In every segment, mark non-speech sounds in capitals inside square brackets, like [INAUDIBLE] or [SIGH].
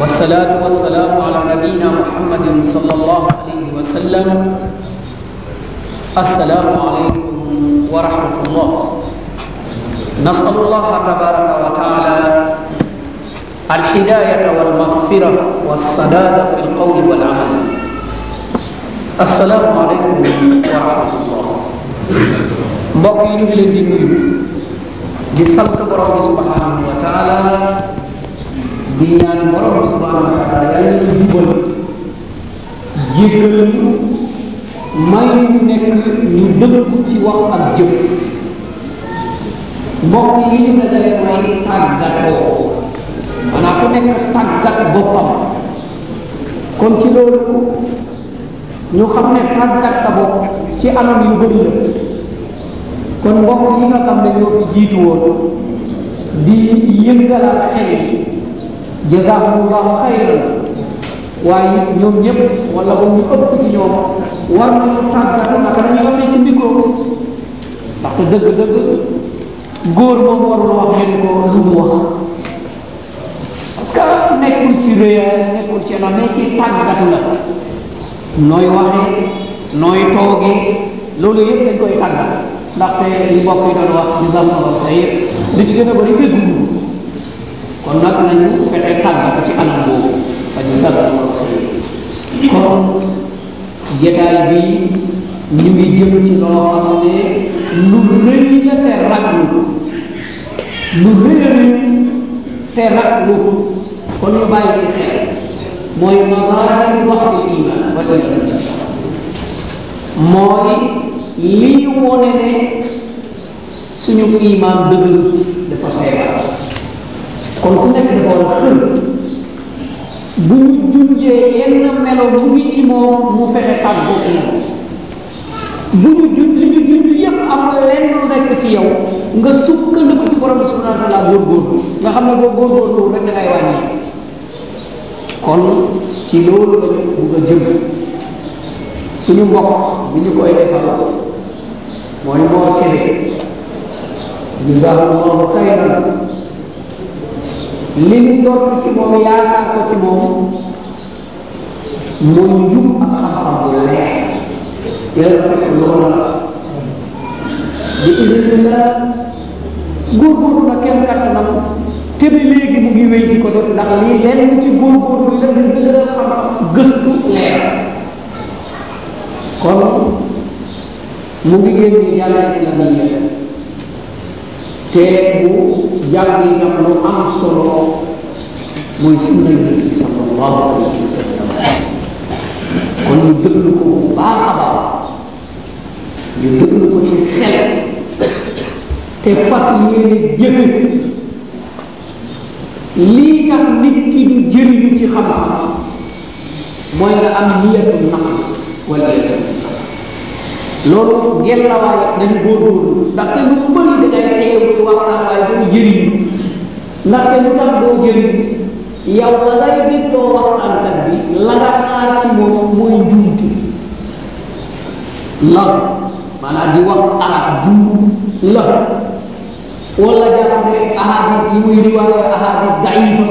والصلاة والسلام على نبينا محمد صلى الله عليه وسلم السلام عليكم ورحمة الله نسأل الله تبارك وتعالى الهداية والمغفرة والسداد في القول والعمل السلام عليكم ورحمة الله mbokk yi ñu ngi leen di nuyu di sant borom bi subhanahu wa taala di ñaan borom bi subhanahu wa taala yàlla ñu jubal jéggal ñu may nekk ñu dëgg ci wax ak jëf mbokk yi ñu dajale mooy tàggatoo maanaam ku nekk tàggat boppam kon ci loolu ñu xam ne tàggat sa bopp ci anam yu bëri la kon mbokk yi nga xam ne ñoo fi jiitu woon di yëngalaat xel yi jazakumullahu xayran waaye ñoom ñëpp wala ba ñu ëpp ci ñoom war nañu tàggatu naka la ñu amee ci micro ndaxte dëgg-dëgg góor moom warul wax ko lu mu wax parce que nekkul ci réer nekkul ci la mais ci tàggatu la nooy waxee nooy toogee loolu yëpp dañ koy tàggat ndaxte li mbokk yi wax di nga xam ne li ci gën a bëri dégg kon nag nañu fexe tàggatu ci anam boobu dañu sàggal kon jotaay bi ñu ngi jëm ci loo xam ne lu rëy la te raglu lu rëy la te raglu kon ñu bàyyi ci xel mooy mabaari waxtu iman wa mooy lii wone ne suñu iman dëgg dafa feebar kon ku nekk dafa war a xër bu ñu junjee yenn melo bu ngi ci moom mu fexe tàggu ci bu ñu junj li ñu junj yëpp am lenn lu nekk yow nga sukkandiku ci borom subhanahu wa nga xam ne boo góorgóorlu rek da ngay wàññi kon ci loolu la ñu bugg a jëm suñu mbokk bi ñu koy defal mooy moo kene jazakallahu xayran li ñu doon ci moom yaakaar ko ci moom mooy njub ak xam-xam bu leer yàlla dafa fekk loolu la di indi la góorgóorlu na kenn kattanam te ba léegi mu ngi wéy di ko def ndax lii lenn ci góorgóorlu la di gën a xam gëstu leer kon mu ngi génn yàlla islamiya téere bu jàngi ñam lu am solo mooy sunna yi sallallahu alayhi wa sallam kon ñu déglu ko baax a baax ñu déglu ko ci xel te fas yéene jëfe lii tax nit ki du jëriñu ci xam-xam mooy nga am niyatu naql loolu ngelawaay nañu góorgóorlu ndaxte lu bëri da ngay teew di waxtaan waaye du jëriñ ndaxte lu tax doo jëriñ yow la ngay dégloo waxtaankat bi la nga xaar ci moom mooy njuumte la maanaam di wax arab juum la wala jàpp ne ahadis yi muy riwaaya ahadis daifa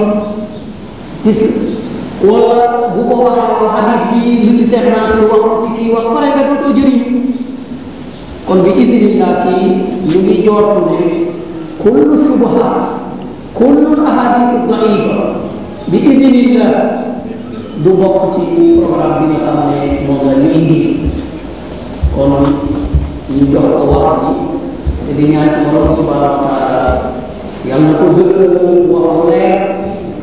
wala bu ko waxee hadis bi lu ci seet naa si wax ci kii wax pare nga dootoo jëriñu kon bi idinillah kii ñu ngi joortu ne kullu subha kullu ahadis daifa bi idinillah du bokk ci programme bi nga xam ne moom la ñu indi kon ñu jox ko wax bi te di ñaan ci borom subhanahu wa taala yàlla na ko dëgëral wax leer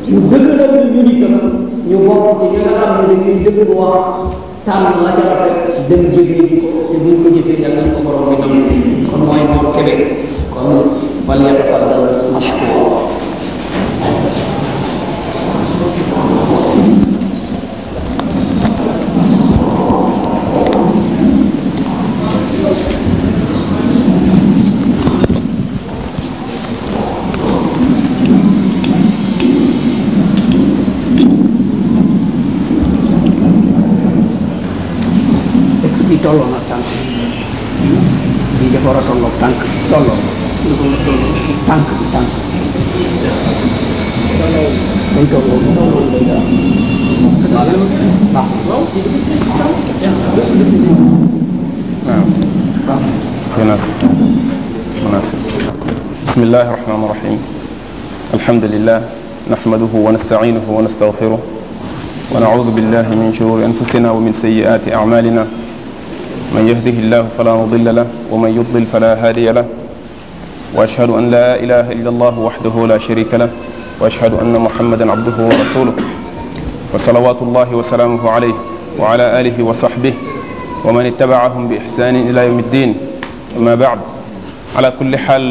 ñu dëgëral ñu ni ñu bokk ci ñi nga xam ne dañuy dëgg wax tànn la ca rafet dem jëfee ji ko te buñ ko jëfee yàlla ko borom bi nam kon mooy moom Québec kon bal yatafaddal mashkour waaw munaasib munaasib bismillahi rahmaani rahim alhamdulilah nahmaduhu wa nastaciinuhu wa nastagfiruh wa nacuudu billahi min shururi anfusina wa min sayyiaati acmaalina man yahdihi llahu fala mudilla lah wa man yudlil fala haadiya lah wa ashhadu an la ilaha illa allah waxdahu la sharika lah واشهد ان محمدا عبده ورسوله وصلوات الله وسلامه عليه وعلى اله وصحبه ومن اتبعهم باحسان الى يوم الدين اما بعد على كل حال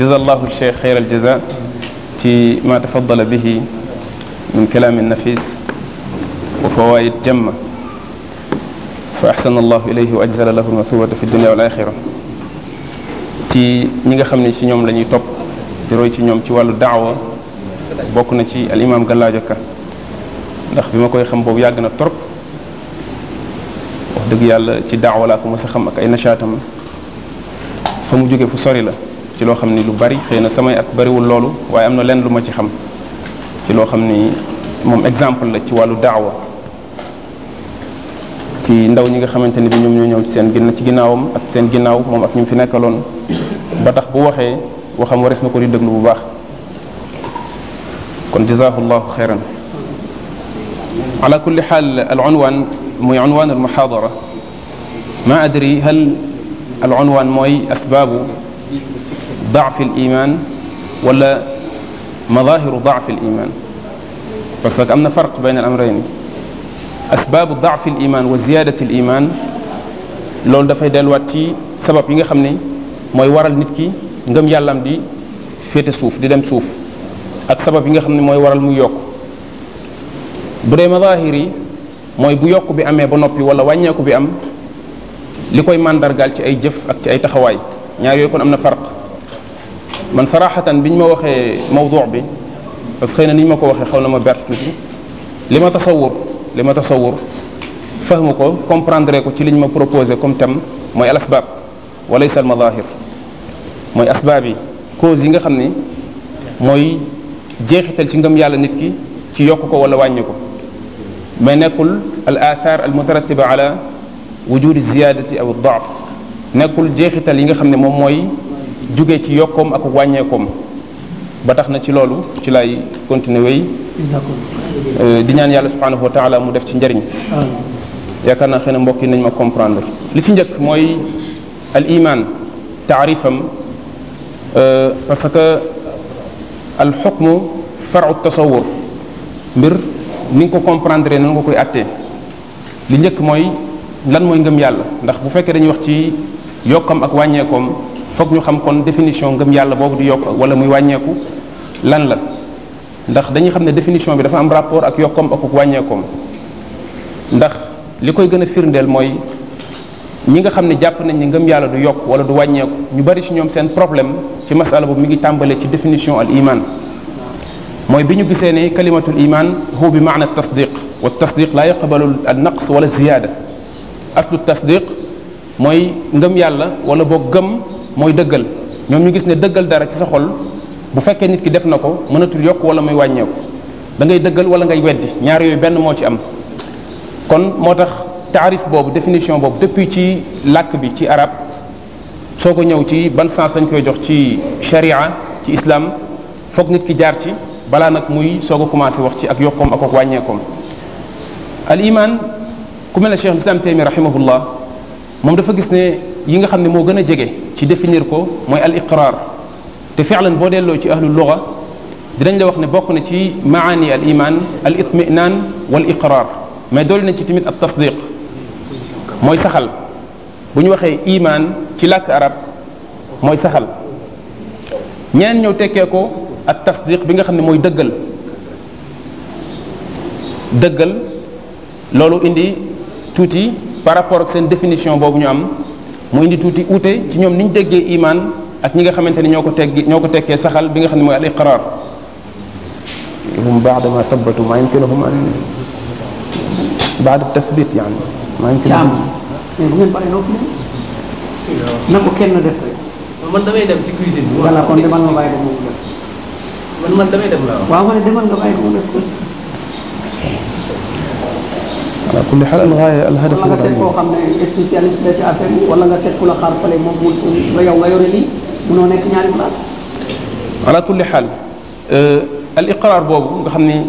جزا الله الشيخ خير الجزاء في ما تفضل به من كلام نفيس وفوائد جمه فأxsan allahu ilayhi wa ajzala lahu almathubata fi dunia wal axira ci ñi nga xam ne ci ñoom la ñuy topp di roy ci ñoom ci wàllu daawa bokk na ci al imam Gallaajo Ka ndax bi ma koy xam boobu yàgg na torop wax dëgg yàlla ci daawa laa ko ma a xam ak ay nachaatam fa mu jógee fu sori la ci loo xam ni lu bari xëy na samay at bariwul loolu waaye am na leen lu ma ci xam ci loo xam ni moom exemple la ci wàllu daawa ci ndaw ñi nga xamante ni bi ñoom ñoo ñëw ci seen ginn ci ginnaawam ak seen ginnaaw moom ak ñu fi nekkaloon ba tax bu waxee waxam wares na ko di déglu bu baax kon jazaahullahu xeyran ala kulli xaal al unwaan muy unwaan al muxaadara ma adri hal al unwaan mooy asbaabu daaf al iman wala madaahiru daaf al iman parce que am na farq bayn al amrayn asbaabu daaf al iman wa ziyaadati al iman loolu dafay delluwaat ci sabab yi nga xam ne mooy waral nit ki ngëm yàllam di féete suuf di dem suuf ak sabab yi nga xam ne mooy waral mu yokk bu dee mazahir yi mooy bu yokk bi amee ba noppi wala wàññeeku bi am li koy màndargaal ci ay jëf ak ci ay taxawaay ñaar yooyu kon am na farq man saraxatan bi ñu ma waxee mawduu bi parce xëy na ni ñu ma ko waxee xaw na ma bert tuuti li ma tasawur li ma tasawur fahmu ko comprendre ko ci li ñu ma proposé comme thème mooy al asbab walaysa al mazahir mooy asbaab yi cause yi nga xam ne mooy jeexital ci ngëm yàlla nit ki ci yokk ko wala wàññi ko mais nekkul al athar al mutarattiba ala wujudi ziyadati aw daaf nekkul jeexital yi nga xam ne moom mooy jóge ci yokkoom ak wàññeekoom ba tax na ci loolu ci lay continuer wéy euh, di ñaan yàlla subhanahu wa taala mu def ci njariñ yaakaar naa xëy na mbokk nañ ma comprendre li ci njëkk mooy al iman taarifam Euh, parce que al xukmu faru tasawur mbir ni nga ko comprendre nan nga koy attee li njëkk mooy lan mooy ngëm yàlla ndax bu fekkee dañuy wax ci yokkam ak wàññeekoom foog ñu xam kon définition ngëm yàlla boobu di yokk wala muy wàññeeku lan la ndax dañuy xam ne définition bi dafa am rapport ak yokkam ak wàññeekoom ndax li koy gën a firndeel mooy ñi nga xam ne jàpp nañ ni ngëm yàlla du yokk wala du wàññeeku ñu bari ci ñoom seen problème ci masala bu mi ngi tàmbalee ci définition al iman mooy bi ñu gisee ne kalimatul imaan hu bi maana tasdiq wa tasdiq laa yaqbalu al naqs wala ziyaada aslu tasdiq mooy ngëm yàlla wala boog gëm mooy dëggal ñoom ñu gis ne dëggal dara ci sa xol bu fekkee nit ki def na ko mënatul yokk wala muy wàññeeku da ngay dëggal wala ngay weddi ñaar yooyu benn moo ci am taarif boobu définition boobu depuis ci làkk bi ci arab soo ko ñëw ci ban sens dañ koy jox ci sharia ci islaam foog nit ki jaar ci balaa nag muy soog a commencé wax ci ak yokkoom ak ak wàññeekoom al iman ku mel ne cheikh lislam taymi rahimahullah moom dafa gis ne yi nga xam ne moo gën a jege ci définir ko mooy al iqrar te fi'lan boo delloo ci ahlul lugha dinañ la wax ne bokk na ci maani al iman al itminan wal iqrar mais doolu nañ ci tamit al tasdiq mooy saxal bu ñu waxee imaan ci làkk arab mooy saxal ñeen ñëw tekkee ko ak tasdiq bi nga xam ne mooy dëggal dëggal loolu indi tuuti par rapport ak seen définition boobu ñu am mu indi tuuti uute ci ñoom ni ñu déggee imaan ak ñi nga xamante ni ñoo ko teggi ñoo ko tekkee saxal bi nga xam ne mooy al iqrar hum baada ma thabatu ma yumkinuhum an baada tasbit yani caam mais bu ngeen paree noo fi na ko kenn def rek. man damay dem ci bi. voilà kon demal nga bàyyi ko moom def. la waaw ma ne nga bàyyi ko moom def ko. ala kulli xam ne spécialiste la ci affaire yi wala nga seet ku la xaar fële moom mu yow nga yore lii munoo nekk ñaari place. ala kulli xaal eh, al iqraar boobu nga xam ne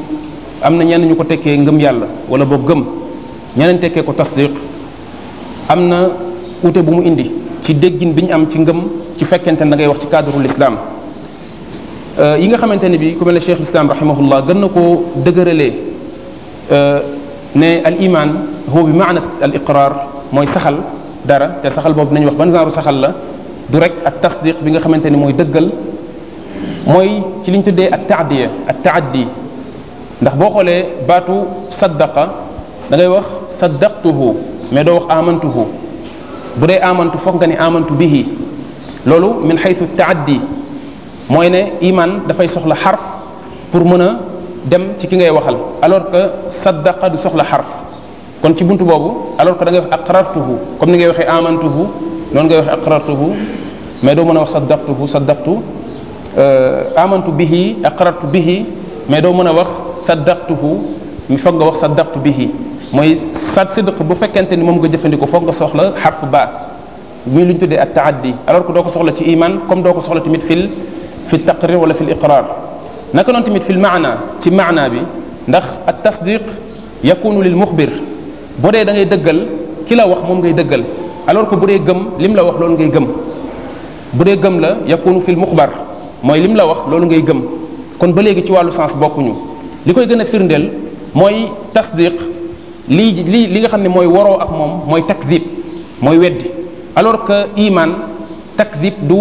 am na ñenn ñu ko tekkee ngëm yàlla wala boobu gëm. ñeneen tekkee ko tasdiq am na uute bu mu indi ci déggin bi ñu am ci ngëm ci fekkente ne da ngay wax ci cadre l'islam euh, yi nga xamante ne bi ku mel ne cheikh l'islam gën na koo dëgëralee euh, ne al iman huwa bi maana al mooy saxal dara te saxal boobu nañu wax ban genre saxal la du rek ak tasdiq bi nga xamante ni mooy dëggal mooy ci liñ tuddee ak taadiya ak taaddi ndax boo xoolee baatu saddaqa da ngay wax saddaqtuhu mais doo wax amantuhu bu dee amantu foog nga ni amantu bihi loolu min xaytu taaddi mooy ne iman dafay soxla xarf pour mën a dem ci ki ngay waxal alors que saddaqa du soxla xarf kon ci bunt boobu alors que da ngay wax aqrartuhu comme ni ngay waxee amantuhu noonu ngay waxee aqrartuhu mais doo mën a wax saddaqtuhu saddaqtu euh, amantu bihi aqrartu bihi mais doo mën a wax saddaqtuhu mi foog nga wax sa bi bihi mooy sa sidq bu fekkente ni moom nga jëfandikoo foog nga soxla xarf ba muy lu ñu tuddee ak taaddi alors doo ko soxla ci iman comme doo ko soxla tamit fil fi taqrir wala fil iqrar naka noonu tamit fil maana ci maana bi ndax ak tasdiq yakunu lil muxbir bu dee da dëggal ki la wax moom ngay dëggal alors que bu dee gëm lim la wax loolu ngay gëm bu dee gëm la yakunu fil muxbar mooy lim la wax loolu ngay gëm kon ba léegi ci wàllu sens bokkuñu li koy gën a firndeel mooy tasdiq lii lii li nga xam ne mooy waroo ak moom mooy takdib mooy weddi alors que iman takdib du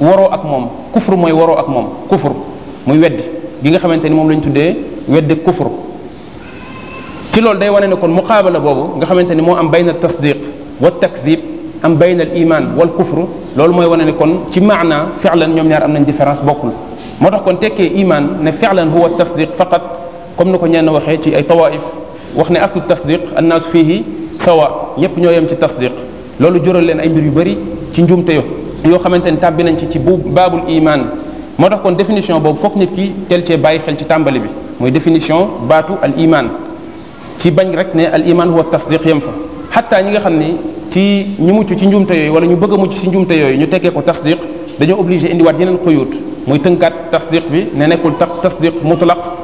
waroo ak moom kufur mooy waroo ak moom kufur muy weddi bi nga xamante ni moom lañ tuddee weddi kufur ci loolu day wane ne kon muqaabala boobu nga xamante ni moo am bayna tasdiq wa takdib am bayna al iman wal kufru loolu mooy wane ne kon ci maana fi'lan ñoom ñaar am nañ différence bokkul moo tax kon tekkee iman ne fi'lan huwa tasdiq faqat comme ni ko ñeen waxee ci ay tawaif wax ne aslu tasdiq annaas fiihi sawa ñëpp ñoo yem ci tasdiq loolu jural leen ay mbir yu bëri ci njuumte yo yoo xamante ni tàbbi nañ ci ci bu baabul iman moo tax kon définition boobu foog nit ki tel cee bàyyi xel ci tàmbali bi mooy définition baatu al imaan ci bañ rek ne al iman huwa tasdiq yem fa xataa ñi nga xam ni ci ñu mucc ci njuumte yooyu wala ñu bëgg mucc ci njuumte yooyu ñu tekkee ko tasdiq dañoo obligé indiwaat yeneen xuyuut muy tënkaat tasdiq bi ne nekkul tasdiq mutlaq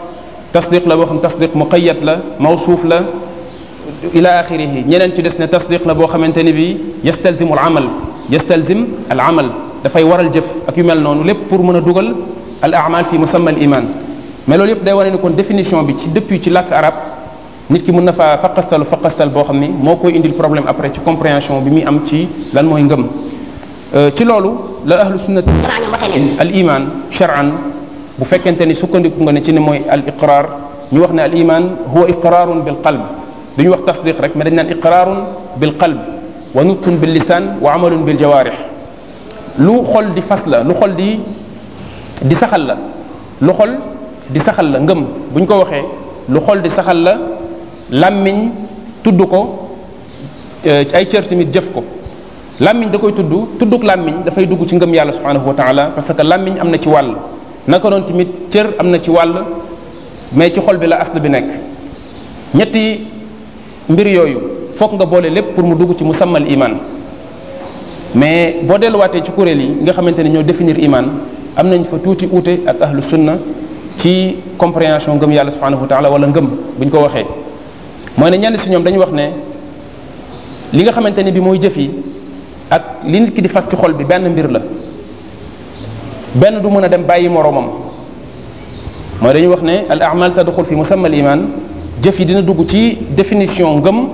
tasdiq la boo xam tasdiq muqayyad la mawsuuf la ila axirihi ñeneen ci des ne tasdiq la boo xamante ni bi yastalzimu al amal yastalzim al amal dafay waral jëf ak yu mel noonu lépp pour mën a dugal al amal fi musamma al iman mais loolu yëpp day wane ni kon définition bi ci depuis ci làkk arab nit ki mun na faa faqastalu faqastal boo xam ni moo koy indil problème après ci compréhension bi muy am ci lan mooy ngëm euh, ci loolu la ahlu sunnati al iman charan bu fekkente ni sukkandiku nga ne ci ne mooy al iqraar ñu wax ne al iman huwa iqraarun bil qalb du ñu wax tasdiq rek mais dañ naan iqraarun bil qalb wa nutqun bil lisaan wa amalun bil jawaarix lu di fas la lu di di saxal la lu di saxal la ngëm bu ko waxee lu xol di saxal la làmmiñ tudd ko eh, ay cër tamit jëf ko làmmiñ da koy tudd tudduk làmmiñ dafay dugg ci ngëm yàlla subhanahu wa taala parce que làmmiñ am na ci wàll naka noonu tamit cër am na ci wàll mais ci xol bi la asl bi nekk ñetti mbir yooyu foog nga boole lépp pour mu dugg ci mu musammal imaan mais boo delluwaatee ci kuréel yi nga xamante ne ñoo définir imaan am nañ fa tuuti uute ak ahlu sunna ci compréhension ngëm yàlla subhanahu wa taala wala ngëm bu ñu ko waxee mooy ne ñenn si ñoom dañu wax ne li nga xamante ne bi mooy jëf yi ak li nit ki di fas ci xol bi benn mbir la benn du mën a dem bàyyi moroomam mooy dañuy wax ne al amal tadxul fi musamma al iman jëf yi dina dugg ci définition ngëm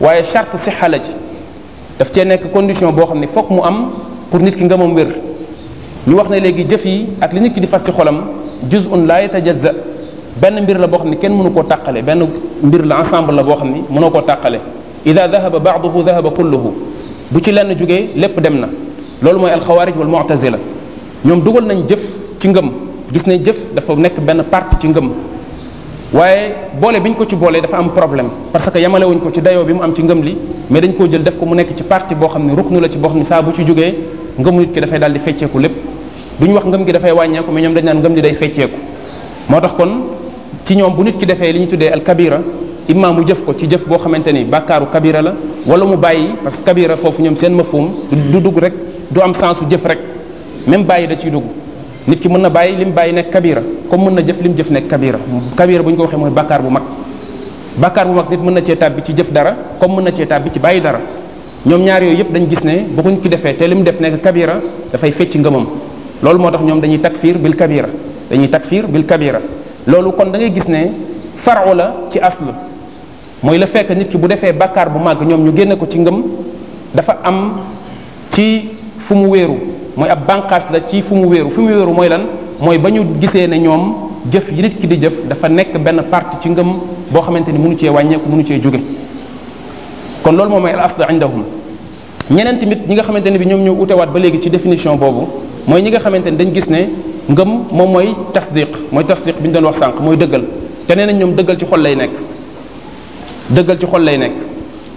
waaye charte si xala ji daf cee nekk condition boo xam ne fokk mu am pour nit ki ngëmam wér ñu wax ne léegi jëf yi ak li nit ki di fas ci xolam juz'un la yatajazza benn mbir la boo xam ne kenn mënu koo tàqale benn mbir la ensemble la boo xam ni mënoo koo tàqale ida dahaba baaduhu dahaba kulluhu bu ci lenn jógee lépp dem na loolu mooy alxawaarij wal mu'tazila ñoom dugal nañ jëf ci ngëm gis nañ jëf dafa nekk benn partie ci ngëm waaye boole bi ñu ko ci boolee dafa am problème parce que yamale ko ci dayoo bi mu am ci ngëm li mais dañ koo jël def ko mu nekk ci partie boo xam ne ruknu la ci boo xam ne saa bu ci jógee ngëmu nit ki dafay daal di fecceeku lépp ñu wax ngëm gi dafay wàññeeku mais ñoom dañ naan ngëm li day fecceeku moo tax kon ci ñoom bu nit ki defee li ñu tuddee al kabira imma mu jëf ko ci jëf boo xamante ni bàkkaaru kabira la wala mu bàyyi parce que kabira foofu ñoom seen mafhum du dugg rek du am sensu jëf rek même bàyyi da ciy dugg nit ki mën na bàyyi li mu bàyyi nekk kabira comme mën na jëf lim jëf nekk kabira kabira bu ñu ko waxee mooy bàkkaar bu mag bàkkaar bu mag nit mën na cee tàbbi ci jëf dara comme mën na cee tàbbi ci bàyyi dara ñoom ñaar yooyu yëpp dañ gis ne bu kuñ ki defee te lim def nekk kabira dafay fecci ngëmam loolu moo tax ñoom dañuy takfir bil kabira dañuy takfir bil kabira loolu kon da gis ne faru la ci asl mooy la fekk nit ki bu defee bàkkaar bu màgg ñoom ñu génn ko ci ngëm dafa am ci fu mu wéeru mooy ab bànqaas la ci fu mu wéeru fu mu wéeru mooy lan mooy ba ñu gisee ne ñoom jëf yi nit ki di jëf dafa nekk benn parti ci ngëm boo xamante ni mu mënu cee wàññeeku mënu cee jóge kon loolu moom mooy al asl indahum ñeneen tamit ñi nga xamante ne bi ñoom ñoo utewaat ba léegi ci définition boobu mooy ñi nga xamante ni dañ gis ne ngëm moom mooy tasdiq mooy tasdiq bi ñu doon wax sànq mooy dëggal te nee nañ ñoom dëggal ci xol lay nekk dëggal ci xol lay nekk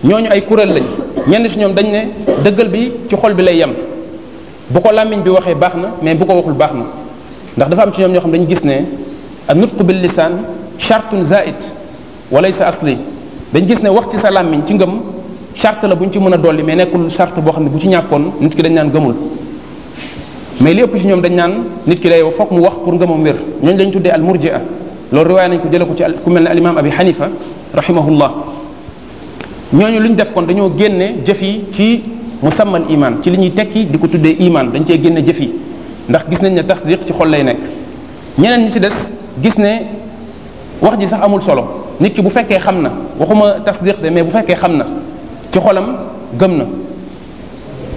ñooñu ay kuréel lañ ñenn si ñoom dañ ne dëggal bi ci xol bi lay yem bu ko làmmiñ bi waxee baax na mais bu ko waxul baax na ndax dafa am ci ñoom ñoo xam dañu gis ne ak nutqu bil lisaan chartun zaid walaysa asli dañ gis ne wax ci sa làmmiñ ci ngëm charte la bu ñu ci mën a dolli mais nekkul charte boo xam ne bu ci ñàkkoon nit ki dañ naan gëmul mais li ëpp ci ñoom dañ naan nit ki day foog mu wax pour ngëmam wér ñooñu lañ tuddee al murjia loolu riwaay nañ ko jële ko ku mel ne al imam abi xanifa rahimahullah ñooñu lu ñu def kon dañoo génne jëf yi ci musamman iman ci li ñuy tekki di ko tuddee imaan dañ cee génne jëf yi ndax gis nañ ne tasdiq ci xol lay nekk ñeneen ñu ci des gis ne wax ji sax amul solo nit ki bu fekkee xam na waxuma tasdiq de mais bu fekkee xam na ci xolam gëm na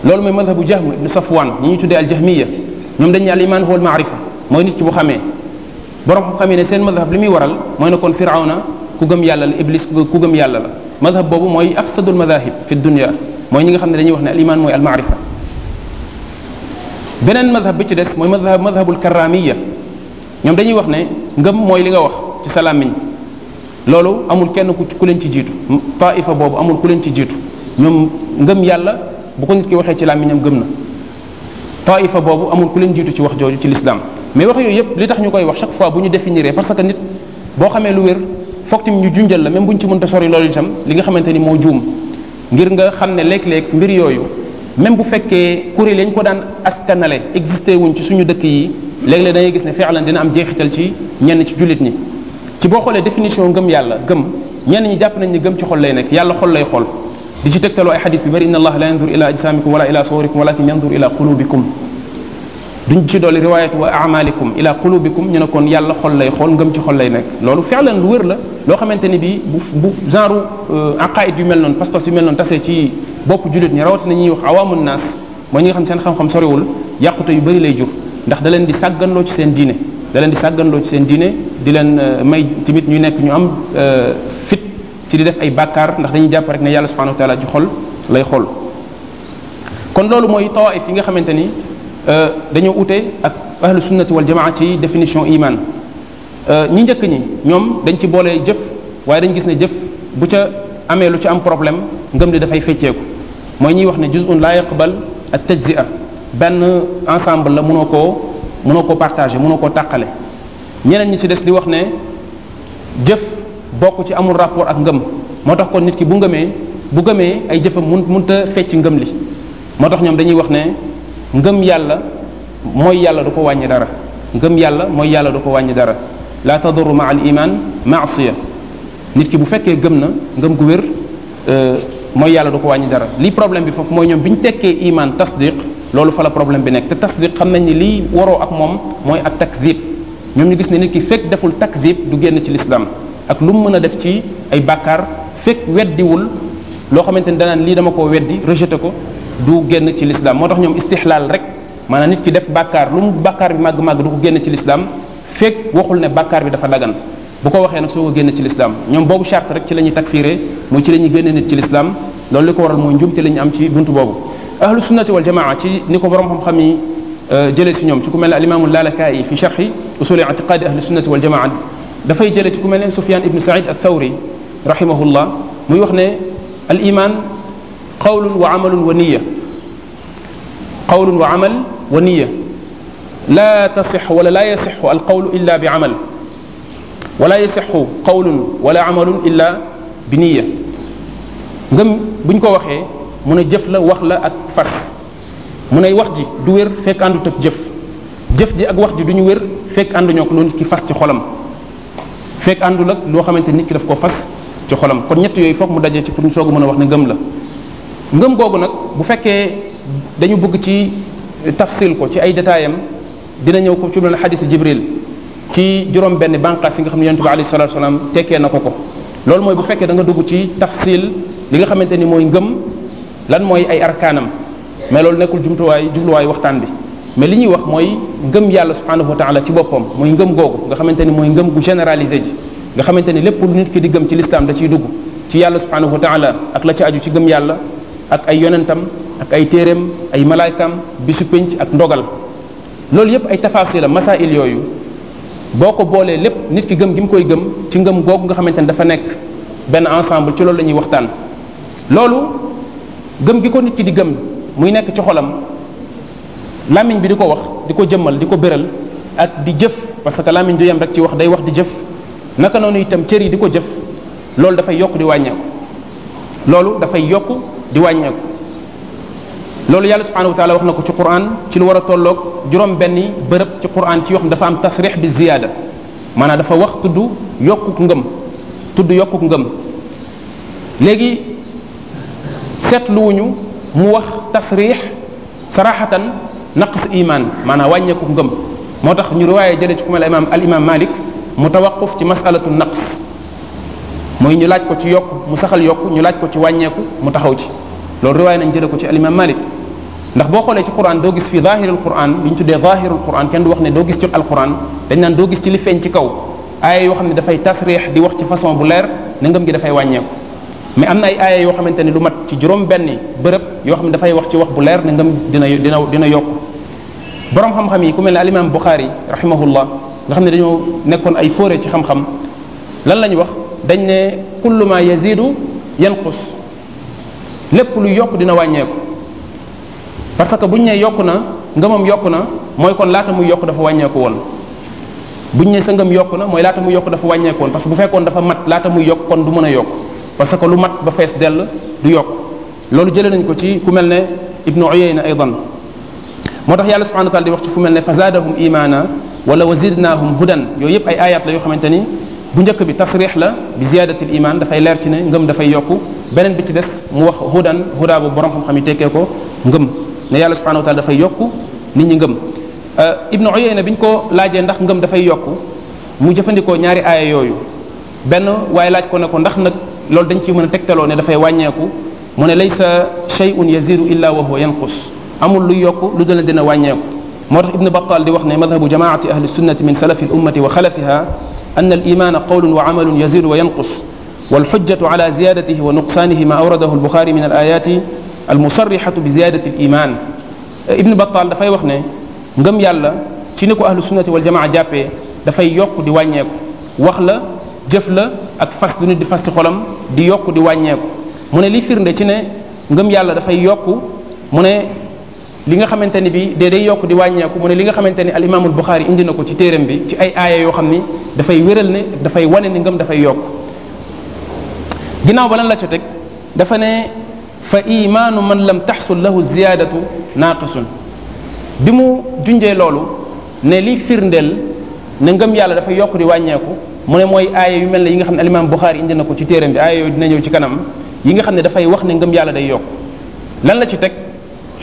loolu mooy madhabu jahm ibn safwan ñi ñu tuddee al jahmiya ñoom dañ ne al iman huwa al maarifa mooy nit ki bu xamee borom xam xamee ne seen madhab li muy waral mooy ne kon firawna ku gëm yàlla la iblis ku gëm yàlla la madhab boobu mooy afsadul madahib fi dunya mooy ñi nga xam ne dañuy wax ne al mooy al beneen madhab bi ci des mooy madhab madhabul karamiya ñoom dañuy wax ne ngëm mooy li nga wax ci sa làmmiñ loolu amul kenn ku leen ci jiitu taifa boobu amul ku leen ci jiitu ñoom ngëm yàlla bu ko nit ki waxee ci gëm na taifa wax jooju ci l'islam mais wax yooyu yëpp li tax ñu koy wax chaque fois bu ñu définiree parce que nit boo xamee lu wér foog tamit ñu junjal la même bu ñu ci mënta sori loolu itam li nga xamante ni moo juum ngir nga xam ne léeg-léeg mbir yooyu même bu fekkee kuréel yañ ko daan askanale existé wuñ ci suñu dëkk yi léeg-léeg da gis ne fi'lan dina am jeexital ci ñenn ci jullit ñi ci boo xoolee définition ngëm yàlla gëm ñenn ñi jàpp nañ ne gëm ci xol lay nekk yàlla xol lay xool di ci tegtaloo ay xadis yu bëri inna allah la yanzur ila ajsamikum wala ila suwarikum walakin yanzur ila qulubikum duñ ci dolli riwayat wa amalikum ila qulubikum ñu ne kon yàlla xol lay xool ngëm ci xol lay nekk la loo xamante ni bi bu bu genre euh, aqaid yu mel noonu pas-pas yu mel noonu tasee ci bopp jullit ñi na ñuy wax awaamun naas mooy ñi nga xam seen xam-xam soriwul yàqute yu bëri lay jur ndax da leen di sàgganloo ci seen diine daleen di sàgganloo ci seen diine di leen euh, may tamit ñu nekk ñu am euh, fit ci di def ay bàkkaar ndax dañuy jàpp rek na yàlla subhanahu wa taala ci xol lay xol loolu mooy tawaif yi nga xamante ni dañoo ute ak ahlu sunnati wal jamaa ci définition imaan Euh, ñi njëkk ñi ñoom dañ ci boole jëf waaye dañ gis ne jëf bu ca amee lu ci am problème ngëm li dafay fecceeku mooy ñuy wax ne juz'un la yaqbal at tajzia benn ensemble la mun koo mënoo koo mun mënoo koo tàqale ñeneen ñi ci des di wax ne jëf bokk ci amul rapport ak ngëm moo tax ko nit ki bu ngëmee bu gëmee ay jëfam mun munta fecc ngëm li moo tax ñoom dañuy wax ne ngëm yàlla mooy yàlla du ko wàññi dara ngëm yàlla mooy yàlla du ko wàññi dara la tadurru ma al iman maasiya nit ki bu fekkee gëm na ngëm gu wér euh, mooy yàlla du ko wàññi dara li problème bi foofu mooy ñoom bi ñu tekkee imaan tasdiq loolu fa la problème bi nekk te tasdiq xam nañ ni lii waroo ak moom mooy takk takdib ñoom ñu gis ne nit ki fekk deful takk takdib du génn ci l'islam ak lu mu mën a def ci ay bàkkaar fekk weddiwul loo xamante ne danaan lii dama koo weddi rejeté ko du génn ci l'islam moo tax ñoom istixlaal rek maanaam nit ki def bàkkaar mu bàkkaar bi màgg-màgg du génn ci l'islam fekk waxul ne bàkkaar bi dafa dagan bu ko waxee nag soo ko génne ci lislaam ñoom boobu charte rek ci la ñuy takfiire muy ci la ñuy génne nit ci lislaam loolu li ko waral mooy njumte la ñu am ci buntu boobu ahlu sunnati wal jamaa ci ni ko borom xam-xam euh, si ñoom ci ku mel ne alimamu laalakaayi fi charxi usuli itiqaadi ahlu sunnati wal jamaa dafay jëlee ci ku mel ne sufyan ibnu said althawri rahimahullah muy wax ne al imaan qawlun wa amalun wa niya qawlun wa amal wa niya la tasixu wala laa yasixu alqawlu illa bi amal wala yasixu qawlun wala amalun illa bi niya ngëm buñ ko waxee mu ne jëf la wax la ak fas mu ne wax ji du wér fekk àndut ak jëf jëf ji ak wax ji du ñu wér fekk ànduñoo ko loolu ki fas ci xolam fekk àndul ak loo xamante nit ki daf ko fas ci xolam kon ñett yooyu foog mu dajee ci pour ñu soog a mën a wax ne ngëm la ngëm googu nag bu fekkee dañu bugg ci tafsil ko ci ay détails dina ñëw ko ci mel ne xadisu jibril ci juróom benn bànqaas yi nga xam ne yonente bi alayhi salatu wasalaam tekkee na ko ko loolu mooy bu fekkee danga nga dugg ci tafsil li nga xamante ni mooy ngëm lan mooy ay arkaanam mais loolu nekkul jumtuwaay jubluwaay waxtaan bi mais li ñuy wax mooy ngëm yàlla subhanahu wa taala ci boppam mooy ngëm googu nga xamante ni mooy ngëm gu généralisé ji nga xamante ni lépp lu nit ki di gëm ci lislaam da ciy dugg ci yàlla subhanahu wa taala ak la ci aju ci gëm yàlla ak ay yonentam ak ay téeréem ay malaaykaam bisu pénc ak ndogal loolu yépp ay tafasil la masail yooyu boo ko boolee lépp nit ki gëm gi mu koy gëm ci ngëm googu nga xamante ne dafa nekk benn ensemble ci loolu la ñuy waxtaan loolu gëm gi ko nit ki di gëm muy nekk ci xolam làmmiñ bi di ko wax di ko jëmmal di ko bëral ak di jëf parce que làmmiñ du yem rek ci wax day wax di jëf naka noonu itam cër yi di ko jëf loolu dafay yokk di wàññeeku loolu dafay yokk di wàññeeku loolu yàlla subhanahu wa taala wax na ko ci quran ci lu war a tollook juróom benni bërëb ci quran ci yoo xam dafa am tasrix bi ziyaada maanaa dafa wax tudd yokkuk ngëm tudd yokkuk ngëm léegi seetluwuñu mu wax tasrix saraxatan naqs imaan maanaam wàññeekuk ngëm moo tax ñu riwaaye jëlee ci ku mel imam al imam malik mu tawaquf ci masalatu naqs mooy ñu laaj ko ci yokk mu saxal yokk ñu laaj ko ci wàññeeku mu taxaw ci loolu riwaay nañ jële ko ci al malik ndax boo xoolee ci quran doo gis fi zahirul quran li ñu tuddee zahirul quran kenn du wax ne doo gis ci alquran dañ naan doo gis ci li feeñ ci kaw aaya yoo xam ne dafay tasriix di wax ci façon bu leer na ngëm gi dafay wàññeeku mais am na ay aaya yoo xamante ni lu mat ci juróom benni bërëb yoo xam ne dafay wax ci wax bu leer na ngëm dina dina dina yokku borom xam-xam yi ku mel ne alimam Buxaari rahimahullah nga xam ne dañoo nekkoon ay fóore ci xam-xam lan la ñu wax dañ ne kullu ma yazidu yanqus lépp lu yokk dina wàññeeku parce que buñ ne yokk na ngëmam yokk na mooy kon laata muy yokk dafa wàññeeku woon buñ ne sa ngëm yokk na mooy laata muy yokk dafa wàññeeku woon parce que bu fekkoon dafa mat laata muy yokk kon du mën a yokk parce que lu mat ba fees dell du yokk loolu jëlee nañ ko ci ku mel ne ibnu uyayna aydan moo tax yàlla subhanahu wa taala di wax ci fu mel ne fa zaadahum imaana wala wa zidnaahum hudan yooyu yëpp ay ayat la yoo xamante ni bu njëkk bi tasrix la bi ziyadatil iman dafay leer ci ne ngëm dafay yokku beneen bi ci des mu wax hudan hudaa bu borom xam-xam yi tekkee ko ngëm ne yàlla subhanahu wa taala dafay yokk nit ñi ngëm euh, ibnu Uyayna bi ñu laajee ndax ngëm dafay yokk mu jëfandikoo ñaari aaya yooyu ben waaye laaj ko ne ko ndax nag loolu dañ ci mën a tegtaloo ne dafay wàññeeku mu ne laysa shay'un yaziru illa wa huwa yanqus amul luy yokk lu dana dina wàññeeku moo tax ibnu Battal di wax ne ma jamaati ahli sunnati min salafi al ummati wa xalafiha an al imaana qawlun wa amalun yaziru wa yanqus wal xujjatu ala ziyadatihi wa nuqsaanihi ma awradahu al buxaari min al ayaati al musarrihatu bi ziyadati al iman ibnu battal dafay wax ne ngëm yàlla ci ni ko ahlu sunnati wal jamaa jàppee dafay yokk di wàññeeku wax la jëf la ak fas lu nit di fas ci xolam di yokk di wàññeeku mu ne li firnde ci ne ngëm yàlla dafay yokk mu ne li nga xamante ni bi dee day yokk di wàññeeku mu ne li nga xamante ni al imaamul buxaari indi na ko ci téeram bi ci ay aaya yoo xam ni dafay wéral ne dafay wane ni ngëm dafay yokk ginnaaw ba lan la ca dafa ne fa imaanu man lam tax taxsul lahu ziyaadatu naaqisun bi mu junjee loolu ne li firndeel ne ngëm yàlla dafa yokk di wàññeeku mu ne mooy aaya yu mel ne yi nga xam ne alimaam Buxaari indi na ko ci téeram bi aaya yooyu dina ñëw ci kanam yi nga xam ne dafay wax ne yàlla day yokk lan la ci teg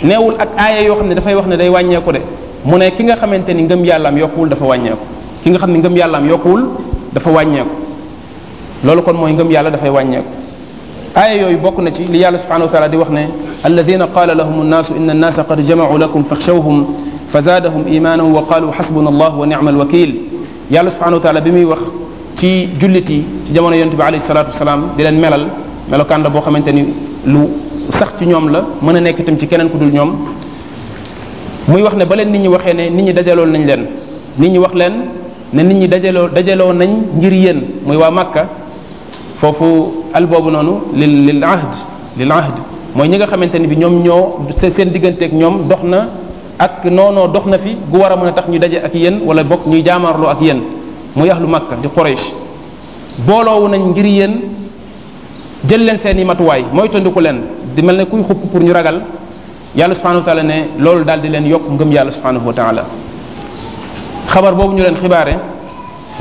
neewul ak aaya yoo xam ne dafay wax ne day wàññeeku de mu ne ki nga xamante ni ngëm yàllaam yokkuwul dafa wàññeeku ki nga xam ne ngëm yàllaam yokkuwul dafa wàññeeku loolu kon mooy ngëm yàlla dafay wàññeeku aaya yooyu bokk na ci li yàlla subhanahu wa taala di wax ne alladina qaala lahum annaasu inna annaasa qad jamacu lakum faxshawhum fa zaadahum imaanahu wa qaalu xasbuna allah wa nicma alwakil yàlla subhanahu wa taala bi muy wax ci jullit yi ci jamono yontu bi alayhi salatu wasalaam di leen melal melokaan boo xamante ni lu sax ci ñoom la mën a nekk itam ci keneen ku dul ñoom muy wax ne ba leen nit ñi waxee ne nit ñi dajaloon nañ leen nit ñi wax leen ne nit ñi dajaloo dajaloo nañ ngir yéen muy waa Màkka foofu àll boobu noonu lil lil ahd lil ahd mooy ñi nga xamante ni bi ñoom ñoo seen diggante ak ñoom dox na ak noonoo dox na fi gu war a mën a tax ñu daje ak yéen wala bokk ñuy jaamaarloo ak yéen mu yaxlu makka di Quraysh booloowu nañ ngir yéen jël leen seen i matuwaay moytandiku leen di mel ne kuy xupp pour ñu ragal yàlla subhanahu wa taala ne loolu daal di leen yokk ngëm yàlla subhanahu wa taala xabar boobu ñu leen xibaare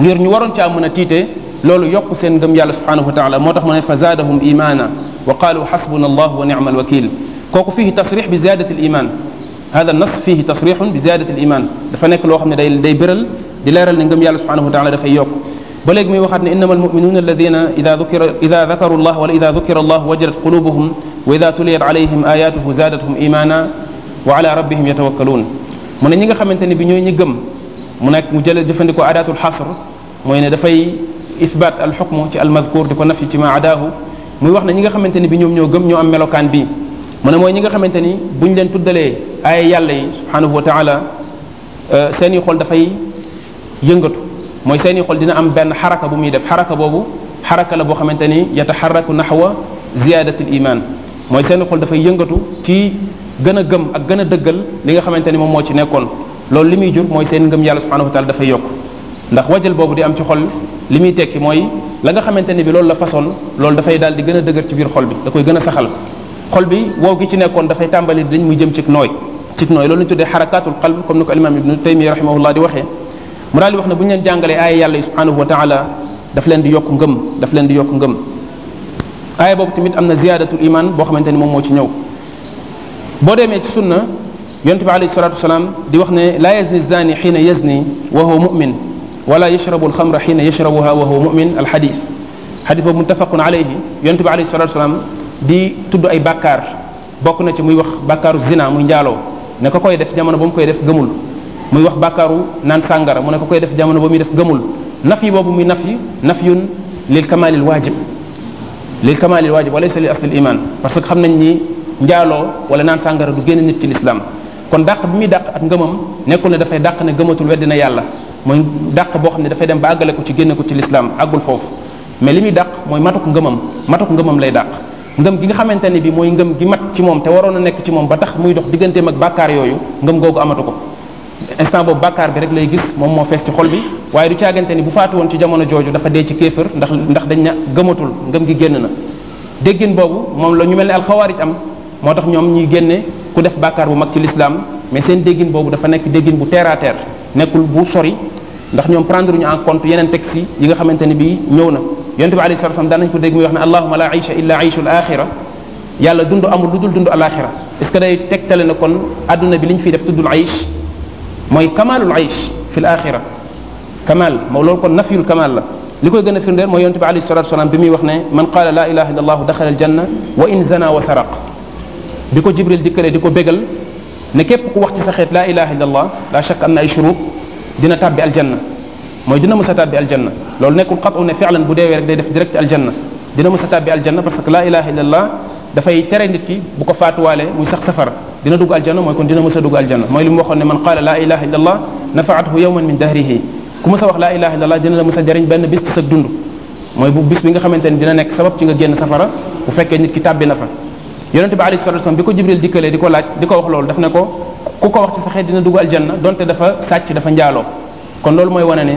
ngir ñu waroon caa mën a tiite loolu yokk seen ngëm yàlla subhanahu wa taala moo tax mu ne fa zaadahum imaana wa qaalu xasbuna allah wa nicma alwakil kooku fihi tasrix bi ziadati aliman hada nas fihi tasrixun bi ziadati aliman dafa nekk loo xam ne day day béral di leeral ne ngëm yàlla subhanahu wa taala dafay yokk ba léegi muy waxaat ne innama almuminuuna alladina ida dukira ida dakaru allah wala ida dukira allah wajadat qulubuhum wa ida tuliyat alayhim ayatuhu zaadathum imaana wa ala rabbihim yatawakkaluun mu ne ñi nga xamante ne bi ñooy ñi gëm mu nekk mu jël jëfandikoo adaatul xasr mooy ne dafay isbaat al xukmu ci al mazkur di ko nafi ci ma adaahu muy wax ne ñi nga xamante ni bi ñoom ñoo gëm ñoo am melokaan bii mu ne mooy ñi nga xamante ni ñu leen tuddalee ay yàlla yi subhanahu wa taala euh, seen i xol dafay yëngatu mooy seen i xol dina am benn xaraka bu muy def xaraka boobu xaraka la boo xamante ni yataxaraku naxwa ziyaadati l iman mooy seen xol dafay yëngatu ci gën a gëm ak gën a dëggal li nga xamante ni moom moo ci nekkoon loolu li muy jur mooy seen ngëm yàlla subhanahu wa dafay yokk ndax wajal di am ci xol li muy tekki mooy la nga xamante ni bi loolu la façon loolu dafay daal di gën a dëgër ci biir xol bi da koy gën a saxal xol bi wow gi ci nekkoon dafay tàmbali dañ mu jëm ci nooy ci nooy loolu ñu tuddee xarakaatul qalb comme ni ko alimam ibnu taymiya rahimahullah di waxee mu daal di wax ne bu ñu leen jàngalee aaya yàlla yi subhanahu wa taala daf leen di yokk ngëm daf leen di yokk ngëm aaya boobu tamit am na ziyadatul iman boo xamante ni moom moo ci ñëw boo demee ci sunna yonent bi alayhi salatu wasalaam di wax ne la yazni zani xiina yazni wa huwa mu'min wala yashrabu alxamra xiina yashrabuha wa huwa mumin alxadis xadis boobu muttafaqun alayhi yonent bi alayhi salatu wasalaam di tudd ay bàkkaar bokk na ci muy wax bàkkaaru zina muy njaaloo ne koy def jamono ba koy def gëmul muy wax bàkkaaru naan sàngara mu ne koy def jamono ba muy def gëmul naf yi boobu muy naf yi naf yun lil kamaalil waajib lil kamaalil waajib walaysa li aslil iman parce que xam nañ ni njaaloo wala naan sàngara du génn nit ci lislaam kon dàq bi muy dàq ak ngëmam nekkul ne dafay dàq ne gëmatul weddi na yàlla mooy dàq boo xam ne dafay dem ba àggale ko ci génne ko ci lislaam àggul foofu mais li muy dàq mooy matuk ngëmam matuk ngëmam lay dàq ngëm gi nga xamante ne bi mooy ngëm gi mat ci moom te waroon a nekk ci moom ba tax muy dox digganteem ak bàkkaar yooyu ngëm googu amatu ko instant boobu bàkkaar bi rek lay gis moom moo fees ci xol bi waaye du caagante ni bu faatu woon ci jamono jooju dafa dee ci kéefër ndax ndax dañ na gëmatul ngëm gi génn na déggin boobu moom la ñu mel ne alxawaarij am moo tax ñuy génne ku def bàkkaar bu mag ci lislaam mais seen déggin boobu dafa nekk déggin bu terre nekkul bu sori ndax ñoom prendre ñu en compte yeneen textes yi nga xamante ni bii ñëw na yonent bi alayhi salatu wasallam daan nañ ko dégg muy wax ne allahuma la aysha illa ayshul axira yàlla dund amul lu dul dund alaxira est ce que day tegtale na kon adduna bi li ñu fiy def tuddul aysh mooy kamalul aysh fi l axira kamal moo loolu kon nafyul kamal la li koy gën a firndeel mooy yonent bi alayhi salatu wasalam bi muy wax ne man qaala la ilaha illa allah daxala al janna wa in zana wa saraq bi ko jibril dikkalee di ko bégal ne képp ku wax ci sa xeet la ilaha illa allah la shakk am na ay shurut dina tàbbi aljanna mooy dina mës a tàbbi aljanna loolu nekkul xatu ne fi'lan bu deewee rek day def direct aljanna dina mës a tàbbi aljanna parce que laa ilaha illallah dafay tere nit ki bu ko faatuwaalee muy sax safara dina dugg aljanna mooy kon dina mës a dugg aljanna mooy li mu waxoon ne man qaala laa ilaha illallah nafaathu yawman min dahrihi ku mës a wax laa ilaha illallah dina la mës a jariñ benn bis ci sa dund mooy bu bis bi nga xamante ne dina nekk sabab ci nga génn safara bu fekkee nit ki tàbbi na fa yonente bi alayhi salatu wasallam bi ko jibril dikkalee ko laaj di ko wax loolu daf ne ko ku ko wax ci sa xeet dina dugg aljanna donte dafa sàcc dafa njaaloo kon loolu mooy wane ne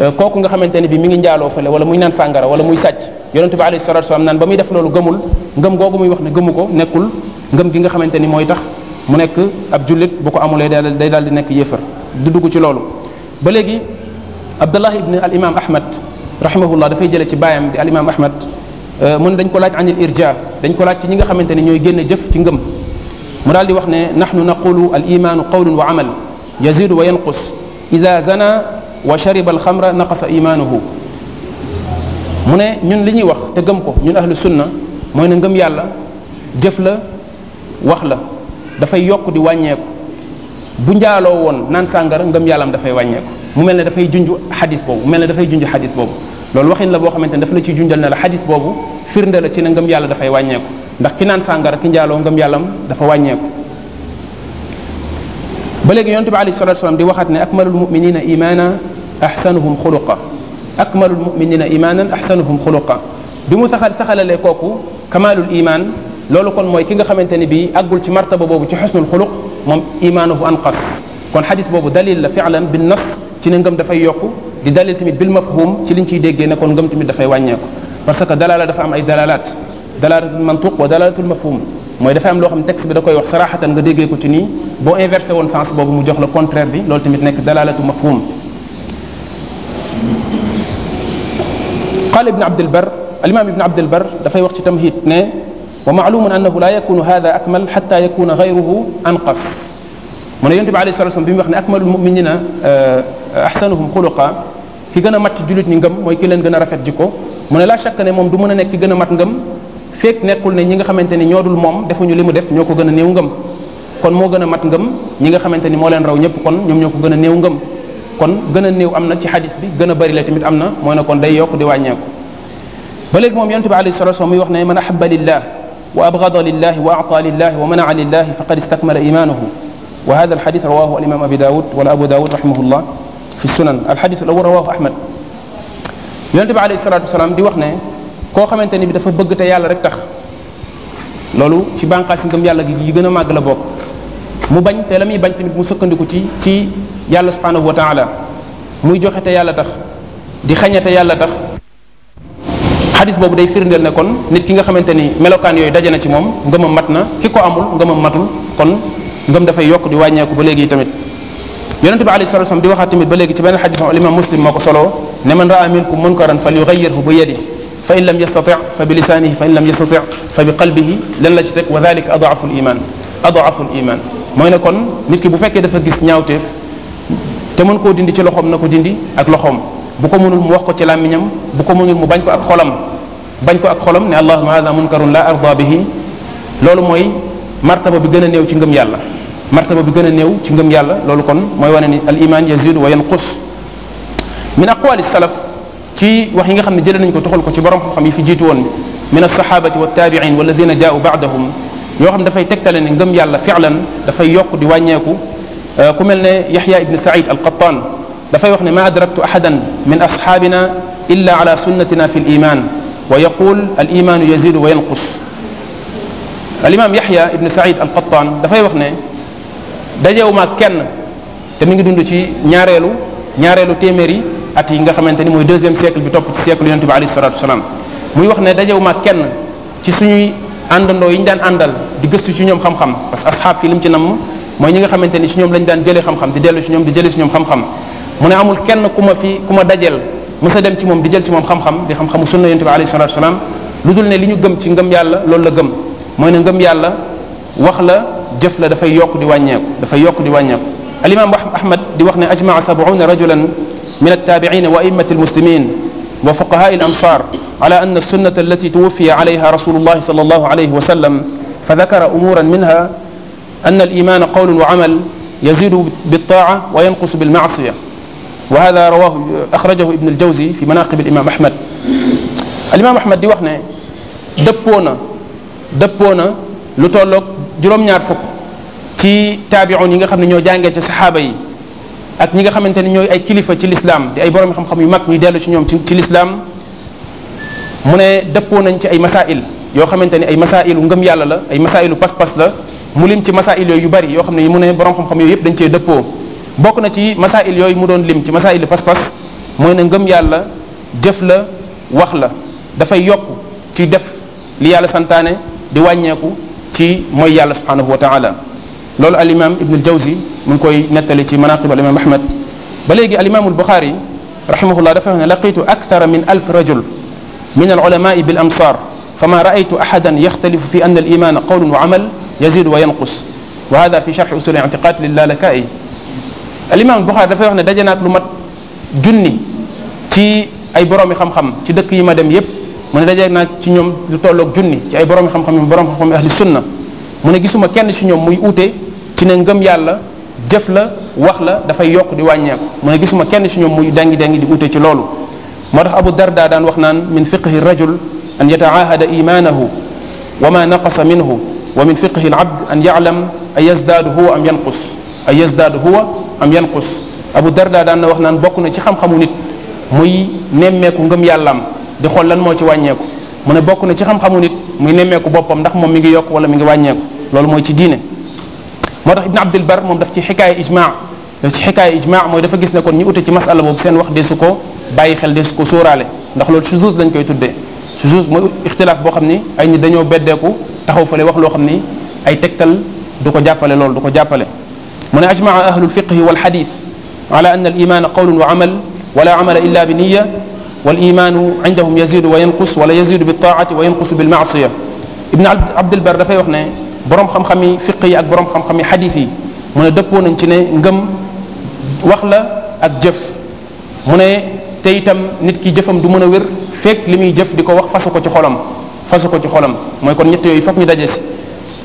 euh, kooku nga xamante ne bi mi ngi njaaloo fële wala muy naan sàngara wala muy sàcc yonente bi alayhi salatu wasalam naan ba muy def loolu gëmul ngëm googu muy wax ne gëmu ko nekkul ngëm gi nga xamante ni mooy tax mu nekk ab jullit bu ko amulee day daal di nekk yéefar du dugg ci loolu ba léegi abdullah ibn al imam ahmad rahimahullah dafay jële ci baayam di al imam ahmad euh, mun dañ ko laaj anil dañ ko laaj ci ñi nga xamante ni ñooy génn jëf ci ngëm mu daal di wax ne nahnu naqulu al imaanu qawlun wa amal yazidu wa yanqus ida zana wa shariba alxamra naqasa imaanuhu mu ne ñun li ñuy wax te gëm ko ñun ahlu sunna mooy ne ngëm yàlla jëf la wax la dafay yokk di wàññeeku bu njaaloo woon naan sàngara ngëm yàllaam dafay wàññeeku mu mel ne dafay junj xadis boobu mu mel ne dafay junj xadis boobu loolu waxin la boo xamante ne daf la ci junjal ne la xadis boobu firnde la ci ne ngëm yàlla dafay wàññeeku ndax ki naan sàngara ki njaaloo ngëm yàllam dafa wàññeeku ba léegi yonte bi alayhi salatu wasalam di waxaat ne akmalul muminina imaana ahsanuhum xuluqa akmalul muminina imaanan ahsanuhum xuluqa bi mu saxal saxalalee kooku kamaalul imaan loolu kon mooy ki nga xamante ni bii àggul ci martaba boobu ci xusnul xuluq moom imaanuhu anqas kon xadis boobu dalil la fi'lan bin nas ci ne ngëm dafay yokku di dalil tamit bil mafhum ci liñ ciy déggee ne kon ngëm tamit dafay wàññeeku parce que dalaala dafa am ay dalalaat dalaalatul mantuq wa dalaalatul mafhum mooy dafa am loo xam texte bi da koy wax saraxatan nga déggee ko ci nii boo inversé woon sens boobu mu jox la contraire bi loolu tamit nekk dalalatu mafhum qaala ibn abdul bar alimam ibn abdul bar dafay wax ci tamhid ne wa maalumun annahu la yakunu hada akmal xata yakuna gayruhu anqas mu ne yonte bi alayhi salatu bi mu wax ne akmalul muminina euh, ahsanuhum xuluqa ki gën a mat ci jullit ñi ngëm mooy ki leen gën a rafet jikko mu ne la shakk ne moom du mën a nekk ki gën a mat ngëm fekk nekkul ne ñi nga xamante ni ñoo dul moom defuñu li mu def ñoo ko gën a néew ngëm kon moo gën mat ngëm ñi nga xamante ni moo leen raw ñëpp kon ñoom ñoo ko gën néew ngëm kon gën a néew am na ci xadis bi gën a bari la am na mooy ne kon day yokk di wàññeeku ba léegi moom yonent bi alayhi salatu wasallam muy wax ne man ahabba lillah wa abghada lillah wa a'ta lillah wa mana'a lillah faqad istakmala imanuhu wa hadha alhadith rawahu alimam abi dawud wala abu dawud rahimahullah fi sunan alhadith alawwal rawahu ahmad yonent bi alayhi salatu wasallam di wax ne koo xamante ni bi dafa bëgg te yàlla rek tax loolu ci bànqaasi ngëm yàlla gi yi gën a màgg la bokk mu bañ te la muy bañ tamit mu sëkkandiku ci ci yàlla subhanahu wa taala muy joxe te yàlla tax di xañe te yàlla tax xadis boobu day firndeel ne kon nit ki nga xamante ni melokaan yooyu daje na ci moom ngëmam mat na ki ko amul ngëmam matul kon ngëm dafay yokk di wàññeeku ba léegi tamit yonente bi alayhi salatu wasallam di waxaat tamit ba léegi ci beneen xadis al imam muslim moo ko soloo ne man raa minkum munkaran fal yuxayirhu bi yadi fa in lam la ci teg wa dalika mooy ne kon nit ki bu fekkee dafa gis ñaawteef te mën koo dindi ci loxoom na ko dindi ak loxoom bu ko mënul mu wax ko ci làmmiñam bu ko mënul mu bañ ko ak xolam bañ ko ak xolam ne allahuma hada munkarun la arda bihi loolu mooy martaba bi gën a néew ci ngëm yàlla martaba bi gën a néew ci ngëm yàlla loolu kon mooy wane ni al iman yazidu wa yanqus min aqwali salaf ci wax yi nga xam ne jëlee nañ ko toxal ko ci borom xam-xam yi fi jiitu woon min alsahabati waltaabiin walladina jaau baadahum yoo xam dafay tegtale ne ngëm yàlla filan dafay yokk di wàññeeku euh, ku mel ne yaxya ibn said alqattaan dafay wax ne ma adraktu ahadan min asxaabina illa ala sunnatina fi liman wa yaqul alimaanu yazidu wa yanqus alimam yaxya ibn said alqattaan dafay wax ne dajewu ma kenn te mi ngi dund ci ñaareelu ñaareelu téeméer at yi nga xamante ni mooy deuxième siècle bi topp ci siècle yonente bi alayhi salatu wasalaam muy wax ne dajew kenn ci suñuy àndandoo yi ñu daan àndal di gëstu ci ñoom xam-xam parce que asxaab fii li mu ci namm mooy ñi nga xamante ni ci ñoom lañ daan jëlee xam-xam di dellu ci ñoom di jëlee ci ñoom xam-xam mu ne amul kenn ku ma fi ku ma dajeel mës a dem ci moom di jël ci moom xam-xam di xam-xamu sunna yonente bi alayhi salatu wasalaam lu dul ne li ñu gëm ci ngëm yàlla loolu la gëm mooy ne ngëm yàlla wax la jëf la dafay yokk di wàññeeku dafay yokk di wàññeeku alimam ahmad di wax ne ajmaa sabuuna rajulan من التابعين وأئمة المسلمين وفقهاء الأمصار على أن السنة التي توفي عليها رسول الله صلى الله عليه وسلم فذكر أمورا منها أن الإيمان قول وعمل يزيد بالطاعة وينقص بالمعصية وهذا رواه أخرجه ابن الجوزي في مناقب الإمام أحمد الإمام أحمد di wax ne dëppoo na dëppoo na lu tolloog juróom-ñaar fukk ci taabi'un yi nga xam ne ñoo jàngee ci saxaaba yi ak ñi nga xamante ni ñooy ay kilifa ci lislaam di ay borom xam-xam yu mag ñuy dellu ci ñoom ci ci lislaam mu ne dëppoo nañ ci ay masail yoo xamante ne ay masailu ngëm yàlla la ay masailu pas-pas la mu lim ci masail yooyu yu bari yoo xam ne mu ne borom xam-xam yooyu yëpp dañ cee dëppoo bokk na ci masail yooyu mu doon lim ci masailu pas-pas mooy ne ngëm yàlla jëf la wax la dafay yokk ci def li yàlla santaane di wàññeeku ci mooy yàlla subhanahu wa taala loolu al imam ibn al jawzi mu ngi koy nettali ci manaqib al imam ahmad ba léegi al imam al buxaari rahimahullah dafa wax ne laqitu akthara min alf rajul min al ulamai bil amsar fama raaytu ahadan yaxtalifu fi anna al iman qawlun wa amal yazidu wa yanqus wa hada fi sharxi usul al i'tiqad lil lalaka'i al imam al buxaari dafay wax ne daje naag lu mat junni ci ay boroomi xam-xam ci dëkk yi ma dem yépp mu ne daje naag ci ñoom lu tolloog junni ci ay boroomi xam-xam yi boroomi xam-xam ahli sunna mu ne gisuma kenn ci ñoom muy uute ci ne ngëm yàlla jëf la wax la dafay yokk di wàññeeku mu ne gisuma kenn ci ñoom muy dangi dangi di ute ci loolu moo tax abu darda daan wax naan min fiqhi rajul an yataahada imaanahu wa ma naqasa minhu wa min fiqhi al abd an yaalam ay yazdaadu huwa am yanqus ay yazdaadu huwa am yanqus abu darda daan ne wax naan bokk na ci xam-xamu nit muy nemmeeku ngëm yàllaam di xool lan moo ci wàññeeku mu ne bokk na ci xam-xamu nit muy nemmeeku boppam ndax moom mi ngi yokk wala mi ngi wàññeeku loolu mooy ci diine moo tax ibn abdul bar moom daf ci xikaaya ijma daf ci xikaaya ijma mooy dafa gis ne kon ñu ute ci masala boobu seen wax desu ko bàyyi xel desu ko sóoraale ndax loolu suzuz lañ koy tuddee suzuz mooy boo xam ni ay nit dañoo beddeeku taxaw fale wax loo xam ni ay tegtal du ko jàppale loolu du ko jàppale mu ne ajmaa ahlul fiqhi wal xadis ala anna al imaana qawlun wa amal wala amala illa bi niya wal imaanu indahum yazidu wa yanqus wala yazidu bi taati wa yanqusu bil maasiya ibn abdul dafay wax ne borom xam-xam yi fiq yi ak borom xam-xam yi xadis yi mu ne dëppoo nañ ci ne ngëm wax la ak jëf mu ne te itam nit ki jëfam du mën a wér fekk li muy jëf di ko wax fasu ko ci xolam fasu ko ci xolam mooy kon ñett yooyu fokk ñu daje si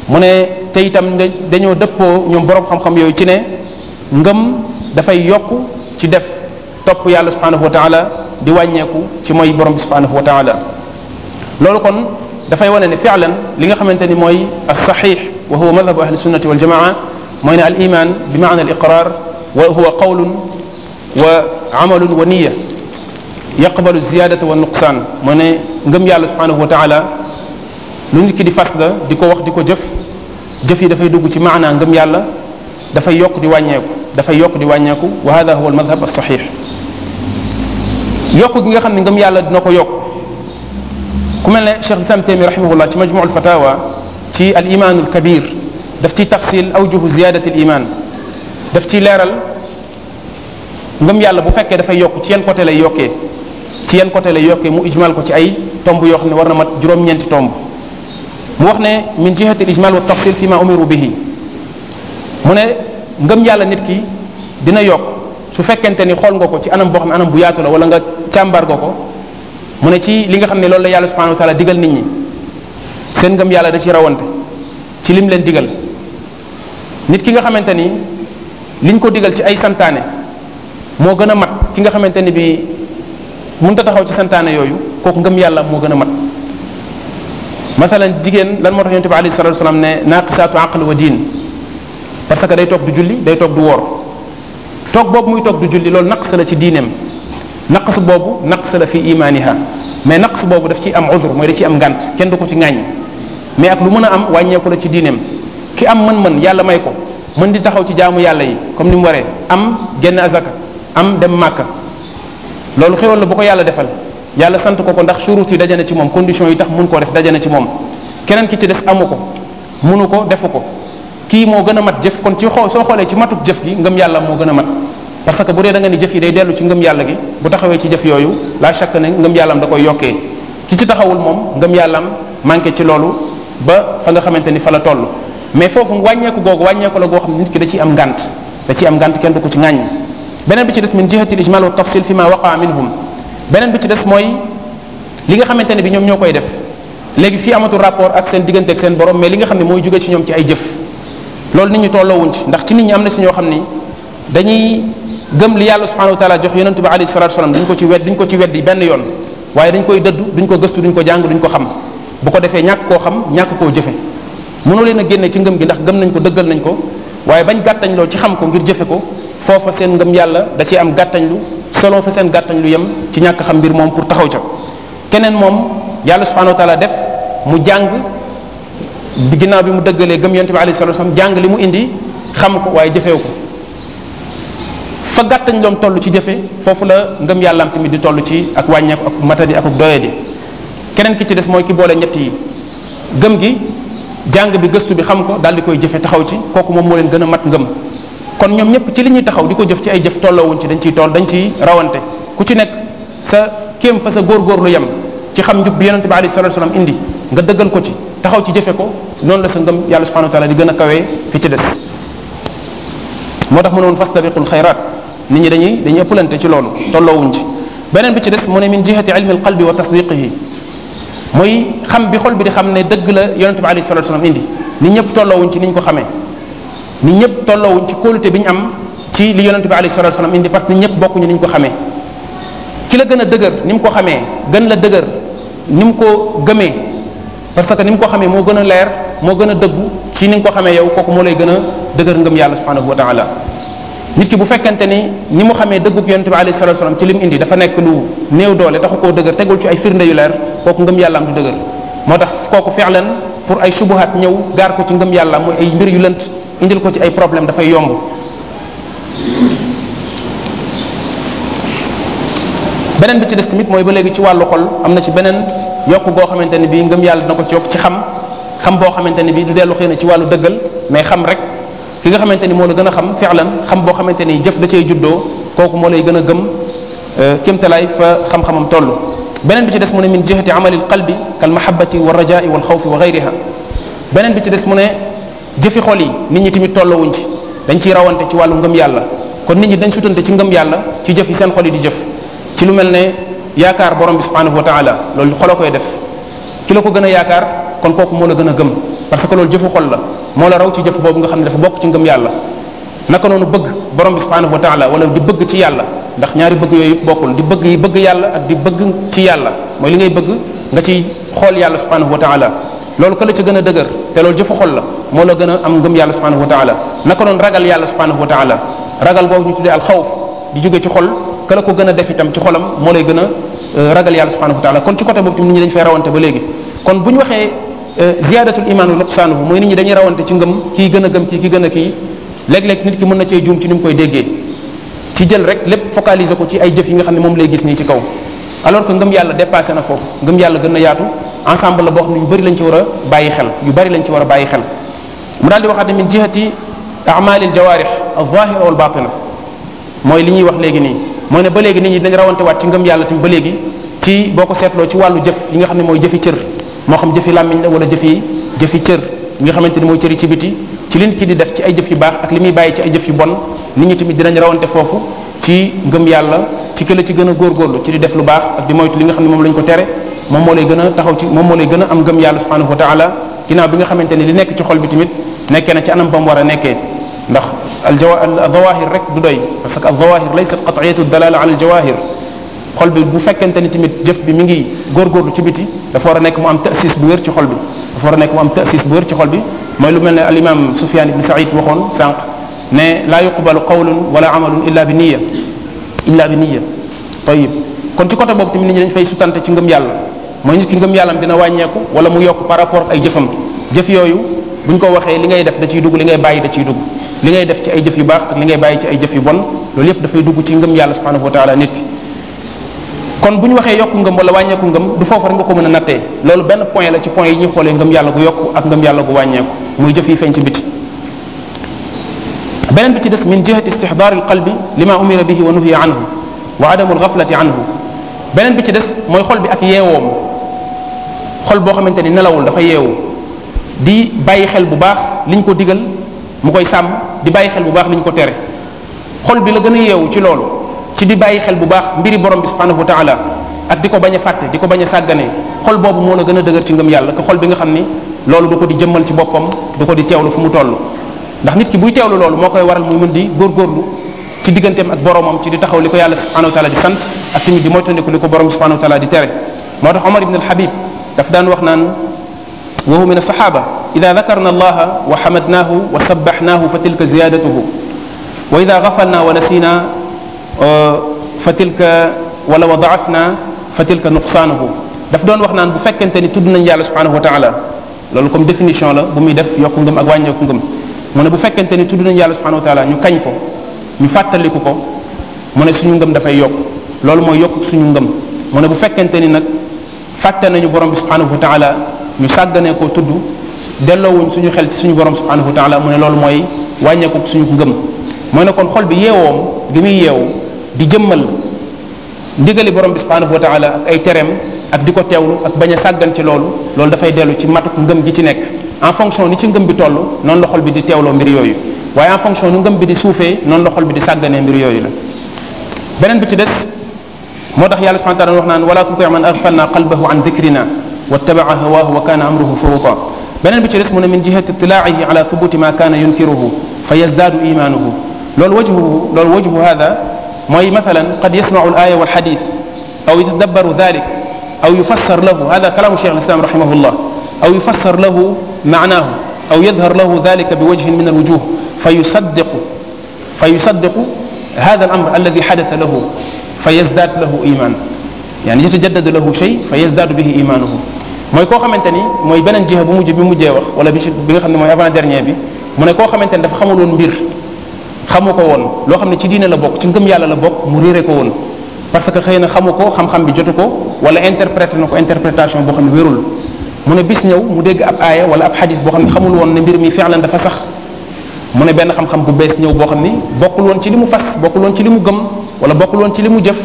mu ne te itam dañoo dëppoo ñoom boroom xam-xam yooyu ci ne ngëm dafay yokk ci def topp yàlla subhanahu wa taala di wàññeeku ci mooy borom bi subhanahu wa taala loolu kon dafay wane ne fi'lan li nga xamante ni mooy as-saxiix wa huwa madhabu ahli sunnati ne al iman bi maana al iqrar wa huwa qawlun wa amalun wa niya yaqbalu ziyadata wa nuqsaan mooy ne ngëm yàlla subhanahu wa taala lu nit ki di fas la di ko wax di ko jëf jëf yi dafay dugg ci maanaa ngam yàlla dafay yokk di wàññeeku dafay yokk di wàññeeku wa hada huwa al madhab as-saxiix nga xam ne ngëm yàlla dina ko yokk ku mel ne cheikh lislam taymi rahimahullah ci majmuul fatawa ci al imaanu al kabir daf ciy tafsil awjuhu ziyadati al iman daf ciy leeral ngëm yàlla bu fekkee dafay yokk ci yan côté lay yokkee ci yan côté lay yokkee mu ijmal ko ci ay tomb yoo xam ne war na mat juróom-ñeenti tomb mu wax ne min jihati al ijmal wa tafsil fi ma umiru bihi mu ne ngëm yàlla nit ki dina yokk su fekkente ni xool nga ko ci anam boo xam ne anam bu yaatu la wala nga càmbar nga ko mu ne ci li nga xam ne loolu la yàlla subhanahu wa taala digal nit ñi seen ngëm yàlla da ci rawante ci lim leen digal nit ki nga xamante ni liñ ko digal ci ay santaane moo gën a mat ki nga xamante ni bi mënut a taxaw ci santaane yooyu kooku ngëm yàlla moo gën a mat masalan jigéen lan moo tax yonent bi alayhi salatu wasalam ne naaqisaatu aql wa diin parce que day toog du julli day toog du woor toog boobu muy toog du julli loolu naqsa la ci diineem naqs boobu naqs la fi imaaniha mais naqs boobu daf ci am uzur mooy da ci am ngant kenn du ko ci ŋàññ mais ak lu mën a am wàññeeku la ci diineem ki am mën-mën yàlla may ko mën di taxaw ci jaamu yàlla yi comme ni mu waree am genn azaka am dem màkka loolu xéwal la bu ko yàlla defal yàlla sant ko ko ndax shurut yi dajana ci moom condition yi tax mun koo def dajana ci moom keneen ki ci des amu ko munu ko defu ko kii moo gën a mat jëf kon ci xoo soo xoolee ci matub jëf gi ngëm yàlla moo gën a mat parce que bu dee da nga ni jëf yi day dellu ci ngëm yàlla gi bu taxawee ci jëf yooyu la chaque ne ngëm yàllaam da koy yokkee ki ci taxawul moom ngëm yàllaam manqué ci loolu ba fa nga xamante ni fa la toll mais foofu wàññeeku googu wàññeeku la goo xam ne nit ki da ciy am ngànt da ciy am ngànt kenn du ko ci ŋàññ beneen bi ci des min jihatil ijmal wa tafsil fi ma waqaa minhum beneen bi ci des mooy li nga xamante ne bi ñoom ñoo koy def léegi fii amatul rapport ak seen diggante ak seen borom mais li nga xam ne mooy jóge ci ñoom ci ay jëf loolu nit ñi ci ndax ci nit ñi am na si ñoo xam ni gëm li yàlla subhanahu taala jox yonentu bi alayhi salatu wasalam duñ ko ci wet duñ ko ci weddi benn yoon waaye dañ koy dëddu duñ ko gëstu duñ ko jàng duñ ko xam bu ko defee ñàkk koo xam ñàkk koo jëfe mënu leen a ci ngëm gi ndax gëm nañ ko dëggal nañ ko waaye bañ gàttañ loo ci xam ko ngir jëfe ko foofa seen yàlla da ciy am gàttañlu selon fa seen gàttañlu yem ci ñàkk xam mbir moom pour taxaw ca keneen moom yàlla subhanahu wa taala def mu jàng ginnaaw bi mu dëggalee gëm yonent bi alayhi salatu wasalam jàng li mu indi xam ko waaye jëfeewu ko fa gàttañ loom toll ci jëfe foofu la ngëm yàllaam mi di toll ci ak wàññeeku ak matadi ak ak doyadi keneen ki ci des mooy ki boole ñett yi gëm gi jàng bi gëstu bi xam ko daal di koy jëfe taxaw ci kooku moom moo leen gën a mat ngëm kon ñoom ñëpp ci li ñuy taxaw di ko jëf ci ay jëf tolloowuñ ci dañ ciy tool dañ ciy rawante ku ci nekk sa kéem fa sa góorgóorlu yem ci xam njub bi yonente bi alayhi salatu wasallam indi nga dëggal ko ci taxaw ci jëfe ko noonu la sa ngëm yàlla subhanahu wa taala di gën a kawee fi ci des moo tax mu ne woon fastabiqul nit ñi dañuy dañuy ëppalante ci loolu tolloowuñ ci beneen bi ci des mu ne min jihati ilmi alqalbi wa tasdiqihi mooy xam bi xol bi di xam ne dëgg la yonente bi alayhi salatu indi nit ñëpp tolloowuñ ci ni ñu ko xamee nit ñëpp tolloowuñ ci kóolute bi am ci li yonente bi alayhi salatu wasallam indi parce que ñëpp bokkuñu ni ñu ko xamee ki la gën a dëgër ni mu ko xamee gën la dëgër ni mu ko gëmee parce que ni mu xamee moo gën a leer moo gën a dëggu ci ni nga ko xamee yow kooku moo lay gën a dëgër ngëm yàlla subhanahu wa taala nit ki bu fekkente ni ni mu xamee dëggug yonente bi alayhi salatu salaam ci lim indi dafa nekk lu néew doole taxu koo dëgër tegul ci ay firnde yu leer kooku ngëm yàllaam du dëgër moo tax kooku leen pour ay subuhat ñëw gaar ko ci ngëm yàlla mooy ay mbir yu lënt ko ci ay dafay yomb beneen ci des tamit mooy ba léegi ci wàllu xol am na ci beneen yokk goo xamante ne bii ngëm yàlla na ko ci yokk ci xam xam boo xamante ne bii du dellu xëy na ci wàllu dëggal mais xam rek ki nga xamante ni moo la gën a xam fi'lan xam boo xamante ni jëf da cay juddoo kooku moo lay gën a gëm euh, kémtalaay fa xam-xamam toll beneen bi ci des mu ne min jihati amali alqalbi kal mahabati wa rajai wal xawfi wa gayriha beneen bi ci des mu ne jëfi xol yi nit ñi tamit tollowuñ ci dañ ciy rawante ci wàllu ngëm yàlla kon nit ñi dañ sutante ci ngëm yàlla ci jëf yi seen xol yi di jëf ci lu mel ne yaakaar borom bi subhanahu wa taala loolu a koy def ki la ko gën a yaakaar kon kooku moo la gën a gëm parce que loolu jëfu xol la moo la raw ci jëf boobu nga xam ne dafa bokk ci ngëm yàlla naka noonu bëgg borom bi subhanahu wa taala di bëgg ci yàlla bëgg yàlla ak di bëgg ci yàlla mooy li ngay bëgg nga ci xool yàlla subhanahu wa taala loolu ka la ca gën a dëgër te loolu jëfu xol la moo la gën a am ngëm yàlla subhanahu wa taala naka noonu ragal yàlla subhanahu wa taala ragal boobu ñu tuddee al xawf di jóge ci xol ka la ko gën a def itam ci xolam moo lay gën a euh, ragal yàlla subhanahu wa taala kon ci côté boobu tam nit ñi dañ fay rawante ba léegi kon Euh, ziyaadatul iman wa nuqsaanuhu mooy nit ñi dañuy rawante ci ngëm kii gën a gëm kii ki gën a kii léeg-léeg nit ki mën na cee juum ci ni mu koy déggee ci jël rek lépp focaliser ko ci ay jëf yi nga xam ne moom lay gis nii ci kaw alors que yàlla dépassé na foofu ngëm yàlla gën a yaatu ensemble la boo xam ñu bëri lañ ci war a bàyyi xel yu bëri lañ ci war a bàyyi xel mu daal di waxaat ne min jihati amalil jawarih alzahira wal batina mooy li ñuy wax léegi nii mooy ne ba léegi nit ñi dañu rawante ci ngëm yàlla tamit ba léegi ci boo ko seetloo ci wàllu jëf yi nga xam ne mooy jëfi cër moo xam jëfi làmmiñ la wala jëfi jëfi cër yi nga xamante ni mooy cëri ci biti ci liñ kii di def ci ay jëf yu baax ak li muy bàyyi ci ay jëf yu bon nit ñi tamit dinañ rawante foofu ci ngëm yàlla ci kële ci gën a góorgóorlu ci di def lu baax ak di moytu li nga xam ne moom lañ ko tere moom moo lay gën a taxaw ci moom moo lay gën a am ngëm yàlla subhanahu wa taala ginnaaw bi nga xamante ne li nekk ci xol bi tamit nekkee na ci anam ba mu war a nekkee ndax al jawahir rek du doy parce que al zawahir laysat qat'iyatu dalala ala xol bi bu fekkente ni tamit jëf bi mu ngi góorgóorlu ci biti dafa war a nekk mu am tasis bu wér ci xol bi dafa war a nekk mu am tasis bu wér ci xol bi mooy lu mel ne al imam Sufyan ibn Sa'id waxoon sànq ne laa yuqbalu qawlun wala amalun illa bi niyya illa bi niyya tayib kon ci côté boobu tamit nit ñi dañ fay sutante ci ngëm yàlla mooy nit ki ngëm yàllam dina wàññeeku wala mu yokk par rapport ay jëfam jëf yooyu bu ñu ko waxee li ngay def da ciy dugg li ngay bàyyi da ciy dugg li ngay def ci ay jëf yu baax ak li ngay bàyyi ci ay jëf yu bon loolu yépp dafay ci ngëm yàlla subhanahu wa taala nit ki kon bu ñu waxee yokku ngëm wala wàññeeku ngëm du foofu rek nga ko mën a nattee loolu benn point la ci point yi ñuy xoolee ngëm yàlla gu yokku ak ngëm yàlla gu wàññeeku muy jëf yi feeñ ci biti beneen bi ci des min jihati istihdaar al qalbi lima umira bihi wa nuhiya anhu wa adamu al ghaflati anhu beneen bi ci des mooy xol bi ak yeewoom xol boo xamante ni nelawul dafa yeewu di bàyyi xel bu baax liñ ko digal mu koy sàmm di bàyyi xel bu baax liñ ko tere xol bi la gën a yeewu ci loolu ci di bàyyi xel bu baax mbiri borom bi subhanahu wa taala ak di ko bañ a fàtte di ko bañ a sàggane xol boobu moo la gën a dëgër ci ngëm yàlla que xol bi nga xam ni loolu du ko di jëmmal ci boppam du ko di teewlu fu mu toll ndax nit ki buy teewlu loolu moo koy waral muy mën di góorgóorlu ci digganteem ak boromam ci di taxaw li ko yàlla subhanahu wa taala di sant ak tamit di moytandiku li ko borom subhanahu wa taala di tere moo tax Omar ibn al-Habib daf daan wax naan wa huwa min as-sahaba wa hamadnahu wa sabbahnaahu fa tilka ziyadatuhu wa ida gafalna wa nasina fa tilka wala wa daafna fa tilka nuqsaanuhu daf doon wax naan bu fekkente ni tudd nañ yàlla subhanahu wa taala loolu comme définition la bu muy def yokk ngëm ak wàññeeku ngëm mu ne bu fekkente ni tudd nañ yàlla subhanahu ñu kañ ko ñu fàttaliku ko mu ne suñu ngëm dafay yokk loolu mooy yokk suñu ngëm mu bu fekkente ni nag fàtte nañu borom bi subhanahu wa taala ñu sàgganee ko tudd delloowuñ suñu xel ci suñu borom subhanahu wa taala mu ne loolu mooy wàññeeku suñu ngëm mooy ne kon xol bi yeewoom gi muy yeewu di jëmmal ndigali borom bi subhanahu wa taala ak ay tereem ak di ko teewlu ak bañ a sàggan ci loolu loolu dafay dellu ci matuk ngëm gi ci nekk en fonction ni ci ngëm bi toll noonu la bi di teewloo mbir yooyu waaye en fonction nu ngëm bi di suufee noonu la bi di sàgganee mbir yooyu la beneen bi ci des moo tax yàlla subhanahu wa taala wax naan wala tuti man aghfalna qalbahu an dhikrina wattabaa hawaahu wa kaana amruhu furuta beneen bi ci des mu ne min jihati ittilaa'ihi ala thubuti ma kaana yunkiruhu fa yazdaadu imaanuhu mooy mathalan qad yasmau al aya wal xadis aw yatadabbaru dalik aw yufassar lahu hada kalaamu cheikh alislam rahimahullah aw yufassar lahu maanaahu aw yadhar lahu dalika bi wajhin min alwujuh fa yusaddiqu fa yusaddiqu hada al amr alladi xadata lahu fa yazdaad lahu iman yani yatajaddadu lahu shay fa yazdaadu bihi imaanuhu mooy koo xamante ni mooy beneen jiha bu mujj bi mujjee wax wala bi bi nga xam ne mooy avant dernier bi mu ne koo xamante ni dafa xamul woon mbir xamu ko woon loo xam ne ci diine la bokk ci ngëm yàlla la bokk mu réere ko woon parce que xëy na xamu ko xam-xam bi jotu ko wala interprété na ko interprétation boo xam ne wérul mu ne bis ñëw mu dégg ab aaya wala ab xadis boo xam ne xamul woon ne mbir mi fi'lan dafa sax mu ne benn xam-xam bu bees ñëw boo xam ni bokkul woon ci li mu fas bokkul woon ci li mu gëm wala bokkul woon ci li mu jëf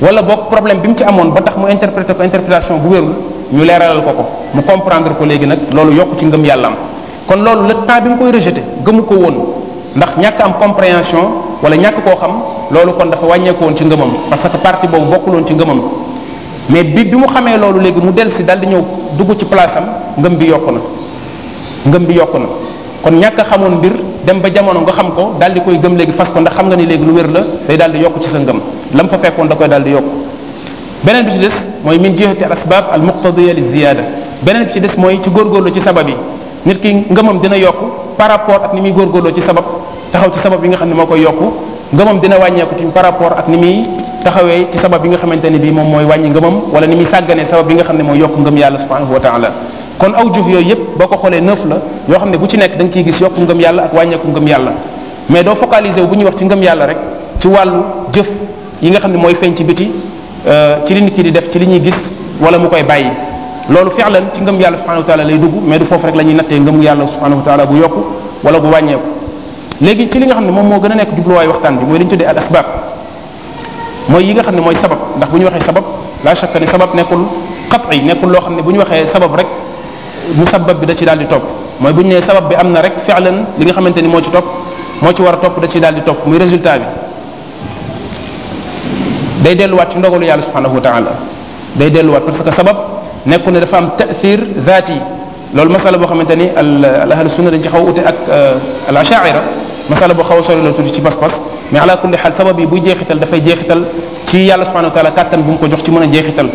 wala bokk problème bi mu ci amoon ba tax mu interprété ko interprétation bu wérul ñu leeralal ko ko mu comprendre ko léegi nag loolu yokk ci ngëm yàlla am kon loolu le temps bi mu koy rejeté ko woon ndax ñàkk am compréhension wala ñàkk koo xam loolu kon dafa wàññeekoon ci ngëmam parce que parti boobu bokkuloon ci ngëmam mais bi bi mu xamee loolu léegi mu del si dal di ñëw dugg ci place am ngëm bi yokku na ngëm bi yokk na kon ñàkk a xamoon mbir dem ba jamono nga xam ko dal di koy gëm léegi fas ko ndax xam nga ni léegi lu wér la day daal di yokk ci sa ngëm lam fa fekkoon da koy daal di yokk beneen bi ci des mooy min jihati al asbab al muqtadiya li ziyada beneen bi ci des mooy ci góorgóorlu ci sabab yi nit ki ngëmam dina yokk par rapport ak ni muy góorgóorloo ci sabab taxaw ci sabab yi nga xam ne moo koy yokku ngëmam dina wàññeeku ci par rapport ak ni muy taxawee ci sabab yi nga ne bii moom mooy wàññi ngëmam wala ni muy sàgganee sabab yi nga xam ne mooy yokk ngëm yàlla subhanahu wa taala kon aw juf yooyu yëpp boo ko xoolee neuf la yoo xam ne bu ci nekk da nga ciy gis yokku ngëm yàlla ak wàññeeku ngëm yàlla mais doo focaliser wu bu ñuy wax ci ngëm yàlla rek ci wàllu jëf yi nga xam ne mooy feeñ ci biti euh, ci li nit ki di def ci li ñuy gis wala mu koy bàyyi loolu fi'lan ci ngëm yàlla subhanahu wa taala lay dugg mais du foofu rek la ñuy nattee ngëm yàlla subhanahu wa taala bu yokku wala bu wàññeeku léegi ci li nga xam ne moom moo gën a nekk jubluwaay waxtaan bi mooy li ñu tuddee al asbab mooy yi nga xam ne mooy sabab ndax bu ñu waxee sabab la shakka ni sabab nekkul qat'i nekkul loo xam ne bu ñu waxee sabab rek musabbab bi da ci daal di topp mooy bu ñu nee sabab bi am na rek fi'lan li nga xamante ni moo ci topp moo ci war a da ciy daal di topp muy résultat bi day delluwaat ci ndogalu yàlla subhanahu wa taala day delluwaat parce que sabab nekku ne dafa am taasir zaati loolu masala boo xamante ni al ahlu sunna dañ ci xaw ute ak euh, al ashaira masala boo xaw a sori la ci pas-pas mais ala kulli xaal sabab yi buy jeexital dafay jeexital ci yàlla subhanahu wa taala bu mu ko jox ci mën a jeexital